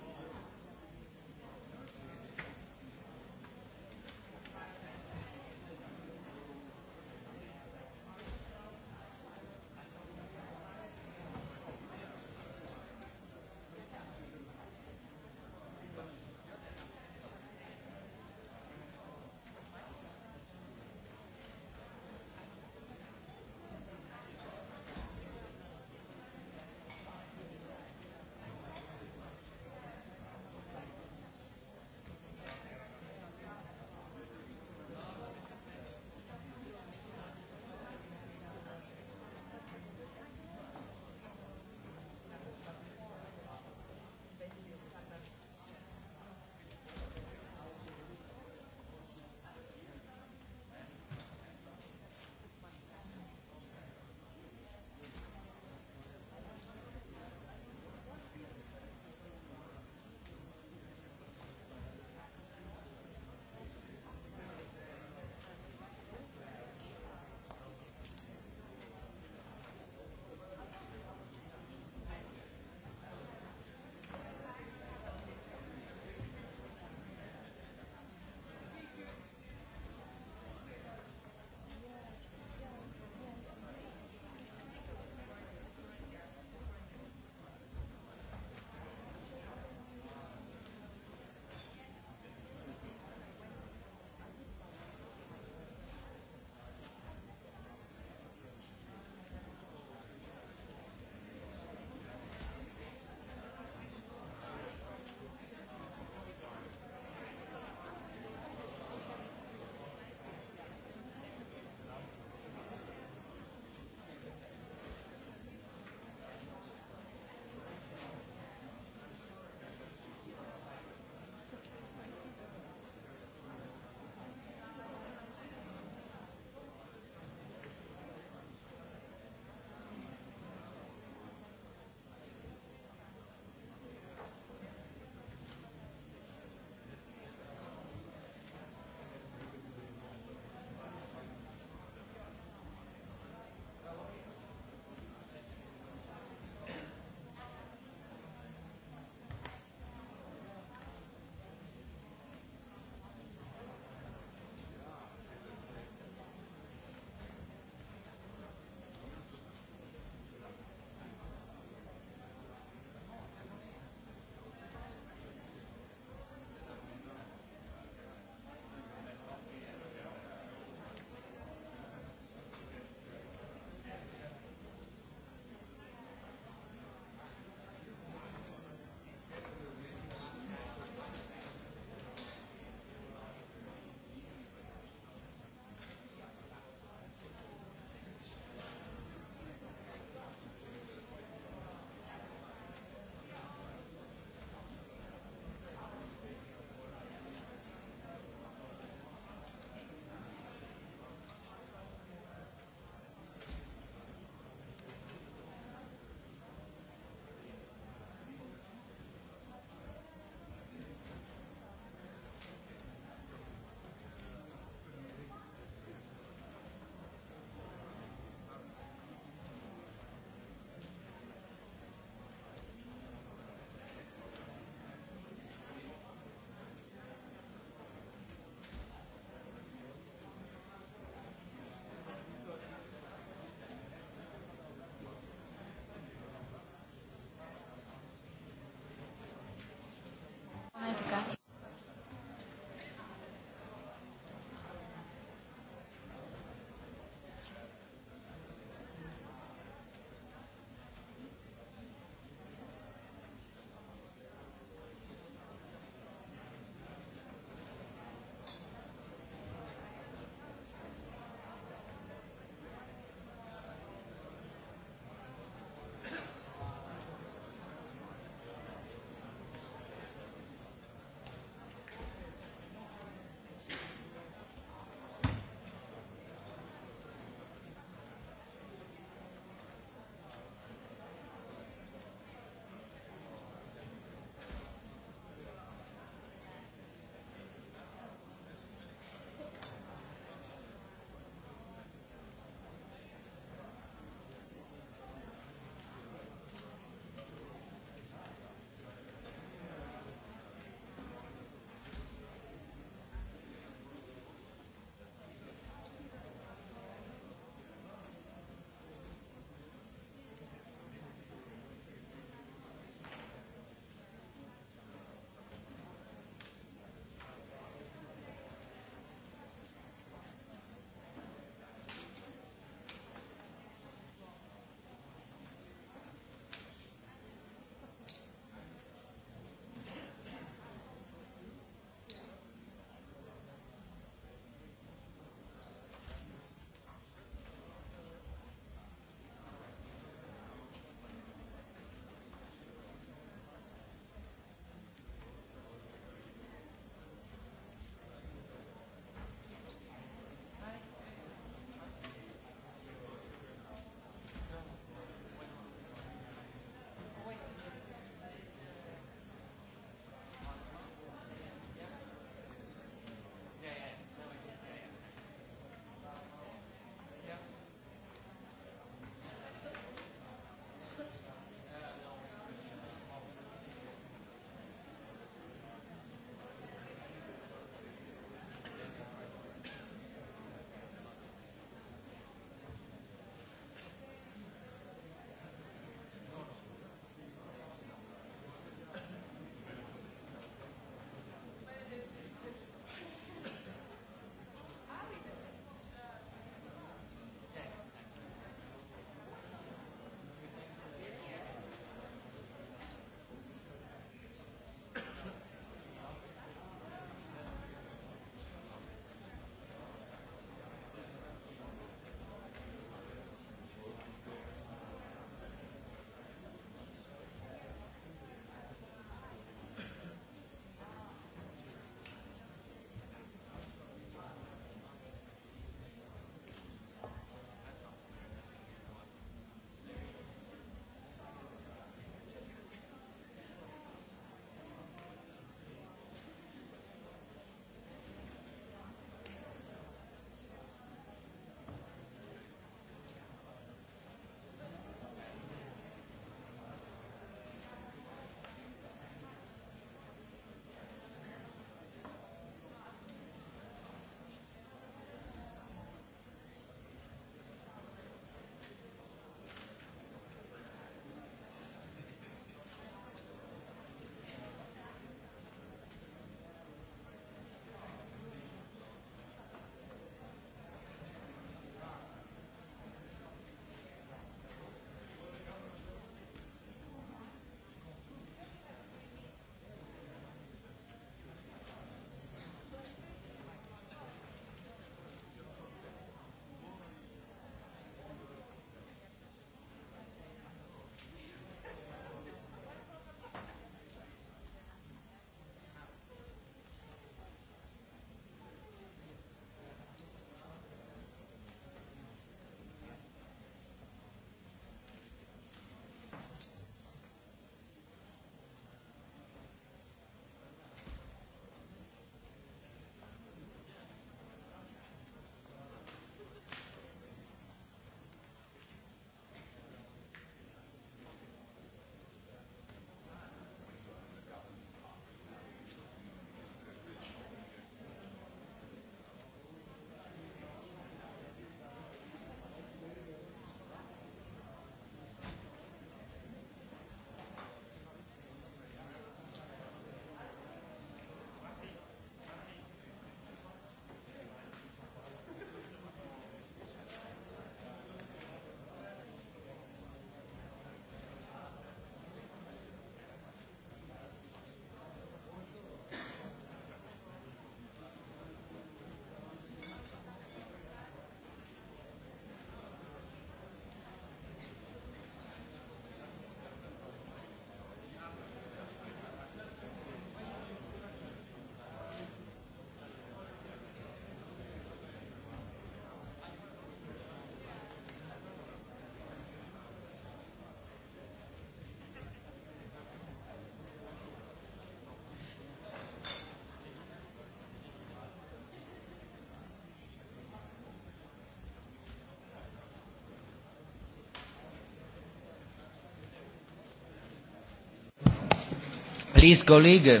A: Please, colleague,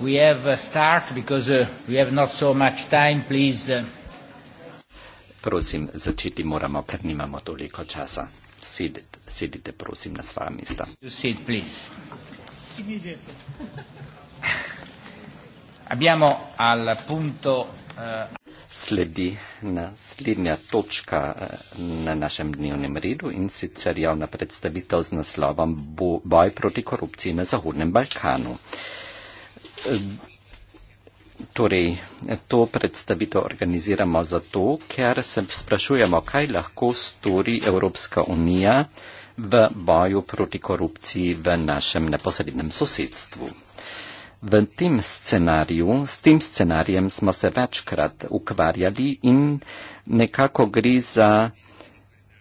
A: we have a uh, start because uh, we have not so much time. Please. Uh. Prosim, začeti moramo, ker nimamo toliko časa. Sedite, sedite prosim, na svoje mesto. Sit, Abbiamo
C: al punto. Uh,
A: sledi naslednja točka eh, na našem dnevnem redu in sicer javna predstavitev z naslovom Boj proti korupciji na Zahodnem Balkanu. Eh, torej, to predstavitev organiziramo zato, ker se sprašujemo, kaj lahko stori Evropska unija v boju proti korupciji v našem neposrednem sosedstvu. V tem scenariju, s tem scenarijem smo se večkrat ukvarjali in nekako gre za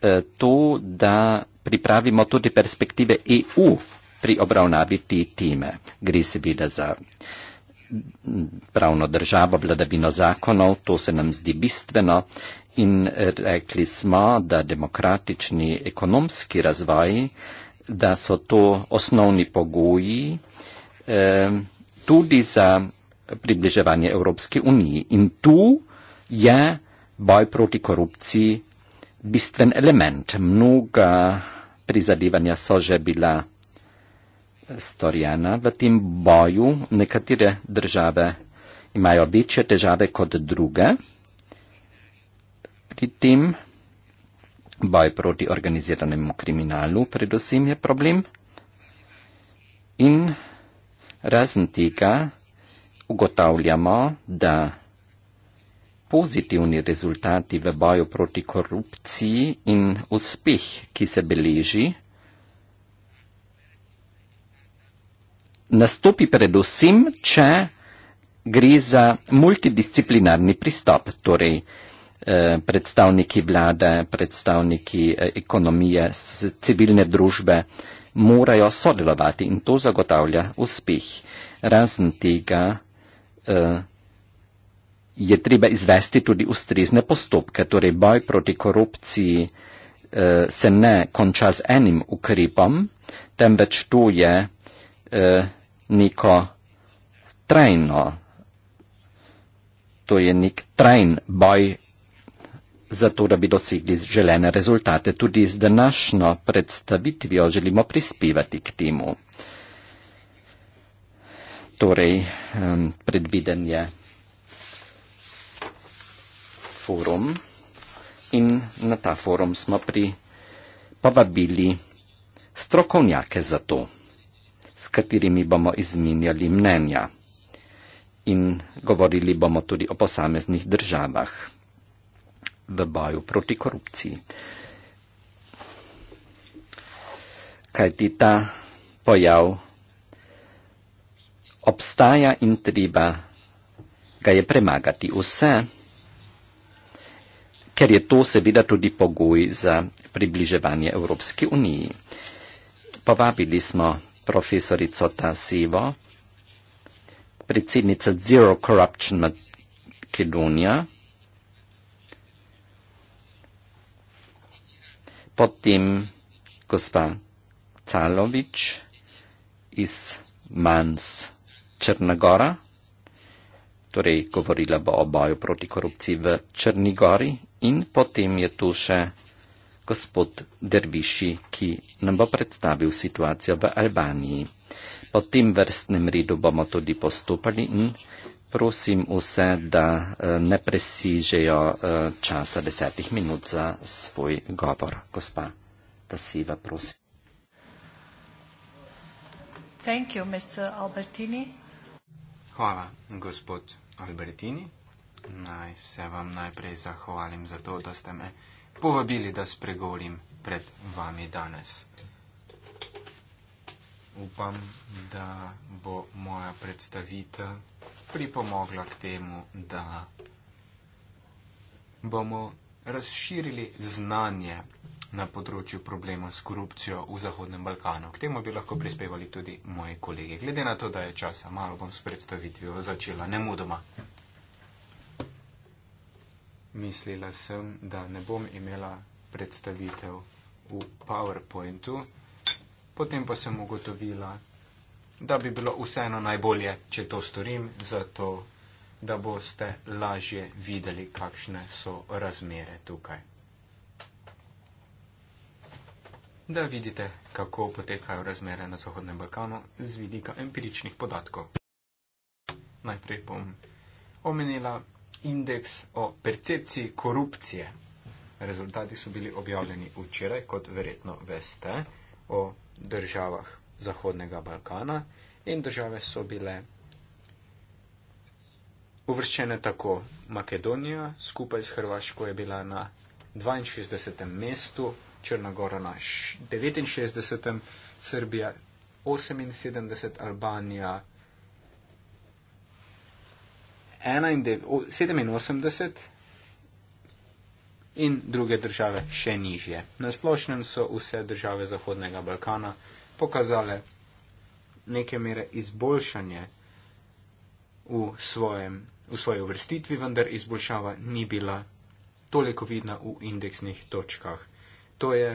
A: eh, to, da pripravimo tudi perspektive EU pri obravnavi te teme. Gre seveda za mm, pravno državo, vladavino zakonov, to se nam zdi bistveno in eh, rekli smo, da demokratični ekonomski razvoj, da so to osnovni pogoji. Eh, tudi za približevanje Evropske unije. In tu je boj proti korupciji bistven element. Mnoga prizadevanja so že bila storjena v tem boju. Nekatere države imajo večje težave kot druge. Pri tem boj proti organiziranemu kriminalu predvsem je problem. In Razen tega ugotavljamo, da pozitivni rezultati v boju proti korupciji in uspeh, ki se beleži, nastopi predvsem, če gre za multidisciplinarni pristop, torej eh, predstavniki vlade, predstavniki eh, ekonomije, civilne družbe morajo sodelovati in to zagotavlja uspeh. Razen tega eh, je treba izvesti tudi ustrezne postopke, torej boj proti korupciji eh, se ne konča z enim ukrepom, temveč to je eh, neko trajno, to je nek trajn boj Zato, da bi dosegli želene rezultate, tudi z današnjo predstavitvijo želimo prispevati k temu. Torej, predviden je forum in na ta forum smo pri povabili strokovnjake za to, s katerimi bomo izminjali mnenja in govorili bomo tudi o posameznih državah v boju proti korupciji. Kaj ti ta pojav obstaja in treba ga je premagati vse, ker je to seveda tudi pogoj za približevanje Evropski uniji. Povabili smo profesorico Tasivo, predsednica Zero Corruption Makedonija. potem gospa Calovič iz Mans Črnagora, torej govorila bo o boju proti korupciji v Črnigori in potem je tu še gospod Derviši, ki nam bo predstavil situacijo v Albaniji. Po tem vrstnem redu bomo tudi postopali in prosim vse, da eh, ne presižejo eh, časa desetih minut za svoj govor. Gospa Tasiva, prosim.
B: Thank you, Mr. Albertini.
A: Hvala, gospod
C: Albertini. Naj se vam najprej zahvalim za to, da ste me povabili, da spregovorim pred vami danes upam, da bo moja predstavitev pripomogla k temu, da bomo razširili znanje na področju problema s korupcijo v Zahodnem Balkanu. K temu bi lahko prispevali tudi moji kolegi. Glede na to, da je časa, malo bom s predstavitvijo začela nemudoma. Mislila sem, da ne bom imela predstavitev v PowerPointu potem pa sem ugotovila, da bi bilo vseeno najbolje, če to storim, zato da boste lažje videli, kakšne so razmere tukaj. Da vidite, kako potekajo razmere na Zahodnem Balkanu z vidika empiričnih podatkov. Najprej bom omenila indeks o percepciji korupcije. Rezultati so bili objavljeni včeraj, kot verjetno veste, o državah Zahodnega Balkana in države so bile uvrščene tako. Makedonija skupaj s Hrvaško je bila na 62. mestu, Črnagora na 69. Srbija 78, Albanija 71, 87, in druge države še nižje. Na splošnem so vse države Zahodnega Balkana pokazale neke mere izboljšanje v, svojem, v svoji vrstitvi, vendar izboljšava ni bila toliko vidna v indeksnih točkah. To je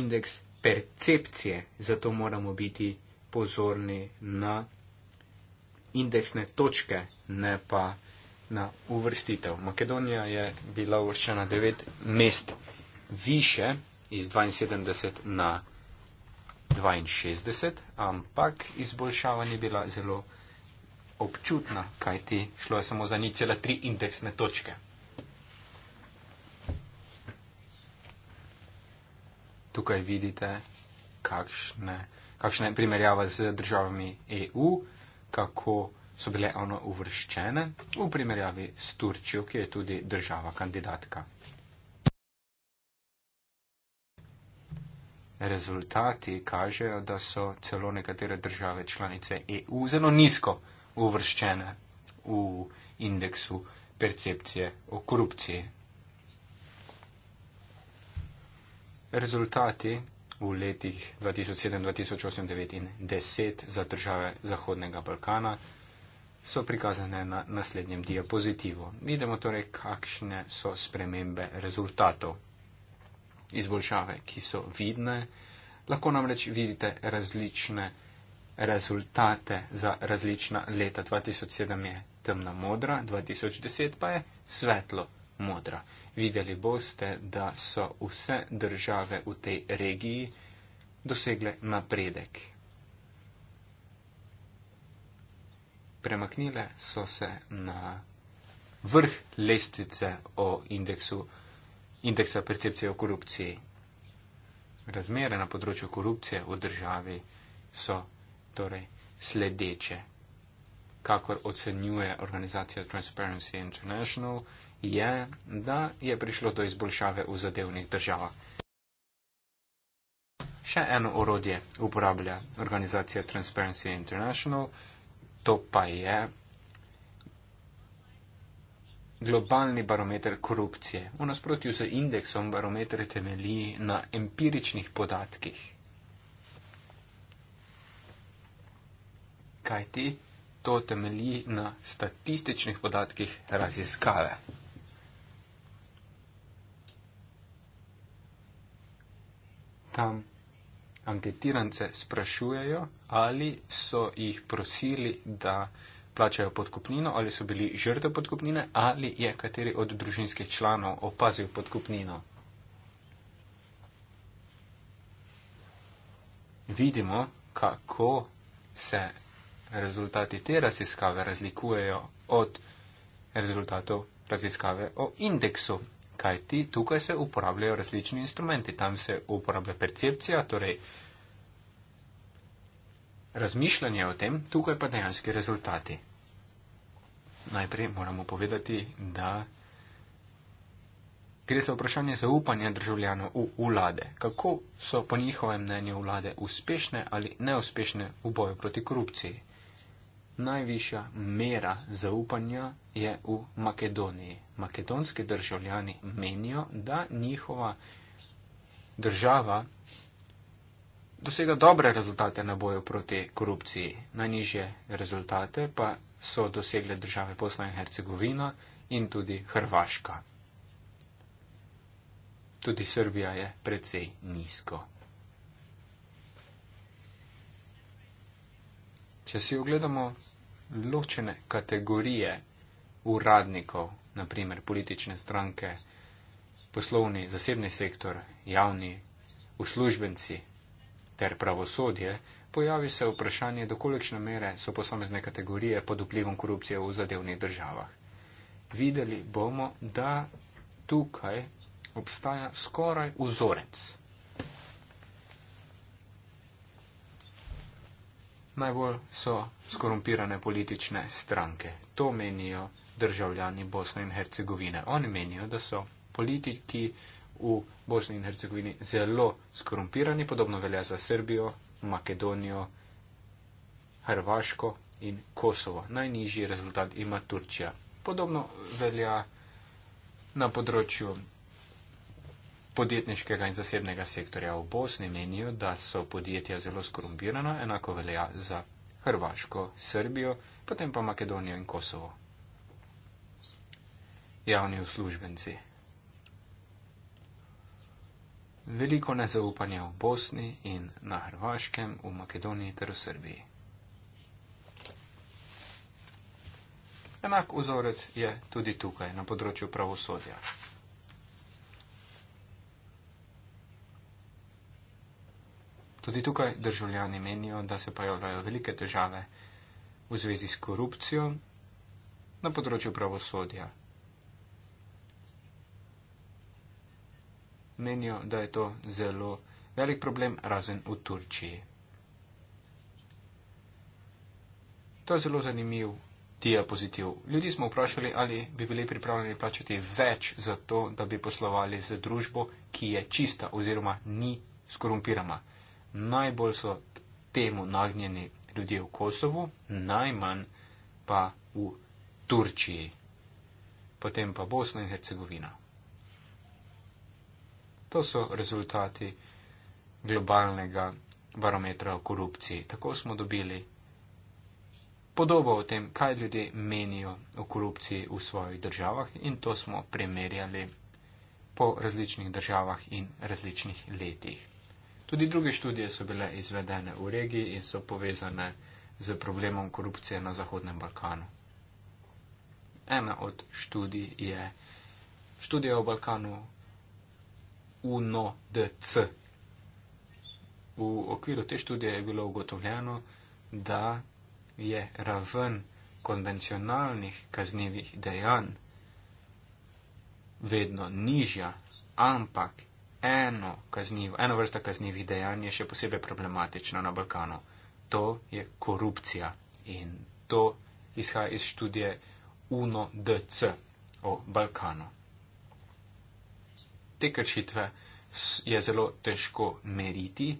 C: indeks percepcije, zato moramo biti pozorni na indeksne točke, ne pa na uvrstitev. Makedonija je bila uvrščena 9 mest više iz 72 na 62, ampak izboljšava ni bila zelo občutna, kajti šlo je samo za ni cela tri indeksne točke. Tukaj vidite, kakšne, kakšna je primerjava z državami EU, kako so bile ono uvrščene v primerjavi s Turčijo, ki je tudi država kandidatka. Rezultati kažejo, da so celo nekatere države članice EU zelo nizko uvrščene v indeksu percepcije o korupciji. Rezultati v letih 2007, 2008, 2009 in 2010 za države Zahodnega Balkana so prikazane na naslednjem diapozitivu. Vidimo torej, kakšne so spremembe rezultatov. Izboljšave, ki so vidne, lahko namreč vidite različne rezultate za različna leta. 2007 je temna modra, 2010 pa je svetlo modra. Videli boste, da so vse države v tej regiji dosegle napredek. premaknile so se na vrh lestvice o indeksu, indeksa percepcije o korupciji. Razmere na področju korupcije v državi so torej sledeče. Kakor ocenjuje organizacija Transparency International, je, da je prišlo do izboljšave v zadevnih državah. Še eno orodje uporablja organizacija Transparency International, to pa je globalni barometer korupcije. V nasprotju z indeksom barometer temelji na empiričnih podatkih. Kaj ti to temelji na statističnih podatkih raziskave? Tam anketirance sprašujejo, ali so jih prosili, da plačajo podkupnino, ali so bili žrtve podkupnine, ali je kateri od družinskih članov opazil podkupnino. Vidimo, kako se rezultati te raziskave razlikujejo od rezultatov raziskave o indeksu kajti tukaj se uporabljajo različni instrumenti. Tam se uporablja percepcija, torej razmišljanje o tem, tukaj pa dejanski rezultati. Najprej moramo povedati, da gre za vprašanje zaupanja državljanov v vlade. Kako so po njihovem mnenju vlade uspešne ali neuspešne v boju proti korupciji? Najvišja mera zaupanja je v Makedoniji. Makedonski državljani menijo, da njihova država dosega dobre rezultate na boju proti korupciji. Najnižje rezultate pa so dosegle države Bosna in Hercegovina in tudi Hrvaška. Tudi Srbija je precej nizko Če si ogledamo ločene kategorije uradnikov, naprimer politične stranke, poslovni, zasebni sektor, javni, uslužbenci ter pravosodje, pojavi se vprašanje, dokolikšne mere so posamezne kategorije pod vplivom korupcije v zadevnih državah. Videli bomo, da tukaj obstaja skoraj vzorec. najbolj so skorumpirane politične stranke. To menijo državljani Bosne in Hercegovine. Oni menijo, da so politiki v Bosni in Hercegovini zelo skorumpirani, podobno velja za Srbijo, Makedonijo, Hrvaško in Kosovo. Najnižji rezultat ima Turčija. Podobno velja na področju podjetniškega in zasebnega sektorja v Bosni menijo, da so podjetja zelo skorumpirana, enako velja za Hrvaško, Srbijo, potem pa Makedonijo in Kosovo. Javni uslužbenci. Veliko nezaupanja v Bosni in na Hrvaškem, v Makedoniji ter v Srbiji. Enak vzorec je tudi tukaj, na področju pravosodja. Tudi tukaj državljani menijo, da se pojavljajo velike težave v zvezi s korupcijo na področju pravosodja. Menijo, da je to zelo velik problem, razen v Turčiji. To je zelo zanimiv diapozitiv. Ljudje smo vprašali, ali bi bili pripravljeni plačati več za to, da bi poslovali z družbo, ki je čista oziroma ni skorumpirana najbolj so temu nagnjeni ljudje v Kosovu, najmanj pa v Turčiji, potem pa Bosna in Hercegovina. To so rezultati globalnega barometra o korupciji. Tako smo dobili podobo o tem, kaj ljudje menijo o korupciji v svojih državah in to smo primerjali po različnih državah in različnih letih. Tudi druge študije so bile izvedene v regiji in so povezane z problemom korupcije na Zahodnem Balkanu. Ena od študij je študija o Balkanu UNODC. V okviru te študije je bilo ugotovljeno, da je raven konvencionalnih kaznjivih dejanj vedno nižja, ampak eno, kaznivo, eno vrsta kaznivih dejanj je še posebej problematično na Balkanu. To je korupcija in to izhaja iz študije UNODC o Balkanu. Te kršitve je zelo težko meriti,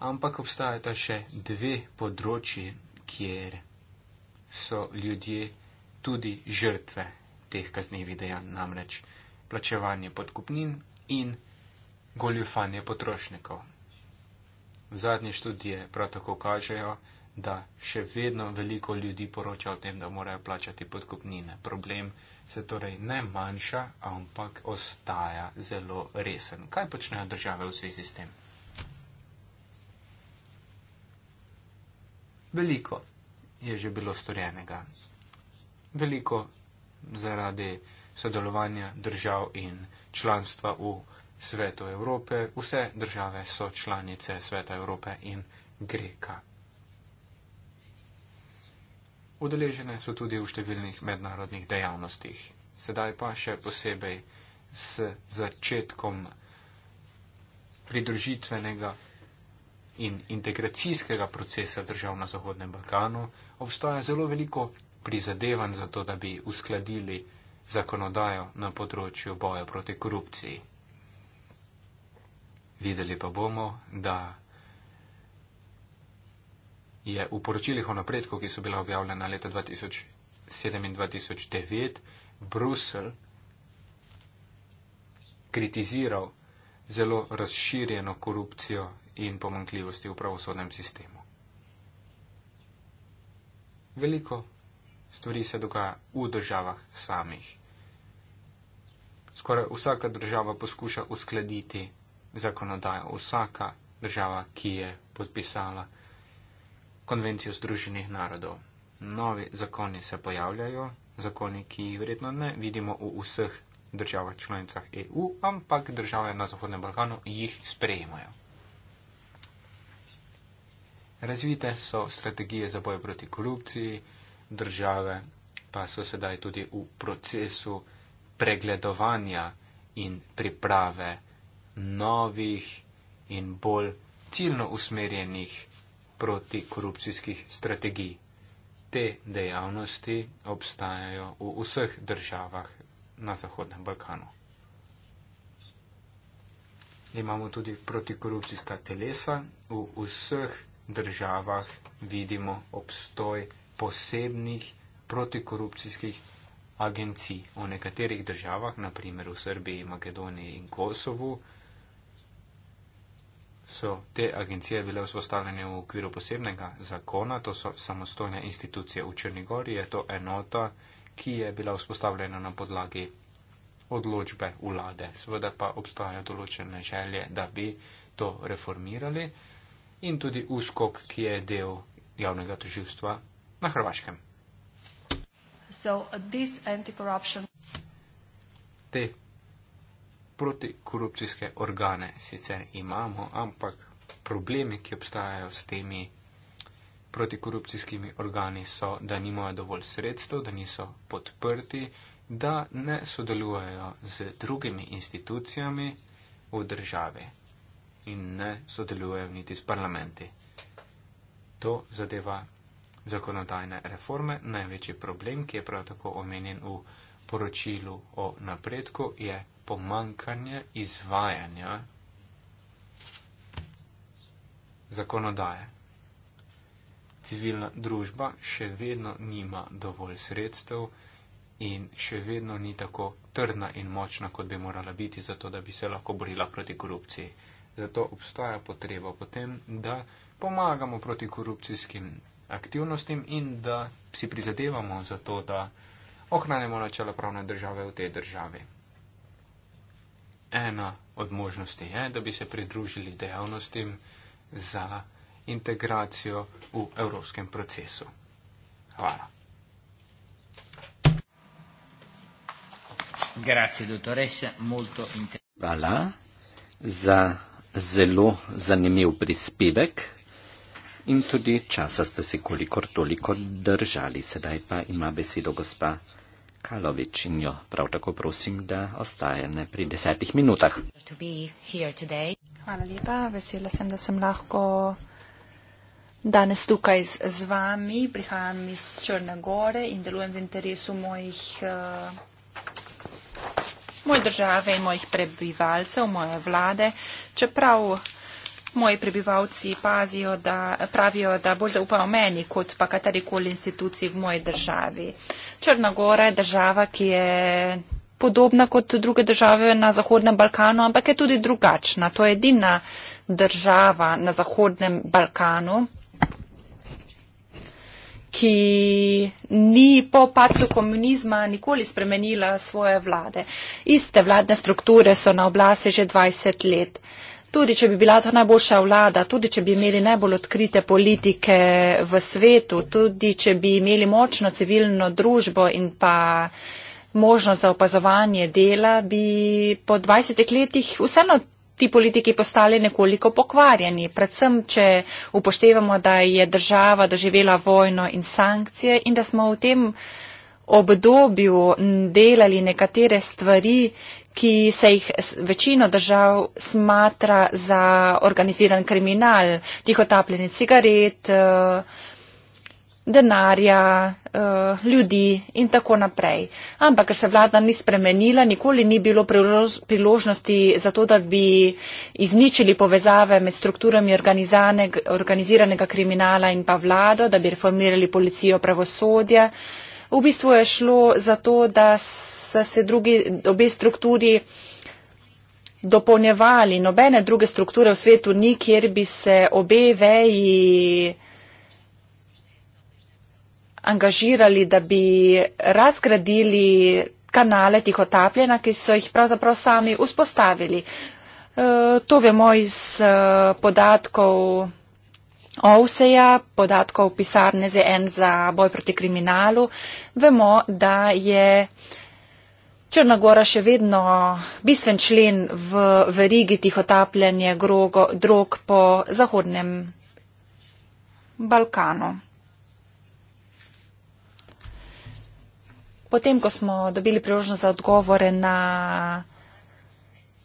C: ampak obstajata še dve področji, kjer so ljudje tudi žrtve teh kaznevih dejanj. Namreč plačevanje podkupnin in goljufanje potrošnikov. Zadnje študije prav tako kažejo, da še vedno veliko ljudi poroča o tem, da morajo plačati podkupnine. Problem se torej ne manjša, ampak ostaja zelo resen. Kaj počnejo države v zvezi s tem? Veliko je že bilo storjenega. Veliko zaradi sodelovanja držav in članstva v svetu Evrope. Vse države so članice sveta Evrope in Greka. Udeležene so tudi v številnih mednarodnih dejavnostih. Sedaj pa še posebej s začetkom pridružitvenega in integracijskega procesa držav na Zahodnem Balkanu obstaja zelo veliko prizadevanj za to, da bi uskladili zakonodajo na področju boja proti korupciji. Videli pa bomo, da je v poročilih o napredku, ki so bila objavljena leta 2007 in 2009, Brusel kritiziral zelo razširjeno korupcijo in pomankljivosti v pravosodnem sistemu. Veliko stvari se dogaja v državah samih skoraj vsaka država poskuša uskladiti zakonodajo. Vsaka država, ki je podpisala konvencijo Združenih narodov. Novi zakoni se pojavljajo, zakoni, ki jih verjetno ne vidimo v vseh državah članicah EU, ampak države na Zahodnem Balkanu jih sprejemajo. Razvite so strategije za boj proti korupciji, države pa so sedaj tudi v procesu pregledovanja in priprave novih in bolj ciljno usmerjenih protikorupcijskih strategij. Te dejavnosti obstajajo v vseh državah na Zahodnem Balkanu. Imamo tudi protikorupcijska telesa. V vseh državah vidimo obstoj posebnih protikorupcijskih agencij. V nekaterih državah, naprimer v Srbiji, Makedoniji in Kosovu, so te agencije bile vzpostavljene v okviru posebnega zakona, to so samostojne institucije v Črnigori, je to enota, ki je bila vzpostavljena na podlagi odločbe vlade. Sveda pa obstajajo določene želje, da bi to reformirali in tudi uskok, ki je del javnega toživstva na Hrvaškem.
B: So, uh, this anti-corruption.
C: Te protikorupcijske organe sicer imamo, ampak problemi, ki obstajajo s temi protikorupcijskimi organi, so, da nimajo dovolj sredstev, da niso podprti, da ne sodelujejo z drugimi institucijami v državi in ne sodelujejo niti s parlamenti. To zadeva zakonodajne reforme. Največji problem, ki je prav tako omenjen v poročilu o napredku, je pomankanje izvajanja zakonodaje. Civilna družba še vedno nima dovolj sredstev in še vedno ni tako trdna in močna, kot bi morala biti, zato da bi se lahko borila proti korupciji. Zato obstaja potreba potem, da pomagamo proti korupcijskim aktivnostim in da si prizadevamo za to, da ohranimo načelo pravne države v tej državi. Ena od možnosti je, da bi se pridružili dejavnostim za integracijo v evropskem procesu. Hvala. Grazie,
A: Hvala za zelo zanimiv prispevek. In tudi časa ste se kolikor toliko držali, sedaj pa ima besedo gospa Kalovič in jo prav tako prosim, da ostajene pri desetih minutah.
B: Hvala lepa, vesela sem, da sem lahko danes tukaj z, z vami. Prihajam iz Črne Gore in delujem v interesu mojih. Uh, Moje države in mojih prebivalcev, moje vlade, čeprav moji prebivalci pazijo, da pravijo, da bolj zaupajo meni, kot pa katerikoli instituciji v moji državi. Črna Gora je država, ki je podobna kot druge države na Zahodnem Balkanu, ampak je tudi drugačna. To je edina država na Zahodnem Balkanu, ki ni po pacu komunizma nikoli spremenila svoje vlade. Iste vladne strukture so na oblasti že 20 let. Uh, Tudi če bi bila to najboljša vlada, tudi če bi imeli najbolj odkrite politike v svetu, tudi če bi imeli močno civilno družbo in pa možnost za opazovanje dela, bi po 20 letih vseeno ti politiki postali nekoliko pokvarjeni, predvsem če upoštevamo, da je država doživela vojno in sankcije in da smo v tem obdobju delali nekatere stvari, ki se jih večino držav smatra za organiziran kriminal, tihotapljenje cigaret, eh, denarja, eh, ljudi in tako naprej. Ampak, ker se vlada ni spremenila, nikoli ni bilo priložnosti za to, da bi izničili povezave med strukturami organiziranega kriminala in pa vlado, da bi reformirali policijo pravosodja. V bistvu je šlo za to, da so se drugi, obe strukturi dopolnjevali. Nobene druge strukture v svetu ni, kjer bi se obe veji angažirali, da bi razgradili kanale tih otapljena, ki so jih pravzaprav sami vzpostavili. E, to vemo iz e, podatkov. Ovseja, podatkov pisarne ZN za boj proti kriminalu, vemo, da je Črna Gora še vedno bistven člen v verigi tihotapljanja drog po Zahodnem Balkanu. Potem, ko smo dobili priložnost za odgovore na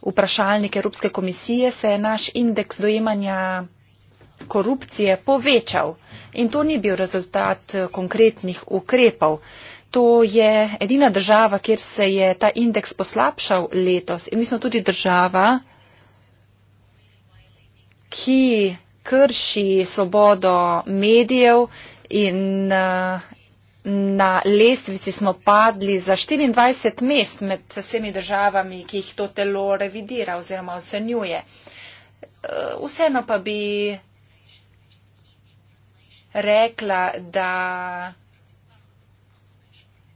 B: vprašalnike Evropske komisije, se je naš indeks dojemanja korupcije povečal. In to ni bil rezultat eh, konkretnih ukrepov. To je edina država, kjer se je ta indeks poslabšal letos. In mi smo tudi država, ki krši svobodo medijev in eh, na lestvici smo padli za 24 mest med vsemi državami, ki jih to telo revidira oziroma ocenjuje. Eh, vseeno pa bi rekla, da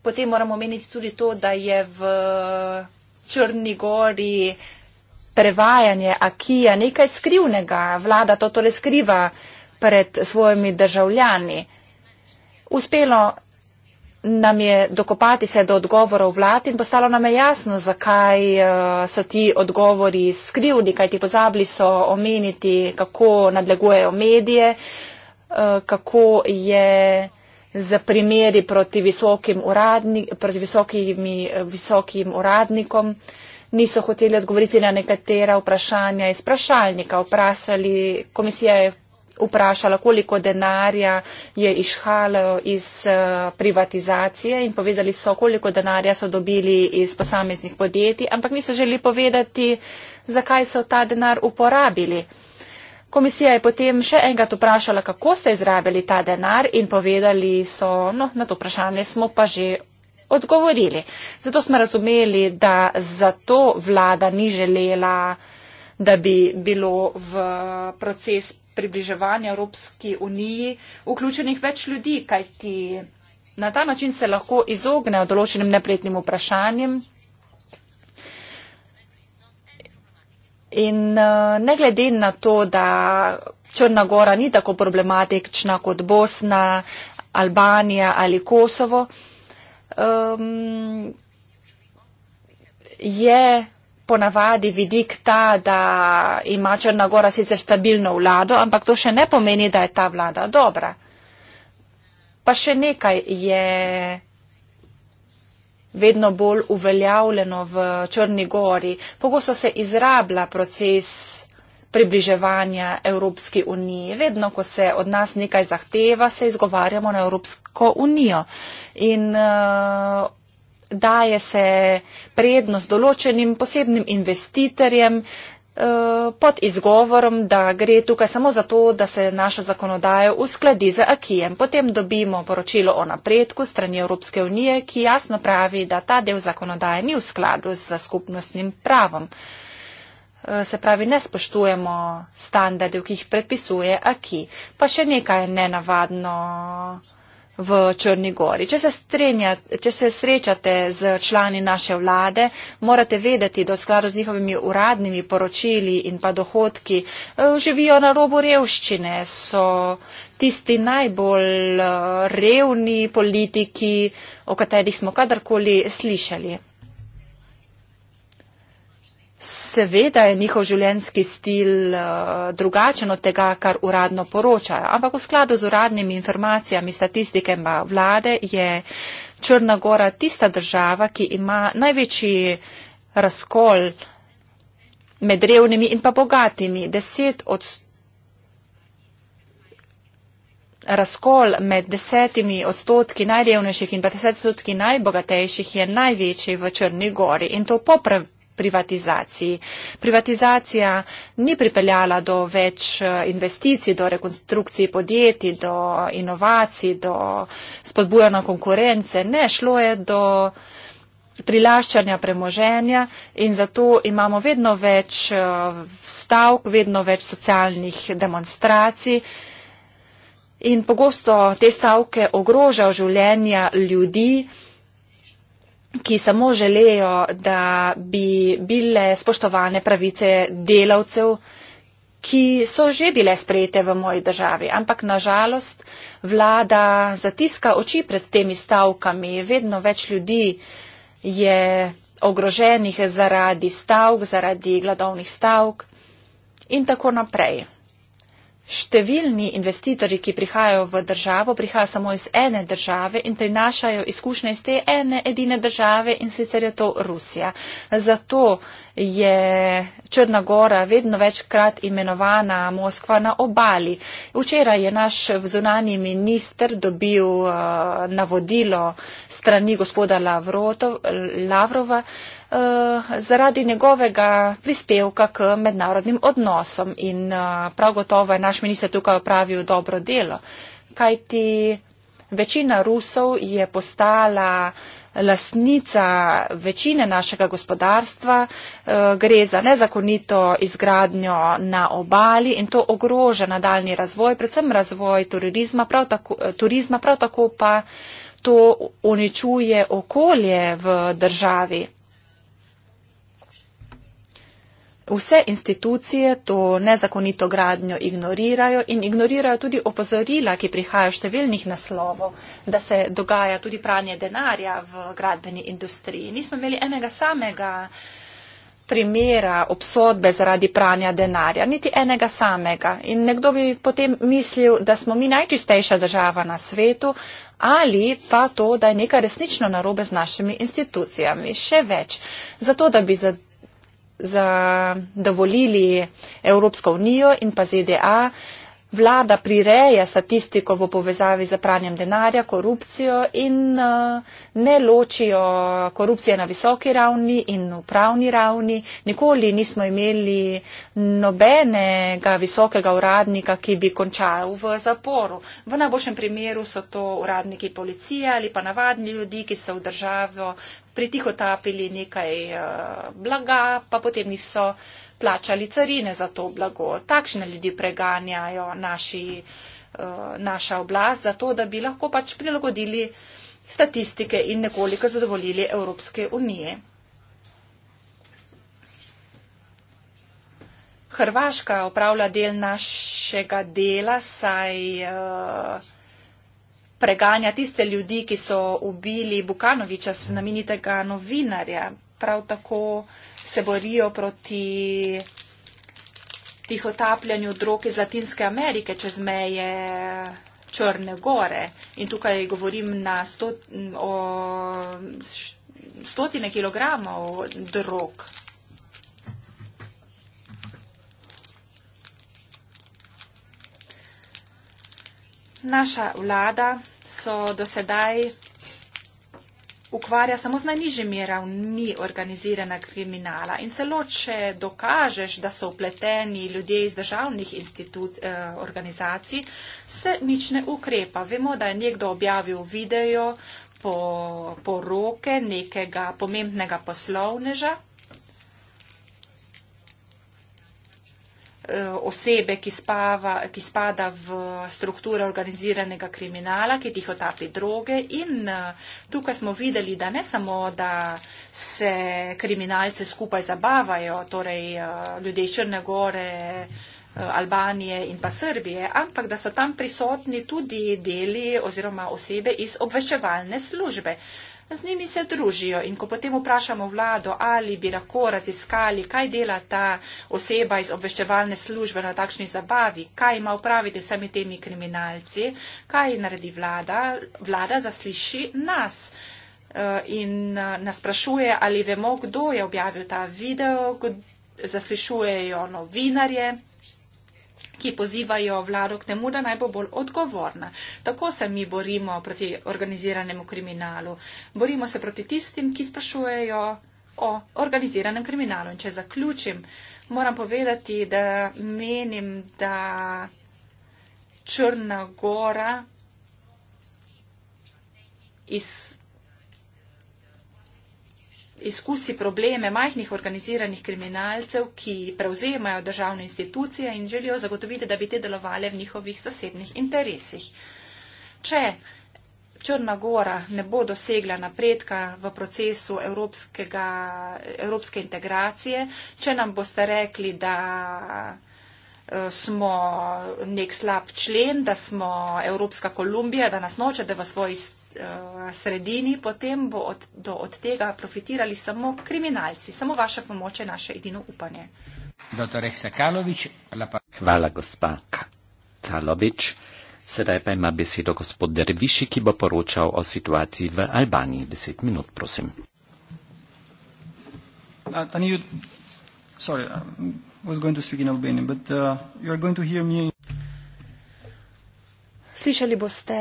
B: potem moramo meniti tudi to, da je v Črni gori prevajanje akija nekaj skrivnega. Vlada to torej skriva pred svojimi državljani. Uspelo nam je dokopati se do odgovorov vlad in postalo nam je jasno, zakaj eh, so ti odgovori skrivni, kaj ti pozabili so omeniti, kako nadlegujejo medije, Eh, kako je z primeri proti visokim, uradni, proti visokimi, eh, visokim uradnikom. Niso hoteli odgovoriti na nekatera vprašanja iz vprašalnika. Vprašali, komisija je vprašala, koliko denarja je išhalo iz eh, privatizacije in povedali so, koliko denarja so dobili iz posameznih podjetij, ampak niso želi povedati, zakaj so ta denar uporabili. Komisija je potem še enkrat vprašala, kako ste izrabili ta denar in povedali so, no, na to vprašanje smo pa že odgovorili. Zato smo razumeli, da zato vlada ni želela, da bi bilo v proces približevanja Evropski uniji vključenih več ljudi, kajti na ta način se lahko izognejo določenim neprijetnim vprašanjem In uh, ne glede na to, da Črnagora ni tako problematična kot Bosna, Albanija ali Kosovo, um, je ponavadi vidik ta, da ima Črnagora sicer stabilno vlado, ampak to še ne pomeni, da je ta vlada dobra. Pa še nekaj je vedno bolj uveljavljeno v Črni gori. Pogosto se izrablja proces približevanja Evropski uniji. Vedno, ko se od nas nekaj zahteva, se izgovarjamo na Evropsko unijo. In uh, daje se prednost določenim posebnim investitorjem, uh, Eh, pod izgovorom, da gre tukaj samo zato, da se naša zakonodaja uskladi z akijem. Potem dobimo poročilo o napredku strani Evropske unije, ki jasno pravi, da ta del zakonodaje ni v skladu z skupnostnim pravom. Eh, se pravi, ne spoštujemo standardov, ki jih predpisuje aki. Pa še nekaj nenavadno v Črni Gori. Če se, če se srečate z člani naše vlade, morate vedeti, da v skladu z njihovimi uradnimi poročili in pa dohodki eh, živijo na robu revščine, so tisti najbolj eh, revni politiki, o katerih smo kadarkoli slišali. Seveda je njihov življenjski stil eh, drugačen od tega, kar uradno poročajo, ampak v skladu z uradnimi informacijami, statistike in vlade je Črna Gora tista država, ki ima največji razkol med revnimi in pa bogatimi. Deset od razkol med desetimi odstotki najrevnejših in pa deset odstotki najbogatejših je največji v Črni Gori in to popravi privatizaciji. Privatizacija ni pripeljala do več eh, investicij, do rekonstrukcije podjetij, do inovacij, do spodbujanja konkurence. Ne, šlo je do prilaščanja premoženja in zato imamo vedno več eh, stavk, vedno več socialnih demonstracij. In pogosto te stavke ogrožajo življenja ljudi, ki samo želejo, da bi bile spoštovane pravice delavcev, ki so že bile sprejete v moji državi. Ampak nažalost vlada zatiska oči pred temi stavkami. Vedno več ljudi je ogroženih zaradi stavk, zaradi gladovnih stavk in tako naprej. Številni investitorji, ki prihajajo v državo, prihajajo samo iz ene države in prinašajo izkušnje iz te ene edine države in sicer je to Rusija. Zato je Črna Gora vedno večkrat imenovana Moskva na obali. Včeraj je naš zunani minister dobil eh, navodilo strani gospoda Lavrotov, Lavrova. Eh, zaradi njegovega prispevka k mednarodnim odnosom in eh, prav gotovo je naš minister tukaj opravil dobro delo, kajti večina Rusov je postala lasnica večine našega gospodarstva, eh, gre za nezakonito izgradnjo na obali in to ogroža nadaljni razvoj, predvsem razvoj turizma, prav tako, turizma, prav tako pa to uničuje okolje v državi. vse institucije to nezakonito gradnjo ignorirajo in ignorirajo tudi opozorila, ki prihajajo številnih naslovov, da se dogaja tudi pranje denarja v gradbeni industriji. Nismo imeli enega samega primera obsodbe zaradi pranja denarja, niti enega samega. In nekdo bi potem mislil, da smo mi najčistejša država na svetu ali pa to, da je nekaj resnično narobe z našimi institucijami. Še več. Zato, da bi zadovoljili Evropsko unijo in pa ZDA. Vlada prireje statistiko v povezavi z pranjem denarja, korupcijo in eh, ne ločijo korupcije na visoki ravni in upravni ravni. Nikoli nismo imeli nobenega visokega uradnika, ki bi končal v zaporu. V najboljšem primeru so to uradniki policije ali pa navadni ljudi, ki se v državo pritiho tapili nekaj eh, blaga, pa potem niso plačali carine za to blago. Takšne ljudi preganjajo naši, eh, naša oblast za to, da bi lahko pač prilagodili statistike in nekoliko zadovoljili Evropske unije. Hrvaška opravlja del našega dela, saj uh, preganja tiste ljudi, ki so ubili Bukanoviča, znamenitega novinarja. Prav tako se borijo proti tihotapljanju drog iz Latinske Amerike čez meje Črne gore. In tukaj govorim na sto, o stotine kilogramov drog. Naša vlada so do sedaj ukvarja samo z najnižjimi ravni organizirana kriminala. In celo, če dokažeš, da so upleteni ljudje iz državnih institut, eh, organizacij, se nič ne ukrepa. Vemo, da je nekdo objavil video po, po roke nekega pomembnega poslovneža Eh, osebe, ki, spava, ki spada v strukture organiziranega kriminala, ki tiho tapi droge. In eh, tukaj smo videli, da ne samo, da se kriminalce skupaj zabavajo, torej eh, ljudje iz Črne gore, Albanije in pa Srbije, ampak da so tam prisotni tudi deli oziroma osebe iz obveščevalne službe z njimi se družijo in ko potem vprašamo vlado, ali bi lahko raziskali, kaj dela ta oseba iz obveščevalne službe na takšni zabavi, kaj ima upraviti vsemi temi kriminalci, kaj naredi vlada, vlada zasliši nas eh, in eh, nas sprašuje, ali vemo, kdo je objavil ta video, zaslišujejo novinarje, ki pozivajo vlado k temu, da naj bo bolj odgovorna. Tako se mi borimo proti organiziranemu kriminalu. Borimo se proti tistim, ki sprašujejo o organiziranem kriminalu. In če zaključim, moram povedati, da menim, da Črna Gora iz izkusi probleme majhnih organiziranih kriminalcev, ki prevzemajo državne institucije in želijo zagotoviti, da bi te delovale v njihovih zasebnih interesih. Če Črna Gora ne bo dosegla napredka v procesu evropske integracije, če nam boste rekli, da eh, smo nek slab člen, da smo Evropska Kolumbija, da nas nočete v svoji Eh, sredini, potem bo od, do, od tega profitirali samo kriminalci. Samo vaša pomoč je naše edino upanje.
A: Hvala, gospa Kalovič. Sedaj pa ima besedo gospod Derviši, ki bo poročal o situaciji v Albaniji. Deset minut, prosim. Uh, um,
C: uh,
B: Slišali boste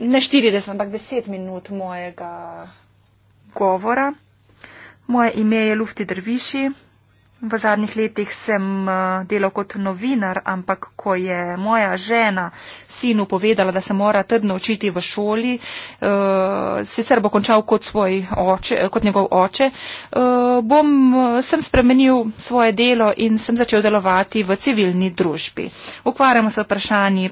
B: ne 40, ampak 10 minut mojega govora. Moje ime je Lufti Drviši. V zadnjih letih sem eh, delal kot novinar, ampak ko je moja žena sinu povedala, da se mora trdno učiti v šoli, uh, sicer bo končal kot, svoj oče, kot njegov oče, uh, bom, sem spremenil svoje delo in sem začel delovati v civilni družbi. Ukvarjamo se vprašanji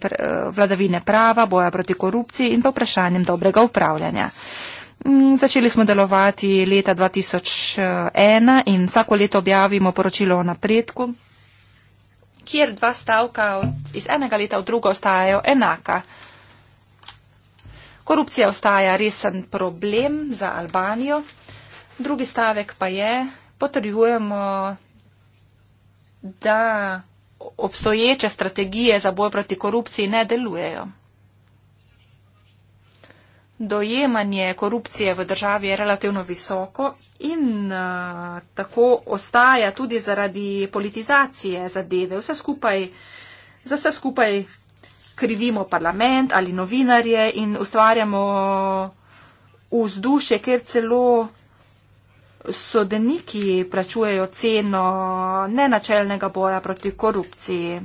B: vladavine prava, boja proti korupciji in pa vprašanjem dobrega upravljanja. Uh, Mm, začeli smo delovati leta 2001 in vsako leto objavimo poročilo o napredku, kjer dva stavka iz enega leta v drugo ostajajo enaka. Korupcija ostaja resen problem za Albanijo. Drugi stavek pa je, potrjujemo, da obstoječe strategije za boj proti korupciji ne delujejo dojemanje korupcije v državi je relativno visoko in eh, tako ostaja tudi zaradi politizacije zadeve. Vse skupaj, za vse skupaj krivimo parlament ali novinarje in ustvarjamo vzdušje, kjer celo sodeniki plačujejo ceno nenačelnega boja proti korupciji.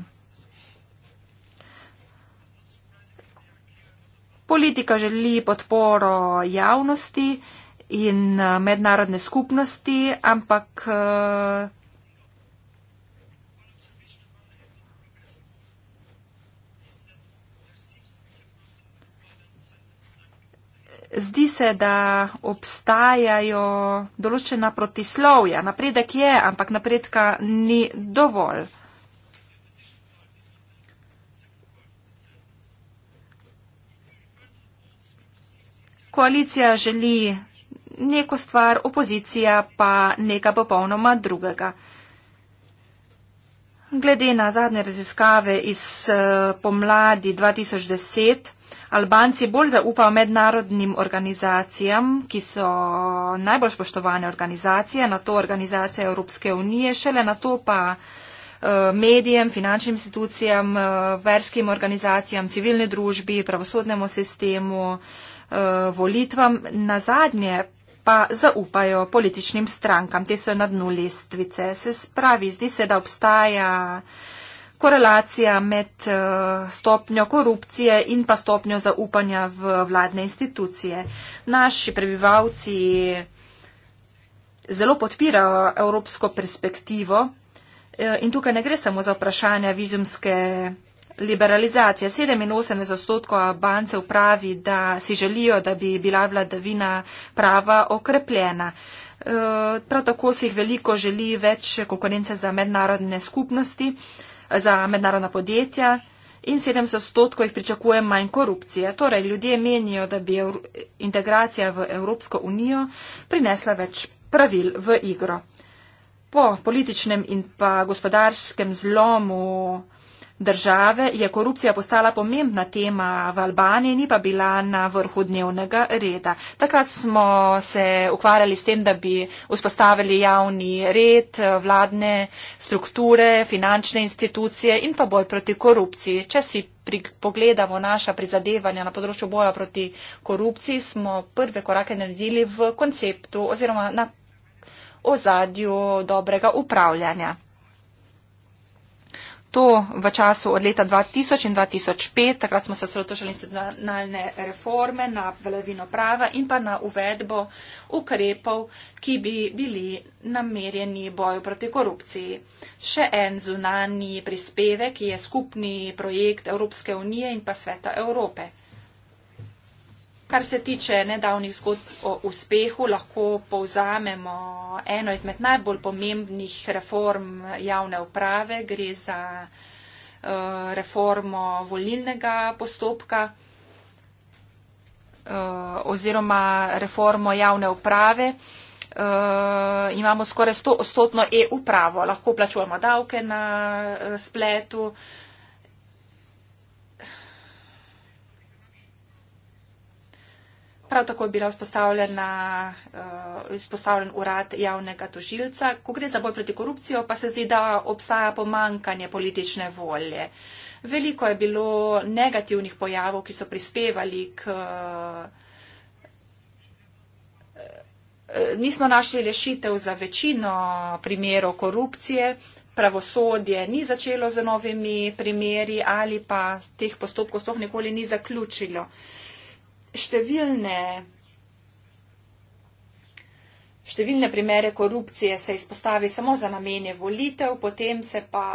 B: Politika želi podporo javnosti in eh, mednarodne skupnosti, ampak eh, Zdi se, da obstajajo določena protislovja. Napredek je, ampak napredka ni dovolj. Koalicija želi neko stvar, opozicija pa nekaj popolnoma drugega. Glede na zadnje raziskave iz eh, pomladi 2010, Albanci bolj zaupajo mednarodnim organizacijam, ki so najbolj spoštovane organizacije, na to organizacije Evropske unije, šele na to pa eh, medijem, finančnim institucijam, eh, verskim organizacijam, civilni družbi, pravosodnemu sistemu, Eh, volitvam, na zadnje pa zaupajo političnim strankam. Te so na dnu lestvice. Se spravi, zdi se, da obstaja korelacija med eh, stopnjo korupcije in pa stopnjo zaupanja v vladne institucije. Naši prebivalci zelo podpirajo evropsko perspektivo eh, in tukaj ne gre samo za vprašanja vizumske liberalizacija. 87 odstotkov bancev pravi, da si želijo, da bi bila vladavina prava okrepljena. E, prav tako si jih veliko želi več konkurence za mednarodne skupnosti, za mednarodna podjetja in 700 stotkov jih pričakuje manj korupcije. Torej, ljudje menijo, da bi integracija v Evropsko unijo prinesla več pravil v igro. Po političnem in pa gospodarskem zlomu države je korupcija postala pomembna tema v Albaniji, ni pa bila na vrhu dnevnega reda. Takrat smo se ukvarjali s tem, da bi vzpostavili javni red, vladne strukture, finančne institucije in pa boj proti korupciji. Če si pogledamo naša prizadevanja na področju boja proti korupciji, smo prve korake naredili v konceptu oziroma na ozadju dobrega upravljanja to v času od leta 2000 in 2005, takrat smo se osredotočili institucionalne reforme na vladavino prava in pa na uvedbo ukrepov, ki bi bili namerjeni boju proti korupciji. Še en zunani prispevek je skupni projekt Evropske unije in pa sveta Evrope. Kar se tiče nedavnih zgodb o uspehu, lahko povzamemo eno izmed najbolj pomembnih reform javne uprave. Gre za eh, reformo volilnega postopka eh, oziroma reformo javne uprave. Eh, imamo skoraj 100-stotno e-upravo, lahko plačujemo davke na spletu. Prav tako je bila vzpostavljena, eh, vzpostavljen urad javnega tožilca. Ko gre za boj proti korupcijo, pa se zdi, da obstaja pomankanje politične volje. Veliko je bilo negativnih pojavov, ki so prispevali k. Eh, nismo našli rešitev za večino primerov korupcije, pravosodje ni začelo z novimi primeri ali pa teh postopkov sploh nikoli ni zaključilo. Uh, številne, številne primere korupcije se izpostavi samo za namene volitev, potem se pa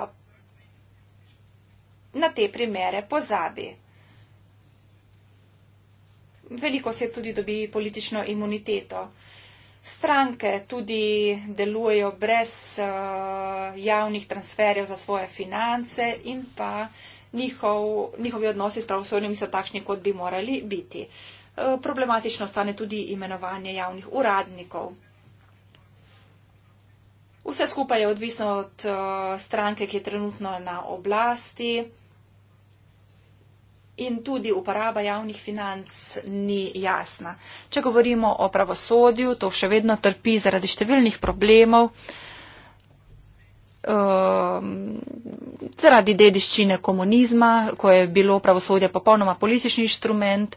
B: na te primere pozabi. Veliko se tudi dobi politično imuniteto. Stranke tudi delujejo brez uh, javnih transferjev za svoje finance in pa uh, njihov, njihovi odnosi s pravosodnimi so takšni, kot bi morali biti. E, problematično stane tudi imenovanje javnih uradnikov. Vse skupaj je odvisno od e, stranke, ki je trenutno na oblasti in tudi uporaba javnih financ ni jasna. Če govorimo o pravosodju, to še vedno trpi zaradi številnih problemov, Ehm, zaradi dediščine komunizma, ko je bilo pravosodje popolnoma politični inštrument.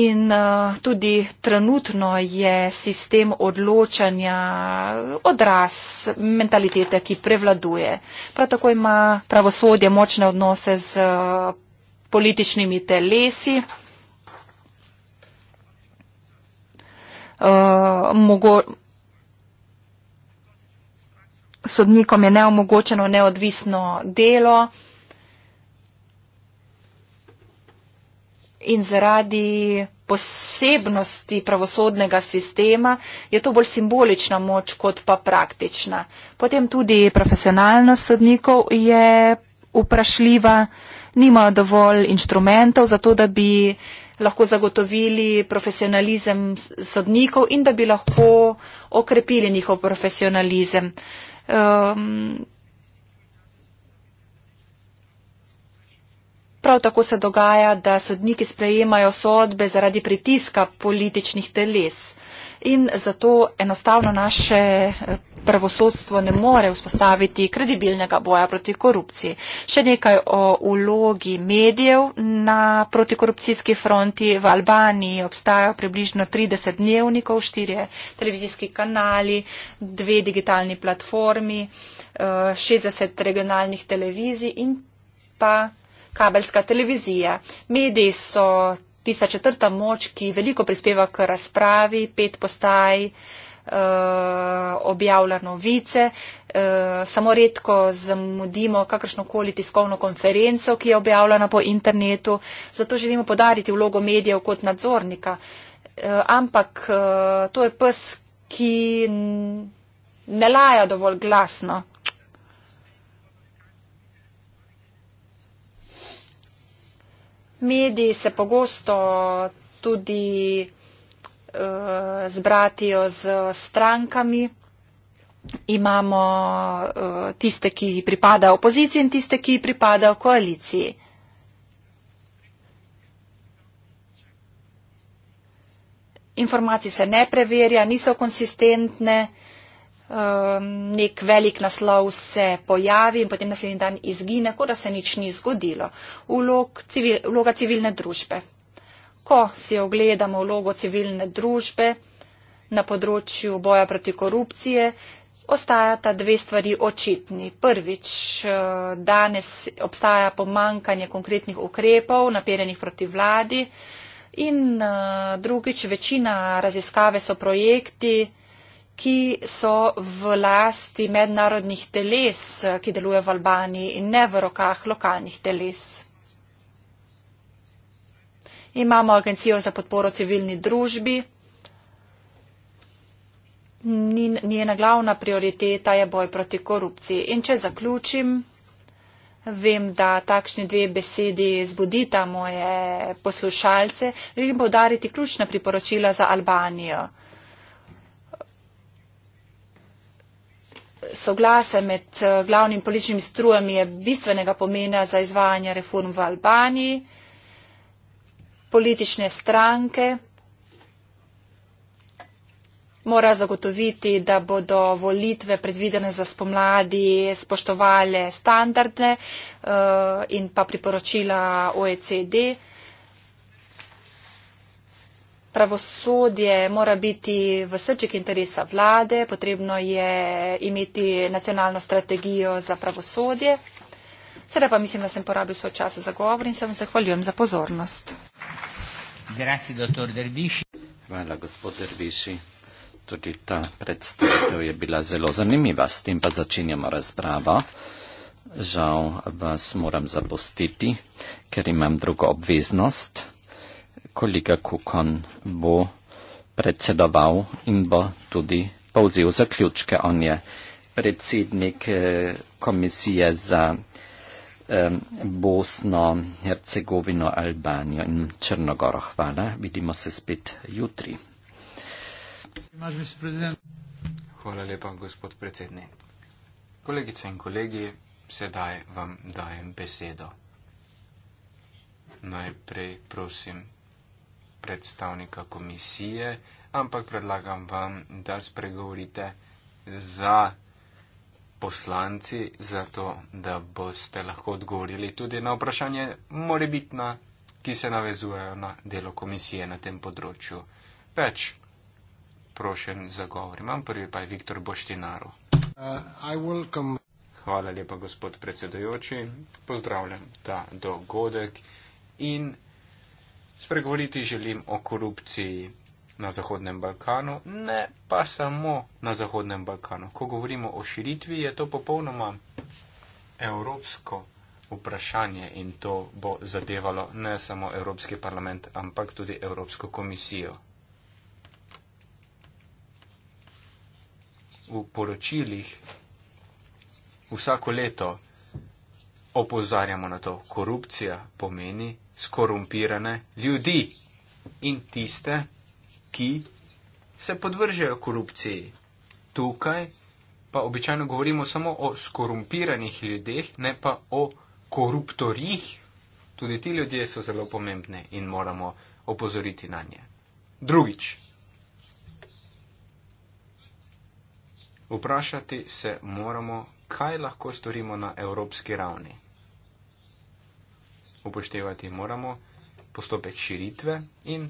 B: In uh, tudi trenutno je sistem odločanja odraz mentalitete, ki prevladuje. Prav tako ima pravosodje močne odnose z uh, političnimi telesi. Uh, mogo, sodnikom je neomogočeno neodvisno delo in zaradi posebnosti pravosodnega sistema je to bolj simbolična moč kot pa praktična. Potem tudi profesionalnost sodnikov je vprašljiva, nimajo dovolj inštrumentov za to, da bi lahko zagotovili profesionalizem sodnikov in da bi lahko okrepili njihov profesionalizem. Uh, Um, prav tako se dogaja, da sodniki sprejemajo sodbe zaradi pritiska političnih teles in zato enostavno naše eh, pravosodstvo ne more vzpostaviti kredibilnega boja proti korupciji. Še nekaj o ulogi medijev na protikorupcijski fronti. V Albaniji obstajajo približno 30 dnevnikov, štirje televizijski kanali, dve digitalni platformi, 60 eh, regionalnih televizij in pa kabelska televizija. Mediji so tista četrta moč, ki veliko prispeva k razpravi, pet postaj eh, objavlja novice, eh, samo redko zamudimo kakršnokoli tiskovno konferenco, ki je objavljena po internetu, zato želimo podariti vlogo medijev kot nadzornika. Eh, ampak to je pes, ki ne laja dovolj glasno. Mediji se pogosto tudi uh, zbratijo z strankami. Imamo uh, tiste, ki pripada opoziciji in tiste, ki pripada koaliciji. Informacije se ne preverja, niso konsistentne. Uh, Um, nek velik naslov se pojavi in potem naslednji dan izgine, kot da se nič ni zgodilo. Ulog, civil, vloga civilne družbe. Ko si ogledamo vlogo civilne družbe na področju boja proti korupcije, ostajata dve stvari očitni. Prvič, eh, danes obstaja pomankanje konkretnih ukrepov, naperenih proti vladi. In eh, drugič, večina raziskave so projekti, ki so v lasti mednarodnih teles, ki deluje v Albaniji in ne v rokah lokalnih teles. Imamo agencijo za podporo civilni družbi. Njena glavna prioriteta je boj proti korupciji. In če zaključim, vem, da takšne dve besedi zbudita moje poslušalce, želim povdariti ključna priporočila za Albanijo. soglase med eh, glavnim političnim strujem je bistvenega pomena za izvajanje reform v Albaniji. Politične stranke morajo zagotoviti, da bodo volitve predvidene za spomladi spoštovale standarde uh, in pa priporočila OECD. Uh, Pravosodje mora biti v srček interesa vlade, potrebno je imeti nacionalno strategijo za pravosodje. Sedaj pa mislim, da sem porabil svoj čas za govor in se vam zahvaljujem za pozornost.
A: Grazie, Hvala, gospod Derviši. Tudi ta predstavitev je bila zelo zanimiva. S tem pa začenjamo razpravo. Žal vas moram zapustiti, ker imam drugo obveznost kolega Kukon bo predsedoval in bo tudi povzel zaključke. On je predsednik eh, komisije za Bosno, Hercegovino, Albanijo in Črnogoro. Hvala. Vidimo se spet jutri.
C: Hvala lepa, gospod predsednik. Kolegice in kolegi, sedaj vam dajem besedo. Najprej prosim predstavnika komisije, ampak predlagam vam, da spregovorite za poslanci, zato da boste lahko odgovorili tudi na vprašanje morebitna, ki se navezujejo na delo komisije na tem področju. Več prošen za govor imam, prvi pa je Viktor Boštinaru. Uh, Hvala lepa, gospod predsedojoči. Pozdravljam ta dogodek in Spregovoriti želim o korupciji na Zahodnem Balkanu, ne pa samo na Zahodnem Balkanu. Ko govorimo o širitvi, je to popolnoma evropsko vprašanje in to bo zadevalo ne samo Evropski parlament, ampak tudi Evropsko komisijo. V poročilih vsako leto opozarjamo na to. Korupcija pomeni skorumpirane ljudi in tiste, ki se podvržejo korupciji. Tukaj pa običajno govorimo samo o skorumpiranih ljudeh, ne pa o koruptorjih. Tudi ti ljudje so zelo pomembni in moramo opozoriti na nje. Drugič. Vprašati se moramo, kaj lahko storimo na evropski ravni upoštevati moramo postopek širitve in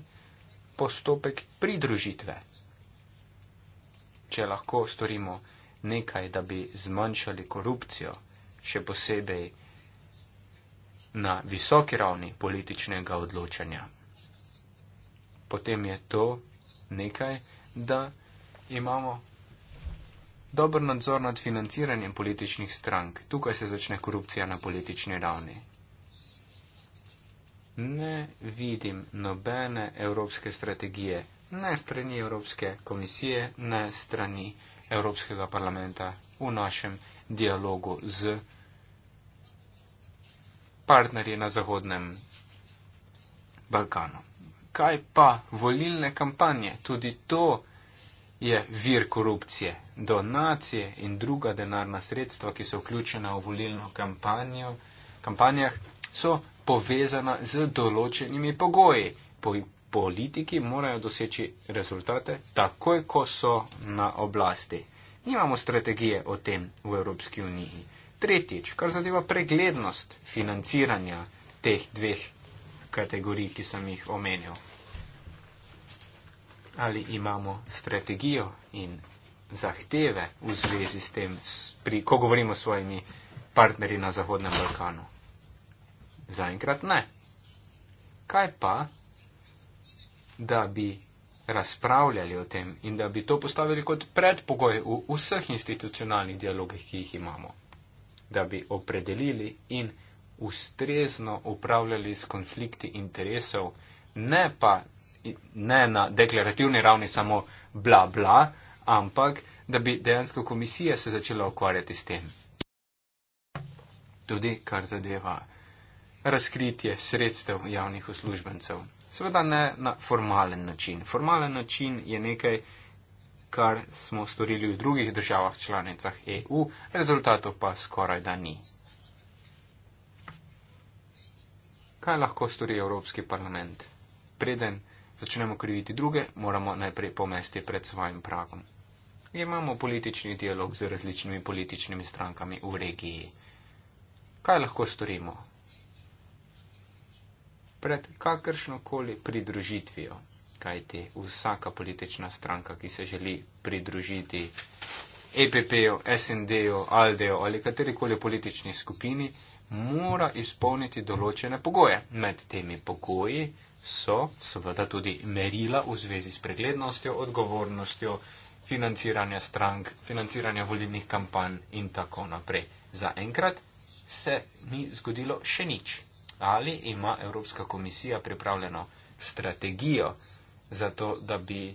C: postopek pridružitve. Če lahko storimo nekaj, da bi zmanjšali korupcijo, še posebej na visoki ravni političnega odločanja, potem je to nekaj, da imamo dober nadzor nad financiranjem političnih strank. Tukaj se začne korupcija na politični ravni ne vidim nobene evropske strategije, ne strani Evropske komisije, ne strani Evropskega parlamenta v našem dialogu z partnerji na Zahodnem Balkanu. Kaj pa volilne kampanje? Tudi to je vir korupcije. Donacije in druga denarna sredstva, ki so vključena v volilno kampanjo, kampanjah, so povezana z določenimi pogoji. Politiki morajo doseči rezultate takoj, ko so na oblasti. Nimamo strategije o tem v Evropski uniji. Tretjič, kar zadeva preglednost financiranja teh dveh kategorij, ki sem jih omenil. Ali imamo strategijo in zahteve v zvezi s tem, pri, ko govorimo s svojimi partnerji na Zahodnem Balkanu? Zaenkrat ne. Kaj pa, da bi razpravljali o tem in da bi to postavili kot predpogoj v vseh institucionalnih dialogih, ki jih imamo, da bi opredelili in ustrezno upravljali s konflikti interesov, ne pa ne na deklarativni ravni samo bla bla, ampak da bi dejansko komisija se začela ukvarjati s tem. Tudi kar zadeva razkritje sredstev javnih uslužbencev. Seveda ne na formalen način. Formalen način je nekaj, kar smo storili v drugih državah članicah EU, rezultatov pa skoraj da ni. Kaj lahko stori Evropski parlament? Preden začnemo kriviti druge, moramo najprej pomesti pred svojim pragom. Imamo politični dialog z različnimi političnimi strankami v regiji. Kaj lahko storimo? pred kakršno koli pridružitvijo. Kajti vsaka politična stranka, ki se želi pridružiti EPP-ju, SND-ju, ALDE-ju ali katerikoli politični skupini, mora izpolniti določene pogoje. Med temi pogoji so seveda tudi merila v zvezi s preglednostjo, odgovornostjo, financiranja strank, financiranja volilnih kampanj in tako naprej. Za enkrat se ni zgodilo še nič ali ima Evropska komisija pripravljeno strategijo za to, da bi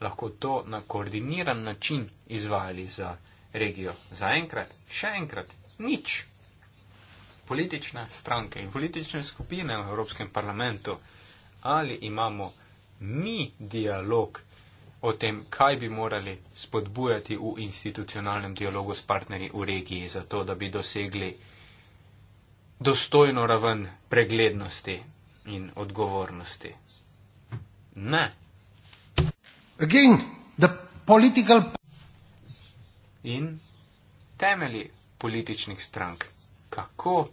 C: lahko to na koordiniran način izvajali za regijo. Za enkrat, še enkrat, nič. Politične stranke in politične skupine v Evropskem parlamentu, ali imamo mi dialog o tem, kaj bi morali spodbujati v institucionalnem dialogu s partnerji v regiji, zato da bi dosegli dostojno raven preglednosti in odgovornosti. Ne.
D: Again, political...
C: In temeli političnih strank, kako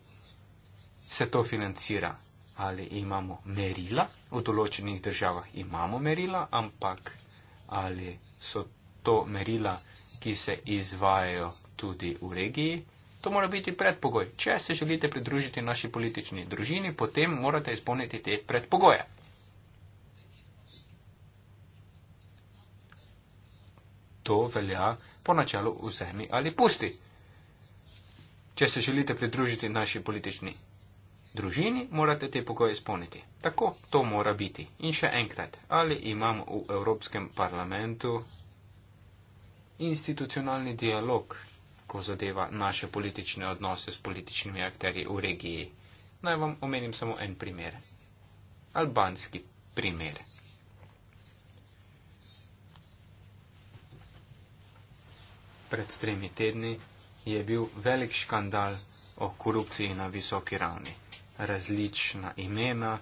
C: se to financira, ali imamo merila, v določenih državah imamo merila, ampak ali so to merila, ki se izvajajo tudi v regiji, To mora biti predpogoj. Če se želite pridružiti naši politični družini, potem morate izpolniti te predpogoje. To velja po načelu vzemi ali pusti. Če se želite pridružiti naši politični družini, morate te pogoje izpolniti. Tako to mora biti. In še enkrat, ali imam v Evropskem parlamentu institucionalni dialog lahko zadeva naše politične odnose s političnimi akteri v regiji. Naj vam omenim samo en primer. Albanski primer. Pred tremi tedni je bil velik škandal o korupciji na visoki ravni. Različna imena,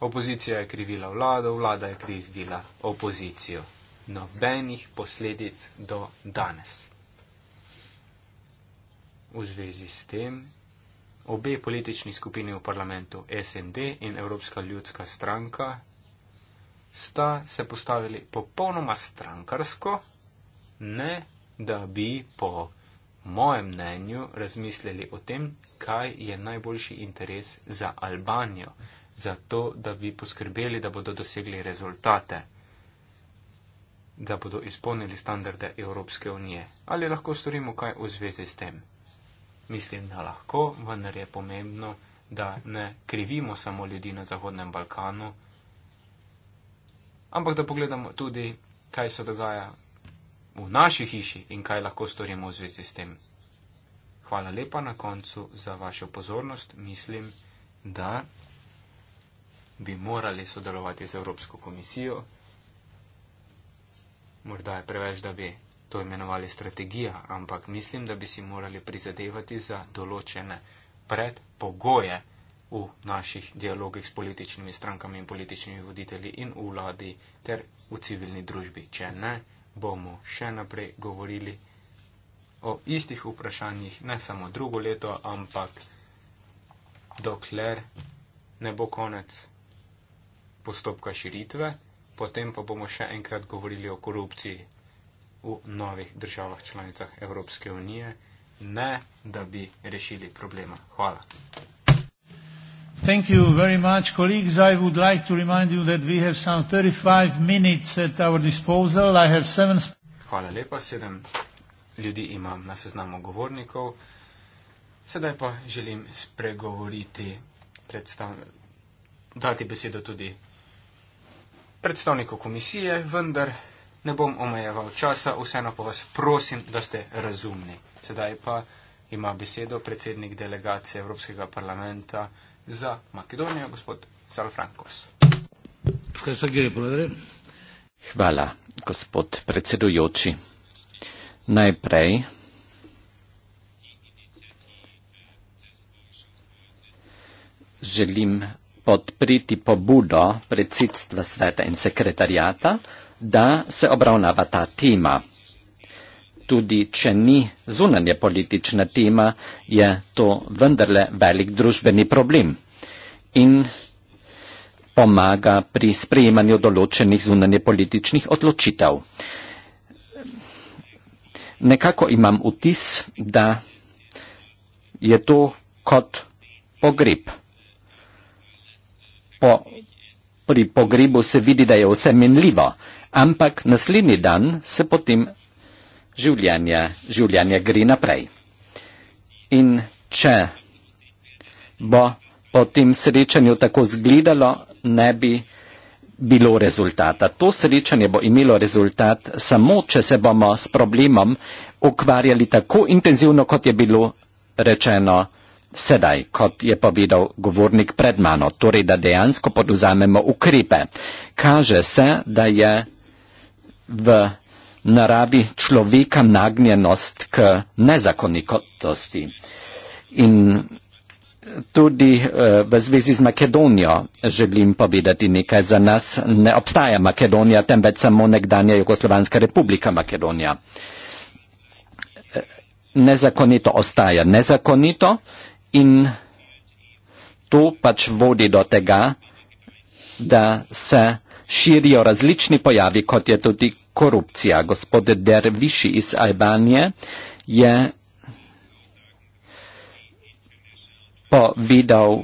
C: opozicija je krivila vlado, vlada je krivila opozicijo. Nobenih posledic do danes v zvezi s tem obe politični skupini v parlamentu, SND in Evropska ljudska stranka, sta se postavili popolnoma strankarsko, ne da bi po mojem mnenju razmislili o tem, kaj je najboljši interes za Albanijo, zato da bi poskrbeli, da bodo dosegli rezultate, da bodo izpolnili standarde Evropske unije. Ali lahko storimo kaj v zvezi s tem? mislim, da lahko, vendar je pomembno, da ne krivimo samo ljudi na Zahodnem Balkanu, ampak da pogledamo tudi, kaj se dogaja v naši hiši in kaj lahko storimo v zvezi s tem. Hvala lepa na koncu za vašo pozornost. Mislim, da bi morali sodelovati z Evropsko komisijo. Morda je preveč, da bi to imenovali strategija, ampak mislim, da bi si morali prizadevati za določene predpogoje v naših dialogih s političnimi strankami in političnimi voditelji in v vladi ter v civilni družbi. Če ne, bomo še naprej govorili o istih vprašanjih, ne samo drugo leto, ampak dokler ne bo konec postopka širitve, potem pa bomo še enkrat govorili o korupciji, v novih državah članicah Evropske unije, ne da bi rešili problema. Hvala.
E: Thank you very much, colleagues. I would like to remind you that we have some 35 minutes at our disposal. I have seven.
C: Hvala lepa, sedem ljudi imam na seznamu govornikov. Sedaj pa želim spregovoriti, dati besedo tudi predstavniku komisije, vendar ne bom omejeval časa, vseeno pa vas prosim, da ste razumni. Sedaj pa ima besedo predsednik delegacije Evropskega parlamenta za Makedonijo, gospod Salfrankos.
A: Hvala, gospod predsedujoči. Najprej. Želim podpriti pobudo predsedstva sveta in sekretarjata da se obravnava ta tema. Tudi če ni zunanje politična tema, je to vendarle velik družbeni problem in pomaga pri sprejemanju določenih zunanje političnih odločitev. Nekako imam vtis, da je to kot pogreb. Po pri pogrebu se vidi, da je vse minljivo, ampak naslednji dan se potem življenje, življenje gre naprej. In če bo po tem srečanju tako zgledalo, ne bi bilo rezultata. To srečanje bo imelo rezultat samo, če se bomo s problemom ukvarjali tako intenzivno, kot je bilo rečeno sedaj, kot je povedal govornik pred mano, torej da dejansko poduzamemo ukrepe. Kaže se, da je v naravi človeka nagnjenost k nezakonitosti. In tudi eh, v zvezi z Makedonijo želim povedati nekaj. Za nas ne obstaja Makedonija, temveč samo nekdanja Jugoslovanska republika Makedonija. Eh, nezakonito ostaja nezakonito in to pač vodi do tega, da se širijo različni pojavi, kot je tudi korupcija. Gospod Derviši iz Albanije je povedal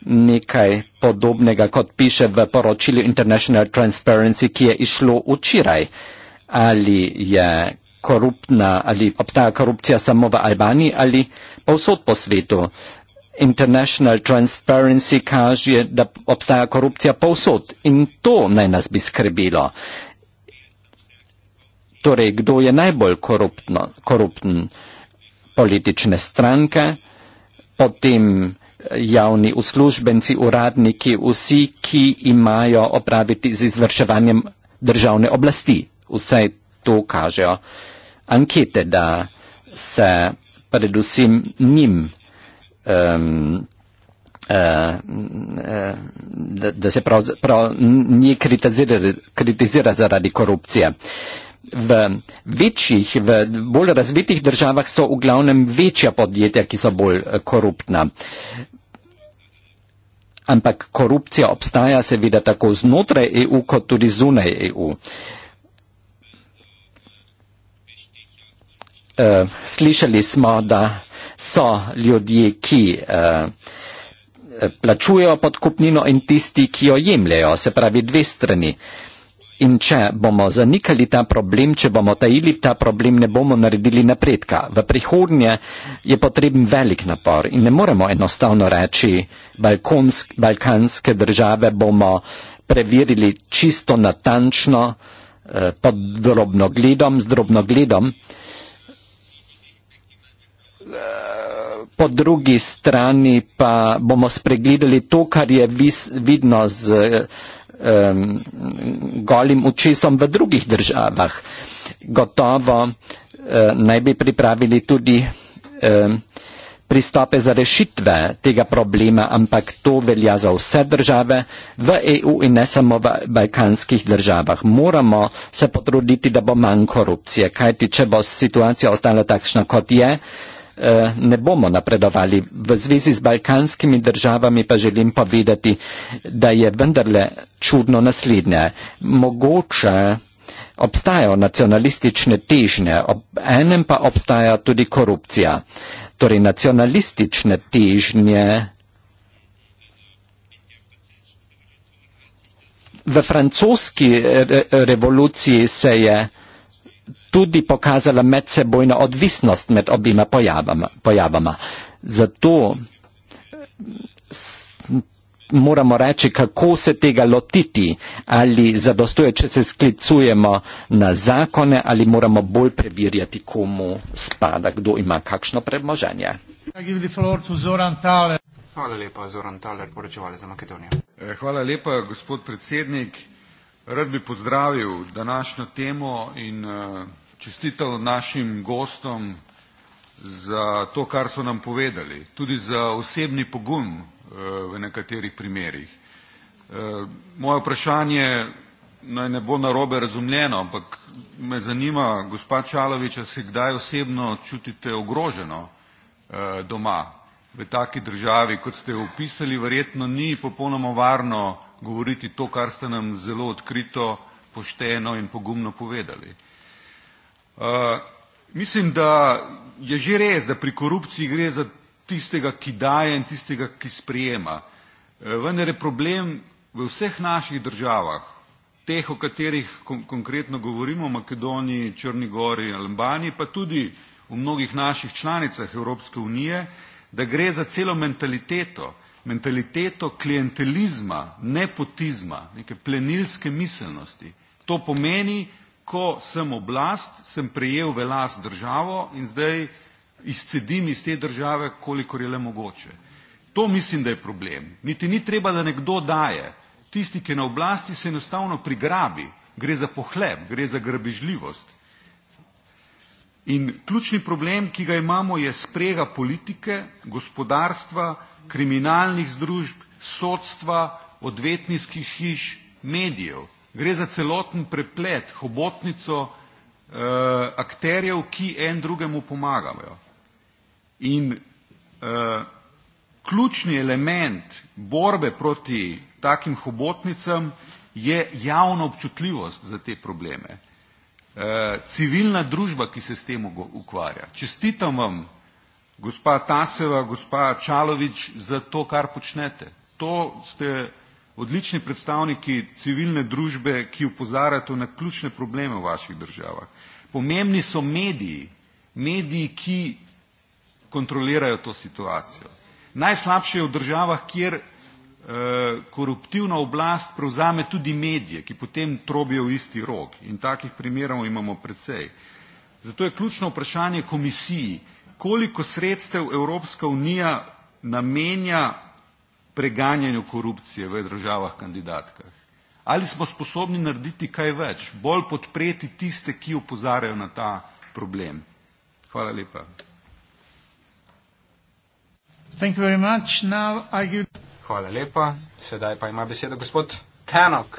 A: nekaj podobnega, kot piše v poročilu International Transparency, ki je išlo včeraj. Ali je koruptna ali obstaja korupcija samo v Albaniji ali povsod po svetu. International Transparency kaže, da obstaja korupcija povsod in to naj nas bi skrbilo. Torej, kdo je najbolj koruptno, korupten? Politične stranke, potem eh, javni uslužbenci, uradniki, vsi, ki imajo opraviti z izvrševanjem državne oblasti. Vse to kažejo ankete, da se predvsem njim, um, uh, da, da se prav, prav ni kritizira, kritizira zaradi korupcije. V večjih, v bolj razvitih državah so v glavnem večja podjetja, ki so bolj eh, koruptna. Ampak korupcija obstaja seveda tako znotraj EU kot tudi zunaj EU. Uh, Eh, slišali smo, da so ljudje, ki eh, plačujejo podkupnino in tisti, ki jo jemljajo, se pravi dve strani. In če bomo zanikali ta problem, če bomo tajili ta problem, ne bomo naredili napredka. V prihodnje je potreben velik napor in ne moremo enostavno reči, balkonsk, balkanske države bomo preverili čisto natančno, eh, pod drobnogledom, z drobnogledom. Eh, po drugi strani pa bomo spregledali to, kar je vis, vidno z um, golim očesom v drugih državah. Gotovo uh, naj bi pripravili tudi um, pristope za rešitve tega problema, ampak to velja za vse države v EU in ne samo v balkanskih državah. Moramo se potruditi, da bo manj korupcije, kajti če bo situacija ostala takšna, kot je, uh, Eh, ne bomo napredovali. V zvezi z balkanskimi državami pa želim povedati, da je vendarle čudno naslednje. Mogoče obstajajo nacionalistične težnje, ob enem pa obstaja tudi korupcija. Torej nacionalistične težnje. V francoski re revoluciji se je tudi pokazala medsebojna odvisnost med obima pojavama. pojavama. Zato moramo reči, kako se tega lotiti, ali zadostuje, če se sklicujemo na zakone, ali moramo bolj preverjati, komu spada, kdo ima kakšno premoženje.
D: Hvala lepa,
C: Zoran Taler, poročevali za Makedonijo.
D: E, hvala lepa, gospod predsednik. Rad bi pozdravil današnjo temo in uh, čestital našim gostom za to, kar so nam povedali, tudi za osebni pogum eh, v nekaterih primerjih. Eh, moje vprašanje naj ne bo narobe razumljeno, ampak me zanima, gospa Čalovič, a se kdaj osebno čutite ogroženo eh, doma v taki državi, kot ste jo opisali, verjetno ni popolnoma varno govoriti to, kar ste nam zelo odkrito, pošteno in pogumno povedali. Eh, mislim, da je že res, da pri korupciji gre za tistega, ki daje in tistega, ki sprejema. Eh, vendar je problem v vseh naših državah, teh, o katerih kon konkretno govorimo, Makedoniji, Črni Gori, Albaniji, pa tudi v mnogih naših članicah Evropske unije, da gre za celo mentaliteto, mentaliteto klientelizma, nepotizma, neke plenilske miselnosti. To pomeni, ko sem oblast, sem prejel velas državo in zdaj izcedim iz te države, kolikor je le mogoče. To mislim, da je problem. Niti ni treba, da nekdo daje. Tisti, ki je na oblasti, se enostavno prigrabi. Gre za pohleb, gre za grabežljivost. In ključni problem, ki ga imamo, je sprega politike, gospodarstva, kriminalnih združb, sodstva, odvetniških hiš, medijev. Gre za celoten preplet, hobotnico eh, akterjev, ki en drugemu pomagajo. In eh, ključni element borbe proti takim hobotnicam je javna občutljivost za te probleme. Eh, civilna družba, ki se s tem ukvarja. Čestitam vam, gospa Taseva, gospa Čalovič, za to, kar počnete. To ste odlični predstavniki civilne družbe, ki upozarjate na ključne probleme v vaših državah. Pomembni so mediji, mediji, ki kontrolirajo to situacijo. Najslabše je v državah, kjer eh, koruptivna oblast prevzame tudi medije, ki potem trobijo v isti rok. In takih primerov imamo precej. Zato je ključno vprašanje komisiji, koliko sredstev Evropska unija namenja preganjanju korupcije v državah kandidatkah? Ali smo sposobni narediti kaj več, bolj podpreti tiste, ki opozarjajo na ta problem? Hvala lepa.
E: Thank you very much. Now I give...
D: Hvala lepa.
C: Sedaj pa ima besedo gospod Tanok,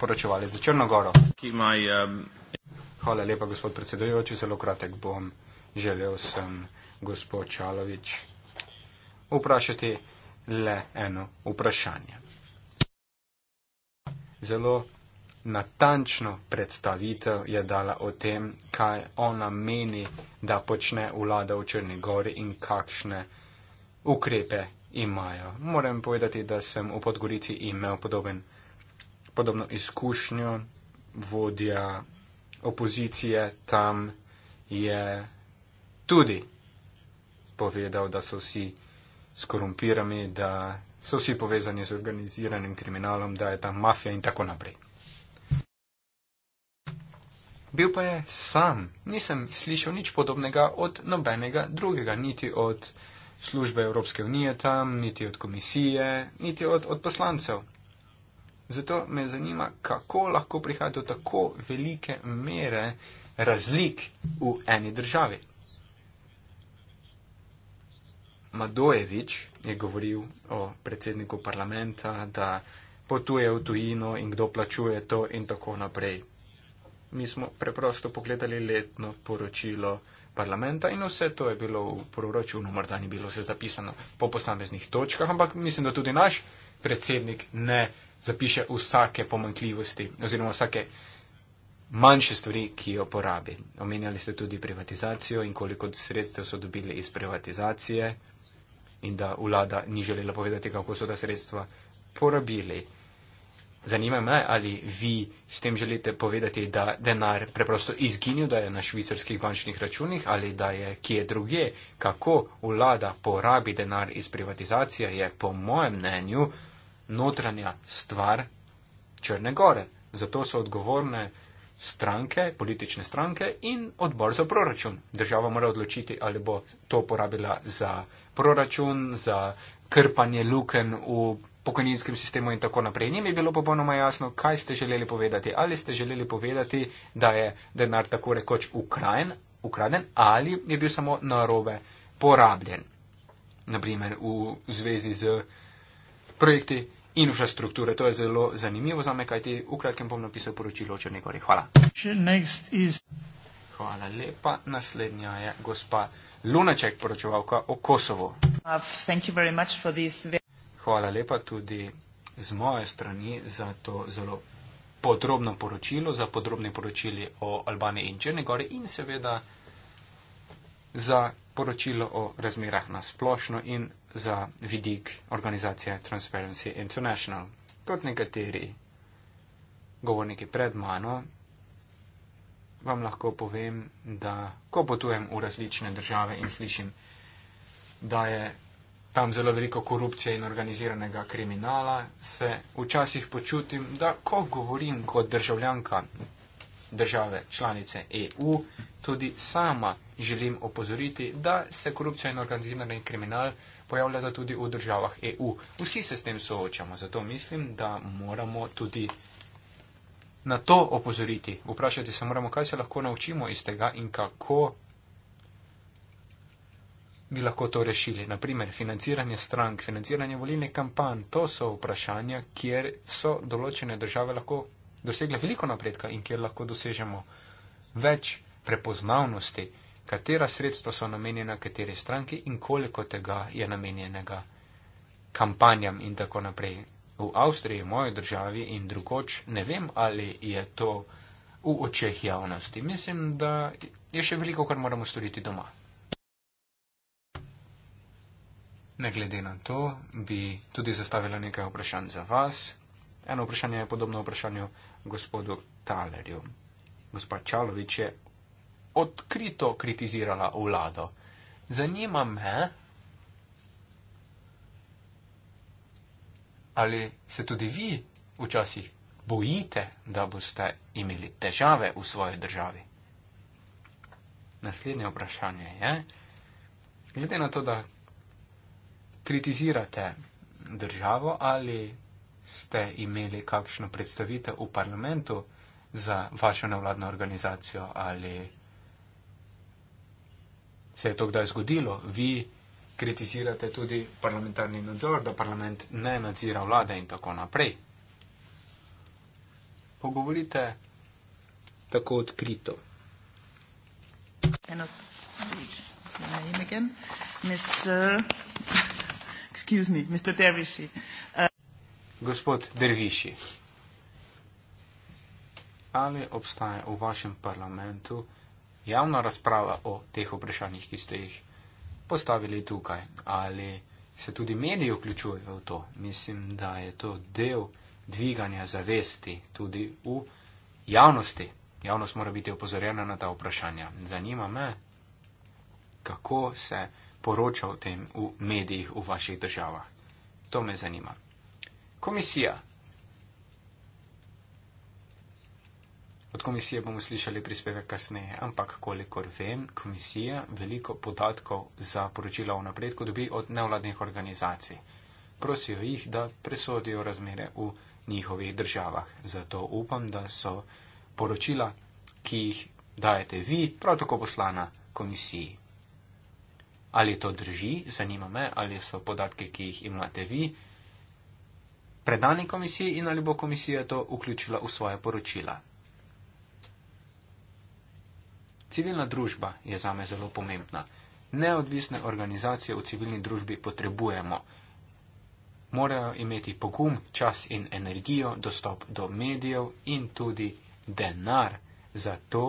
C: poročevalec za Črno Goro.
E: Um...
C: Hvala lepa, gospod predsedujoči. Zelo kratek bom. Želel sem gospod Čalovič vprašati le eno vprašanje. Zelo natančno predstavitev je dala o tem, kaj ona meni, da počne vlada v Črni gori in kakšne ukrepe imajo. Moram povedati, da sem v Podgorici imel podoben, podobno izkušnjo. Vodja opozicije tam je tudi povedal, da so vsi s korumpirami, da so vsi povezani z organiziranim kriminalom, da je tam mafija in tako naprej. Bil pa je sam, nisem slišal nič podobnega od nobenega drugega, niti od službe Evropske unije tam, niti od komisije, niti od, od poslancev. Zato me zanima, kako lahko prihaja do tako velike mere razlik v eni državi. Madojevič je govoril o predsedniku parlamenta, da potuje v tujino in kdo plačuje to in tako naprej. Mi smo preprosto pogledali letno poročilo parlamenta in vse to je bilo v proračunu, morda ni bilo se zapisano po posameznih točkah, ampak mislim, da tudi naš predsednik ne zapiše vsake pomankljivosti oziroma vsake manjše stvari, ki jo porabi. Omenjali ste tudi privatizacijo in koliko sredstev so dobili iz privatizacije in da vlada ni želela povedati, kako so ta sredstva porabili. Zanima me, ali vi s tem želite povedati, da denar preprosto izginil, da je na švicarskih bančnih računih ali da je kje druge, kako vlada porabi denar iz privatizacije, je po mojem mnenju notranja stvar Črne gore. Zato so odgovorne stranke, politične stranke in odbor za proračun. Država mora odločiti, ali bo to porabila za proračun, za krpanje luken v pokojninskem sistemu in tako naprej. Njim je bilo popolnoma jasno, kaj ste želeli povedati. Ali ste želeli povedati, da je denar tako rekoč ukrajen, ukraden ali je bil samo narobe porabljen. Naprimer v zvezi z projekti infrastrukture. To je zelo zanimivo za me, kajti v kratkem bom napisal poročilo o Črnegori. Hvala. Hvala lepa. Naslednja je gospa. Lunaček, poročevalka o Kosovo. Hvala lepa tudi z moje strani za to zelo podrobno poročilo, za podrobne poročili o Albaniji in Črnegori in seveda za poročilo o razmerah na splošno in za vidik organizacije Transparency International. Kot nekateri govorniki pred mano, vam lahko povem, da ko potujem v različne države in slišim, da je tam zelo veliko korupcije in organiziranega kriminala, se včasih počutim, da ko govorim kot državljanka države članice EU, tudi sama želim opozoriti, da se korupcija in organizirani kriminal pojavljata tudi v državah EU. Vsi se s tem soočamo, zato mislim, da moramo tudi na to opozoriti. Vprašati se moramo, kaj se lahko naučimo iz tega in kako bi lahko to rešili. Naprimer, financiranje strank, financiranje volilne kampanj, to so vprašanja, kjer so določene države lahko dosegle veliko napredka in kjer lahko dosežemo več prepoznavnosti, katera sredstva so namenjena kateri stranki in koliko tega je namenjenega kampanjam in tako naprej. V Avstriji, moji državi in drugoč, ne vem, ali je to v očeh javnosti. Mislim, da je še veliko, kar moramo storiti doma. Ne glede na to, bi tudi zastavila nekaj vprašanj za vas. Eno vprašanje je podobno vprašanju gospodu Talerju. Gospa Čalovič je odkrito kritizirala vlado. Zanima me, ali se tudi vi včasih bojite, da boste imeli težave v svoji državi? Naslednje vprašanje je, glede na to, da kritizirate državo ali ste imeli kakšno predstavitev v parlamentu za vašo nevladno organizacijo ali se je to kdaj zgodilo, vi kritizirate tudi parlamentarni nadzor, da parlament ne nadzira vlade in tako naprej. Pogovorite tako
A: odkrito.
B: Eno, na ime gem, mister, excuse me, mister Derviši. Uh. Eh,
C: Gospod Derviši, ali obstaja v vašem parlamentu javna razprava o teh vprašanjih, ki ste jih postavili tukaj ali se tudi meni vključujejo v to. Mislim, da je to del dviganja zavesti tudi v javnosti. Javnost mora biti opozorjena na ta vprašanja. Zanima me, kako se poroča o tem v medijih v vaših državah. To me zanima. Komisija Od komisije bomo slišali prispevek kasneje, ampak kolikor vem, komisija veliko podatkov za poročila o napredku dobi od nevladnih organizacij. Prosijo jih, da presodijo razmere v njihovih državah. Zato upam, da so poročila, ki jih dajete vi, prav tako poslana komisiji. Ali to drži, zanima me, ali so podatke, ki jih imate vi, predani komisiji in ali bo komisija to vključila v svoje poročila. Civilna družba je za me zelo pomembna. Neodvisne organizacije v civilni družbi potrebujemo. Morajo imeti pogum, čas in energijo, dostop do medijev in tudi denar za to,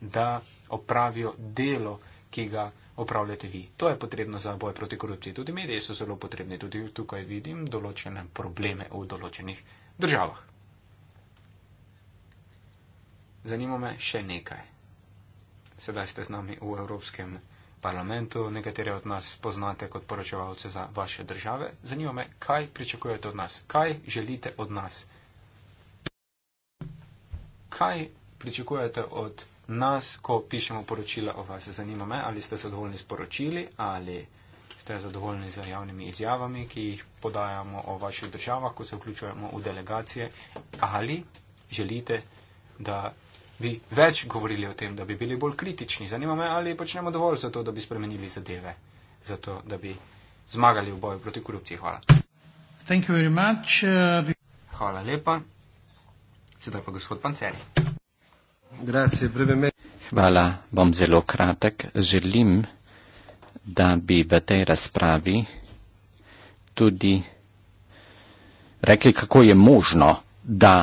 C: da opravijo delo, ki ga opravljate vi. To je potrebno za boj proti korupciji. Tudi mediji so zelo potrebni. Tudi tukaj vidim določene probleme v določenih državah. Zanima me še nekaj sedaj ste z nami v Evropskem parlamentu, nekatere od nas poznate kot poročevalce za vaše države. Zanima me, kaj pričakujete od nas? Kaj želite od nas? Kaj pričakujete od nas, ko pišemo poročila o vas? Zanima me, ali ste zadovoljni s poročili ali. Ste zadovoljni z javnimi izjavami, ki jih podajamo o vaših državah, ko se vključujemo v delegacije, ali želite, da vi več govorili o tem, da bi bili bolj kritični. Zanima me, ali počnemo dovolj za to, da bi spremenili zadeve, za to, da bi zmagali v boju proti korupciji. Hvala. Much, uh, be... Hvala lepa. Sedaj pa gospod Panceri.
A: Hvala, bom zelo kratek. Želim, da bi v tej razpravi tudi rekli, kako je možno, da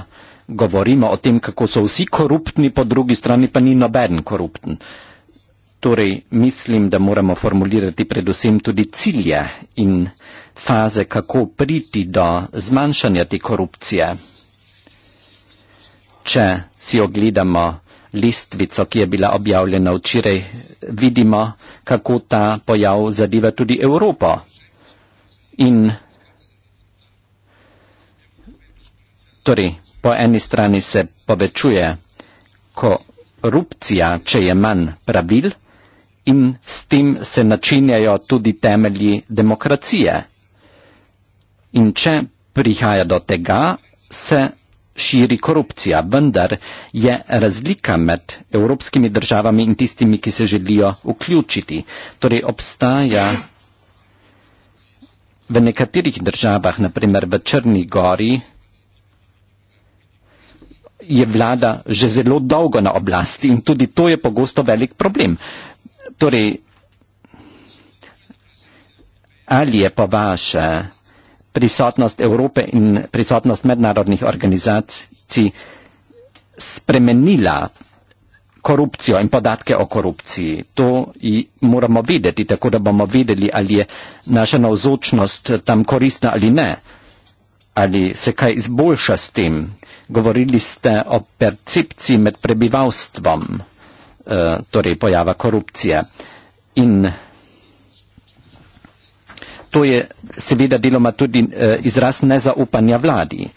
A: govorimo o tem, kako so vsi koruptni, po drugi strani pa ni noben korupten. Torej, mislim, da moramo formulirati predvsem tudi cilje in faze, kako priti do zmanjšanja te korupcije. Če si ogledamo listvico, ki je bila objavljena včeraj, vidimo, kako ta pojav zadeva tudi Evropo. In torej, po eni strani se povečuje korupcija, če je manj pravil, in s tem se načinjajo tudi temelji demokracije. In če prihaja do tega, se širi korupcija, vendar je razlika med evropskimi državami in tistimi, ki se želijo vključiti. Torej obstaja v nekaterih državah, naprimer v Črni gori, je vlada že zelo dolgo na oblasti in tudi to je pogosto velik problem. Torej, ali je po vaše prisotnost Evrope in prisotnost mednarodnih organizacij spremenila korupcijo in podatke o korupciji. To moramo vedeti, tako da bomo vedeli, ali je naša navzočnost tam koristna ali ne, ali se kaj izboljša s tem govorili ste o percepciji med prebivalstvom, eh, torej pojava korupcije. In to je seveda deloma tudi eh, izraz nezaupanja vladi.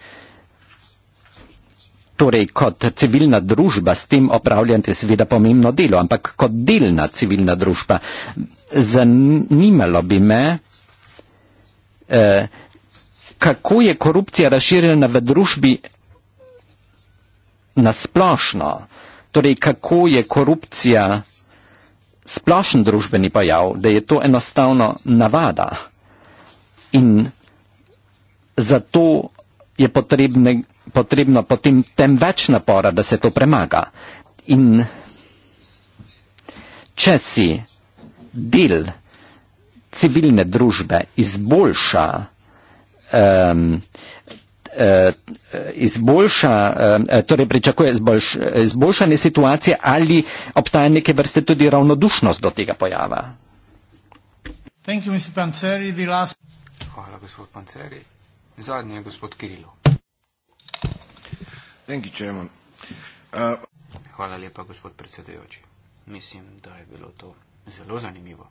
A: Torej, kot civilna družba s tem opravljate seveda pomembno delo, ampak kot delna civilna družba. Zanimalo bi me, eh, kako je korupcija razširjena v družbi, na splošno, torej kako je korupcija splošen družbeni pojav, da je to enostavno navada. In zato je potrebne, potrebno potem tem več napora, da se to premaga. In če si del civilne družbe izboljša, um, Eh, izboljša, eh, eh, torej pričakuje izboljš, izboljšanje situacije ali obstaja neke vrste tudi ravnodušnost do tega pojava.
C: Thank
E: you, Mr. Panceri. The last...
C: Hvala, gospod Panceri. Zadnji je gospod Kirilo. Thank you, Chairman. Uh... Hvala lepa, gospod predsedujoči. Mislim, da je bilo to zelo zanimivo.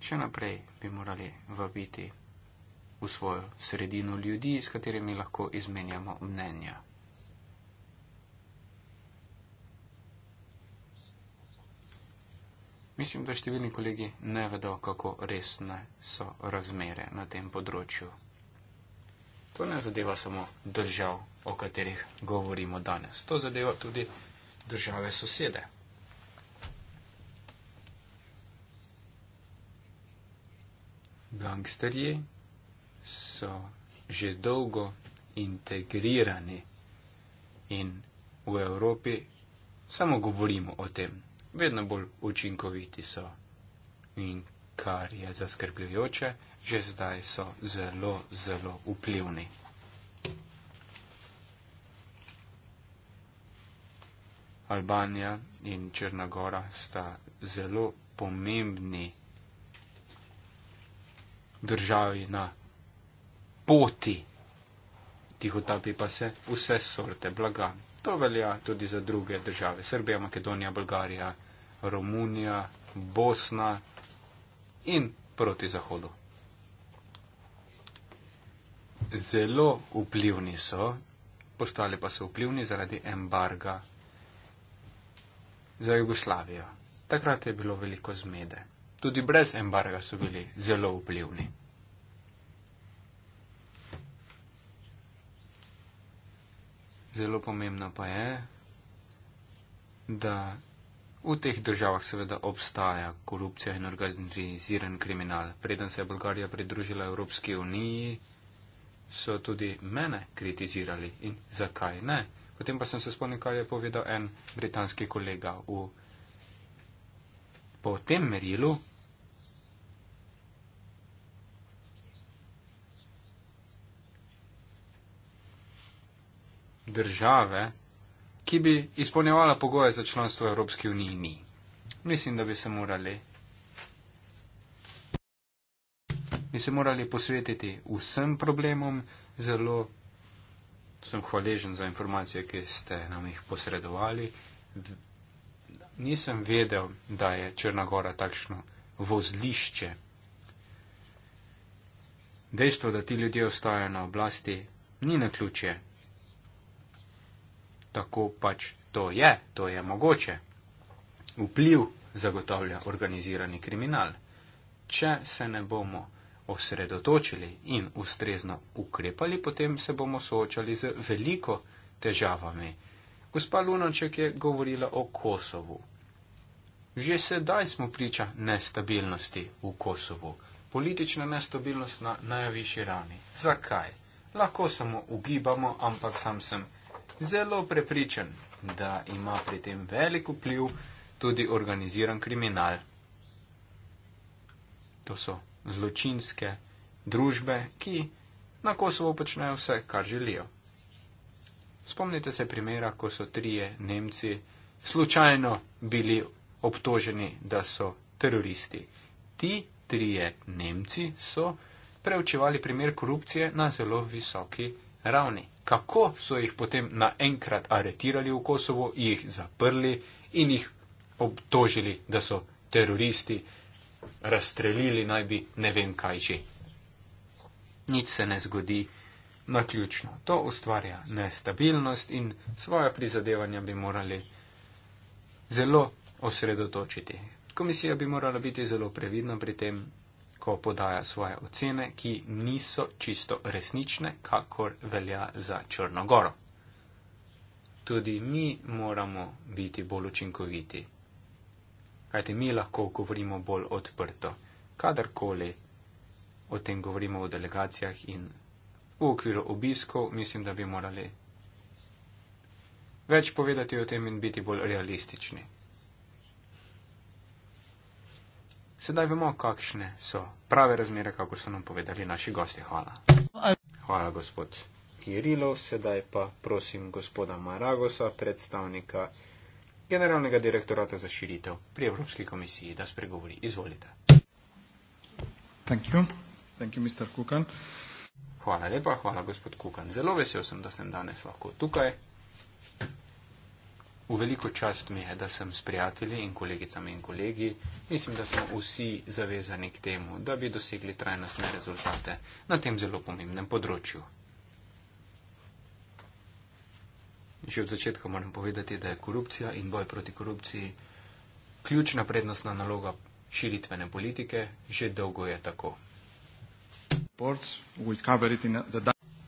C: Še naprej bi morali vabiti v svojo sredino ljudi, s katerimi lahko izmenjamo mnenja. Mislim, da številni kolegi ne vedo, kako resne so razmere na tem področju. To ne zadeva samo držav, o katerih govorimo danes. To zadeva tudi države sosede. Gangsterji, so že dolgo integrirani in v Evropi samo govorimo o tem. Vedno bolj učinkoviti so in kar je zaskrbljujoče, že zdaj so zelo, zelo vplivni. Albanija in Črnagora sta zelo pomembni državi na poti. Tihotapi pa se vse sorte blaga. To velja tudi za druge države. Srbija, Makedonija, Bolgarija, Romunija, Bosna in proti zahodu. Zelo vplivni so, postali pa so vplivni zaradi embarga za Jugoslavijo. Takrat je bilo veliko zmede. Tudi brez embarga so bili zelo vplivni. Zelo pomembno pa je, da v teh državah seveda obstaja korupcija in organiziran kriminal. Preden se je Bolgarija pridružila Evropski uniji, so tudi mene kritizirali in zakaj ne. Potem pa sem se spomnil, kaj je povedal en britanski kolega. V, po tem merilu države, ki bi izpolnjevala pogoje za članstvo v Evropski uniji, ni. Mislim, da bi se morali, bi se morali posvetiti vsem problemom. Zelo sem hvaležen za informacije, ki ste nam jih posredovali. Nisem vedel, da je Črnagora takšno vozlišče. Dejstvo, da ti ljudje ostajajo na oblasti, ni na ključje tako pač to je, to je mogoče. Vpliv zagotavlja organizirani kriminal. Če se ne bomo osredotočili in ustrezno ukrepali, potem se bomo soočali z veliko težavami. Gospa Lunoček je govorila o Kosovu. Že sedaj smo priča nestabilnosti v Kosovu. Politična nestabilnost na najvišji ravni. Zakaj? Lahko samo ugibamo, ampak sam sem zelo prepričan, da ima pri tem velik vpliv tudi organiziran kriminal. To so zločinske družbe, ki na Kosovo počnejo vse, kar želijo. Spomnite se primera, ko so trije Nemci slučajno bili obtoženi, da so teroristi. Ti trije Nemci so preučevali primer korupcije na zelo visoki ravni kako so jih potem naenkrat aretirali v Kosovo, jih zaprli in jih obtožili, da so teroristi, razstrelili naj bi ne vem kaj že. Nič se ne zgodi na ključno. To ustvarja nestabilnost in svoje prizadevanja bi morali zelo osredotočiti. Komisija bi morala biti zelo previdna pri tem, ko podaja svoje ocene, ki niso čisto resnične, kakor velja za Črnogoro. Tudi mi moramo biti bolj učinkoviti. Kajti mi lahko govorimo bolj odprto, kadarkoli o tem govorimo v delegacijah in v okviru obiskov, mislim, da bi morali več povedati o tem in biti bolj realistični. Sedaj vemo, kakšne so prave razmere, kako so nam povedali naši gosti. Hvala. Hvala, gospod Kirilov. Sedaj pa prosim gospoda Maragosa, predstavnika Generalnega direktorata za širitev pri Evropski komisiji, da spregovori. Izvolite. Thank you. Thank you, Mr. Kukan. Hvala lepa, hvala gospod Kukan. Zelo vesel sem, da sem danes lahko tukaj. V veliko čast mi je, da sem s prijatelji in kolegicami in kolegi. Mislim, da smo vsi zavezani k temu, da bi dosegli trajnostne rezultate na tem zelo pomembnem področju. Že od začetka moram povedati, da je korupcija in boj proti korupciji ključna prednostna naloga širitvene politike. Že dolgo je tako.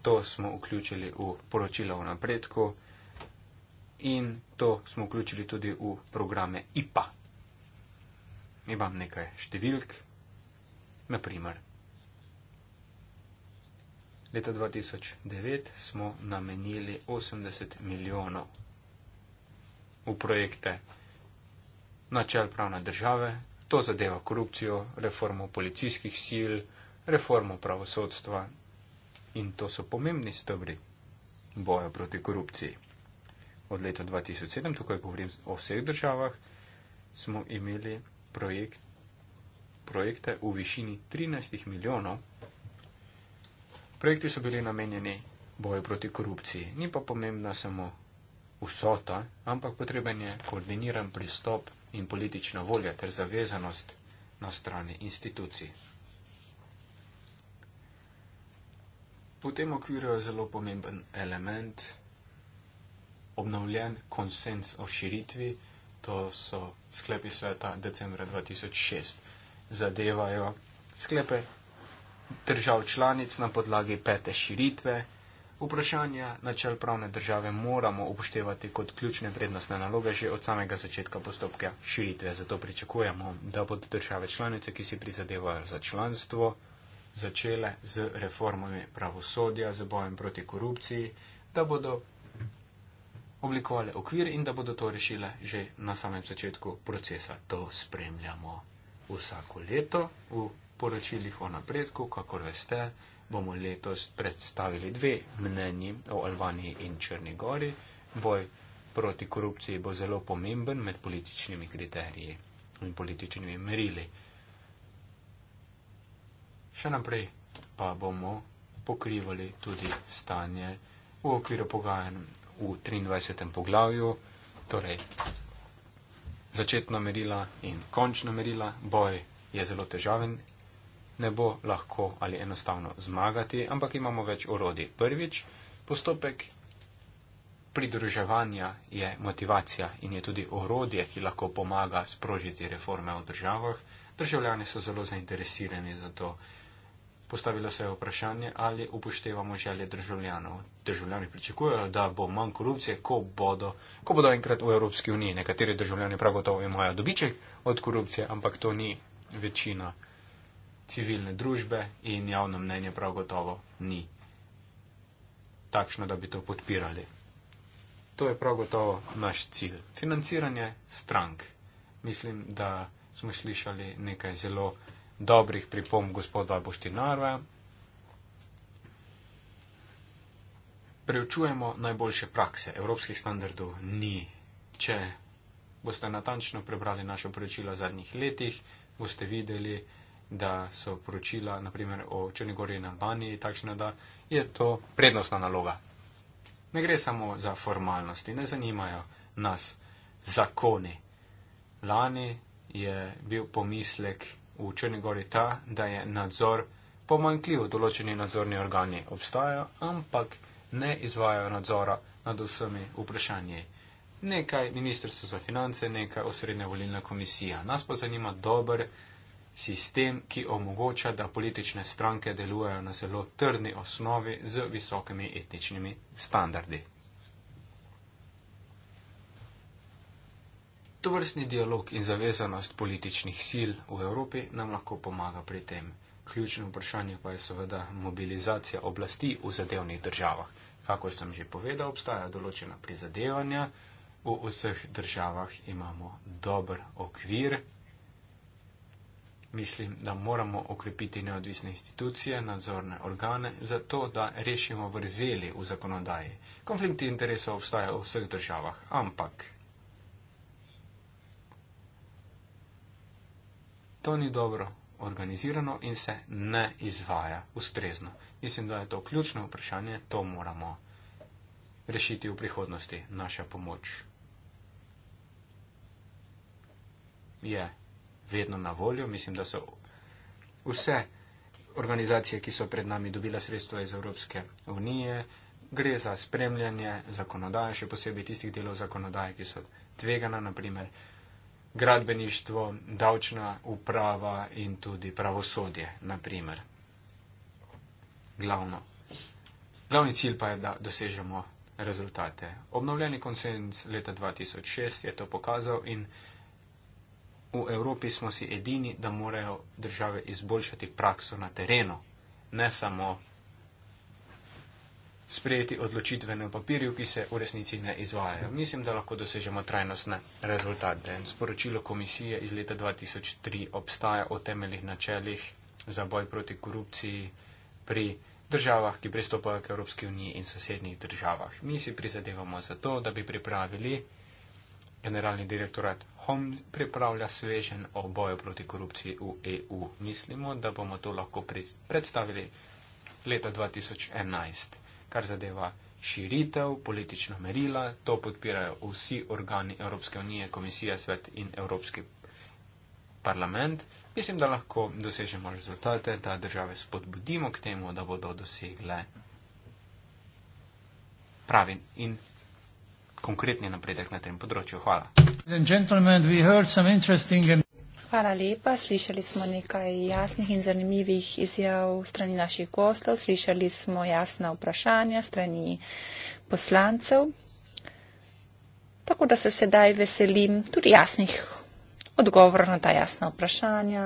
C: To smo vključili v poročilo o napredku in to smo vključili tudi v programe IPA. Imam nekaj številk, naprimer. Leta 2009 smo namenili 80 milijonov v projekte načel pravne države, to zadeva korupcijo, reformo policijskih sil, reformo pravosodstva in to so pomembni stebri boja proti korupciji od leta 2007, tukaj govorim o vseh državah, smo imeli projekt, projekte v višini 13 milijonov. Projekti so bili namenjeni boju proti korupciji. Ni pa pomembna samo vsota, ampak potreben je koordiniran pristop in politična volja ter zavezanost na strani institucij. V tem okviru je zelo pomemben element obnovljen konsens o širitvi, to so sklepi sveta decembra 2006, zadevajo sklepe držav članic na podlagi pete širitve. Vprašanja načel pravne države moramo upoštevati kot ključne vrednostne naloge že od samega začetka postopka širitve. Zato pričakujemo, da bodo države članice, ki si prizadevajo za članstvo, začele z reformami pravosodja, z bojem proti korupciji, da bodo oblikovale okvir in da bodo to rešile že na samem začetku procesa. To spremljamo vsako leto v poročilih o napredku, kakor veste, bomo letos predstavili dve mnenji o Albaniji in Črni Gori. Boj proti korupciji bo zelo pomemben med političnimi kriteriji in političnimi merili. Še naprej pa bomo pokrivali tudi stanje v okviru pogajanj v 23. poglavju, torej začetna merila in končna merila, boj je zelo težaven, ne bo lahko ali enostavno zmagati, ampak imamo več orodij. Prvič, postopek pridruževanja je motivacija in je tudi orodje, ki lahko pomaga sprožiti reforme v državah. Državljani so zelo zainteresirani za to, Postavilo se je vprašanje, ali upoštevamo želje državljanov. Državljani pričakujejo, da bo manj korupcije, ko bodo, ko bodo enkrat v Evropski uniji. Nekateri državljani prav gotovo imajo dobiček od korupcije, ampak to ni večina civilne družbe in javno mnenje prav gotovo ni takšno, da bi to podpirali. To je prav gotovo naš cilj. Financiranje strank. Mislim, da smo slišali nekaj zelo dobrih pripomb gospoda Boštinarva. Preučujemo najboljše prakse. Evropskih standardov ni. Če boste natančno prebrali naše poročila zadnjih letih, boste videli, da so poročila, naprimer o Črnegori in Albaniji, takšne, da je to prednostna naloga. Ne gre samo za formalnosti, ne zanimajo nas zakoni. Lani je bil pomislek v Črni gori ta, da je nadzor pomankljiv. Določeni nadzorni organi obstajajo, ampak ne izvajajo nadzora nad vsemi vprašanji. Nekaj ministrstvo za finance, nekaj osrednja volilna komisija. Nas pa zanima dober sistem, ki omogoča, da politične stranke delujejo na zelo trdni osnovi z visokimi etničnimi standardi. To vrstni dialog in zavezanost političnih sil v Evropi nam lahko pomaga pri tem. Ključno vprašanje pa je seveda mobilizacija oblasti v zadevnih državah. Kako sem že povedal, obstaja določena prizadevanja. V vseh državah imamo dober okvir. Mislim, da moramo okrepiti neodvisne institucije, nadzorne organe, zato da rešimo vrzeli v zakonodaji. Konflikti interesov obstajajo v vseh državah, ampak to ni dobro organizirano in se ne izvaja ustrezno. Mislim, da je to ključno vprašanje, to moramo rešiti v prihodnosti. Naša pomoč je vedno na voljo. Mislim, da so vse organizacije, ki so pred nami dobile sredstva iz Evropske unije, gre za spremljanje zakonodaje, še posebej tistih delov zakonodaje, ki so tvegana, naprimer gradbeništvo, davčna uprava in tudi pravosodje, naprimer. Glavno. Glavni cilj pa je, da dosežemo rezultate. Obnovljeni konsens leta 2006 je to pokazal in v Evropi smo si edini, da morajo države izboljšati prakso na terenu, ne samo sprejeti odločitve na papirju, ki se v resnici ne izvajajo. Mislim, da lahko dosežemo trajnostne rezultate. Sporočilo komisije iz leta 2003 obstaja o temeljih načelih za boj proti korupciji pri državah, ki pristopajo k Evropski uniji in sosednjih državah. Mi si prizadevamo za to, da bi pripravili generalni direktorat HOM pripravlja svežen o boju proti korupciji v EU. Mislimo, da bomo to lahko predstavili leta 2011 kar zadeva širitev, politična merila, to podpirajo vsi organi Evropske unije, komisija, svet in Evropski parlament. Mislim, da lahko dosežemo rezultate, da države spodbudimo k temu, da bodo dosegle pravi in konkretni napredek na tem področju. Hvala.
B: Hvala lepa. Slišali smo nekaj jasnih in zanimivih izjav strani naših gostov. Slišali smo jasna vprašanja strani poslancev. Tako da se sedaj veselim tudi jasnih odgovorov na ta jasna vprašanja.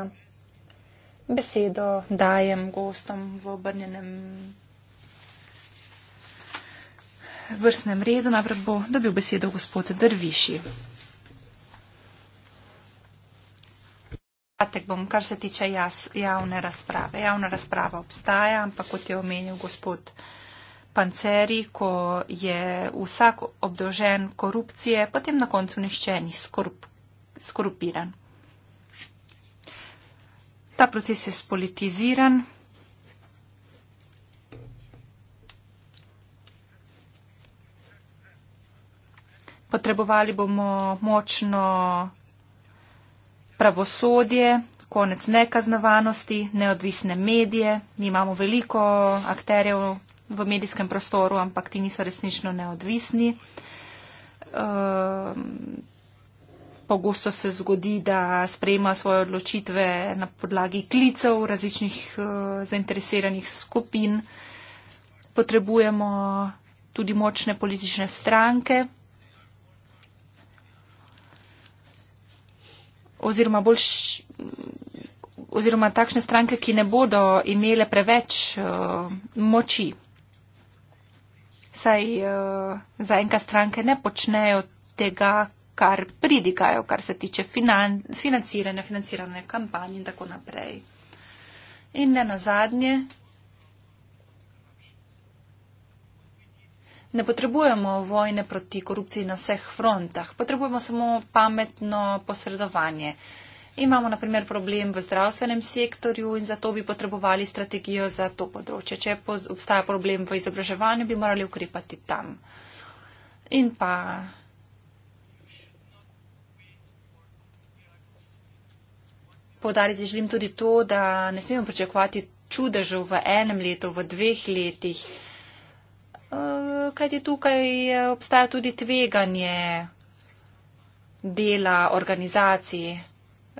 B: Besedo dajem gostom v obrnjenem vrstnem redu. Najprej bo dobil besedo gospod Drviši. Kratek bom, kar se tiče jaz, javne razprave. Javna razprava obstaja, ampak kot je omenil gospod Panceri, ko je vsak obdolžen korupcije, potem na koncu nišče ni skorup, skorupiran. Ta proces je spolitiziran. Potrebovali bomo močno pravosodje, konec nekaznovanosti, neodvisne medije. Mi imamo veliko akterjev v medijskem prostoru, ampak ti niso resnično neodvisni. Um, Pogosto se zgodi, da sprejema svoje odločitve na podlagi klicev različnih uh, zainteresiranih skupin. Potrebujemo tudi močne politične stranke, oziroma bolj š, oziroma takšne stranke, ki ne bodo imele preveč uh, moči. Saj uh, eh, za enka stranke ne počnejo tega, kar pridikajo, kar se tiče financiranja, financiranja kampanj in tako naprej. In ne na zadnje, Ne potrebujemo vojne proti korupciji na vseh frontah, potrebujemo samo pametno posredovanje. Imamo, na primer, problem v zdravstvenem sektorju in zato bi potrebovali strategijo za to področje. Če obstaja problem v izobraževanju, bi morali ukrepati tam. In pa. Podariti želim tudi to, da ne smemo pričakovati čudežev v enem letu, v dveh letih. Eh, kajti tukaj eh, obstaja tudi tveganje dela organizaciji.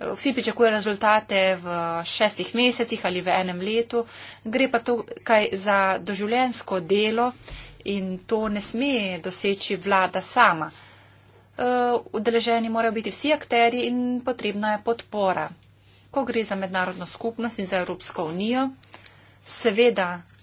B: Eh, vsi pričakujejo rezultate v šestih mesecih ali v enem letu, gre pa tukaj za doživljensko delo in to ne sme doseči vlada sama. Udeleženi morajo biti vsi akteri in potrebna je podpora. Ko gre za mednarodno skupnost in za Evropsko unijo, seveda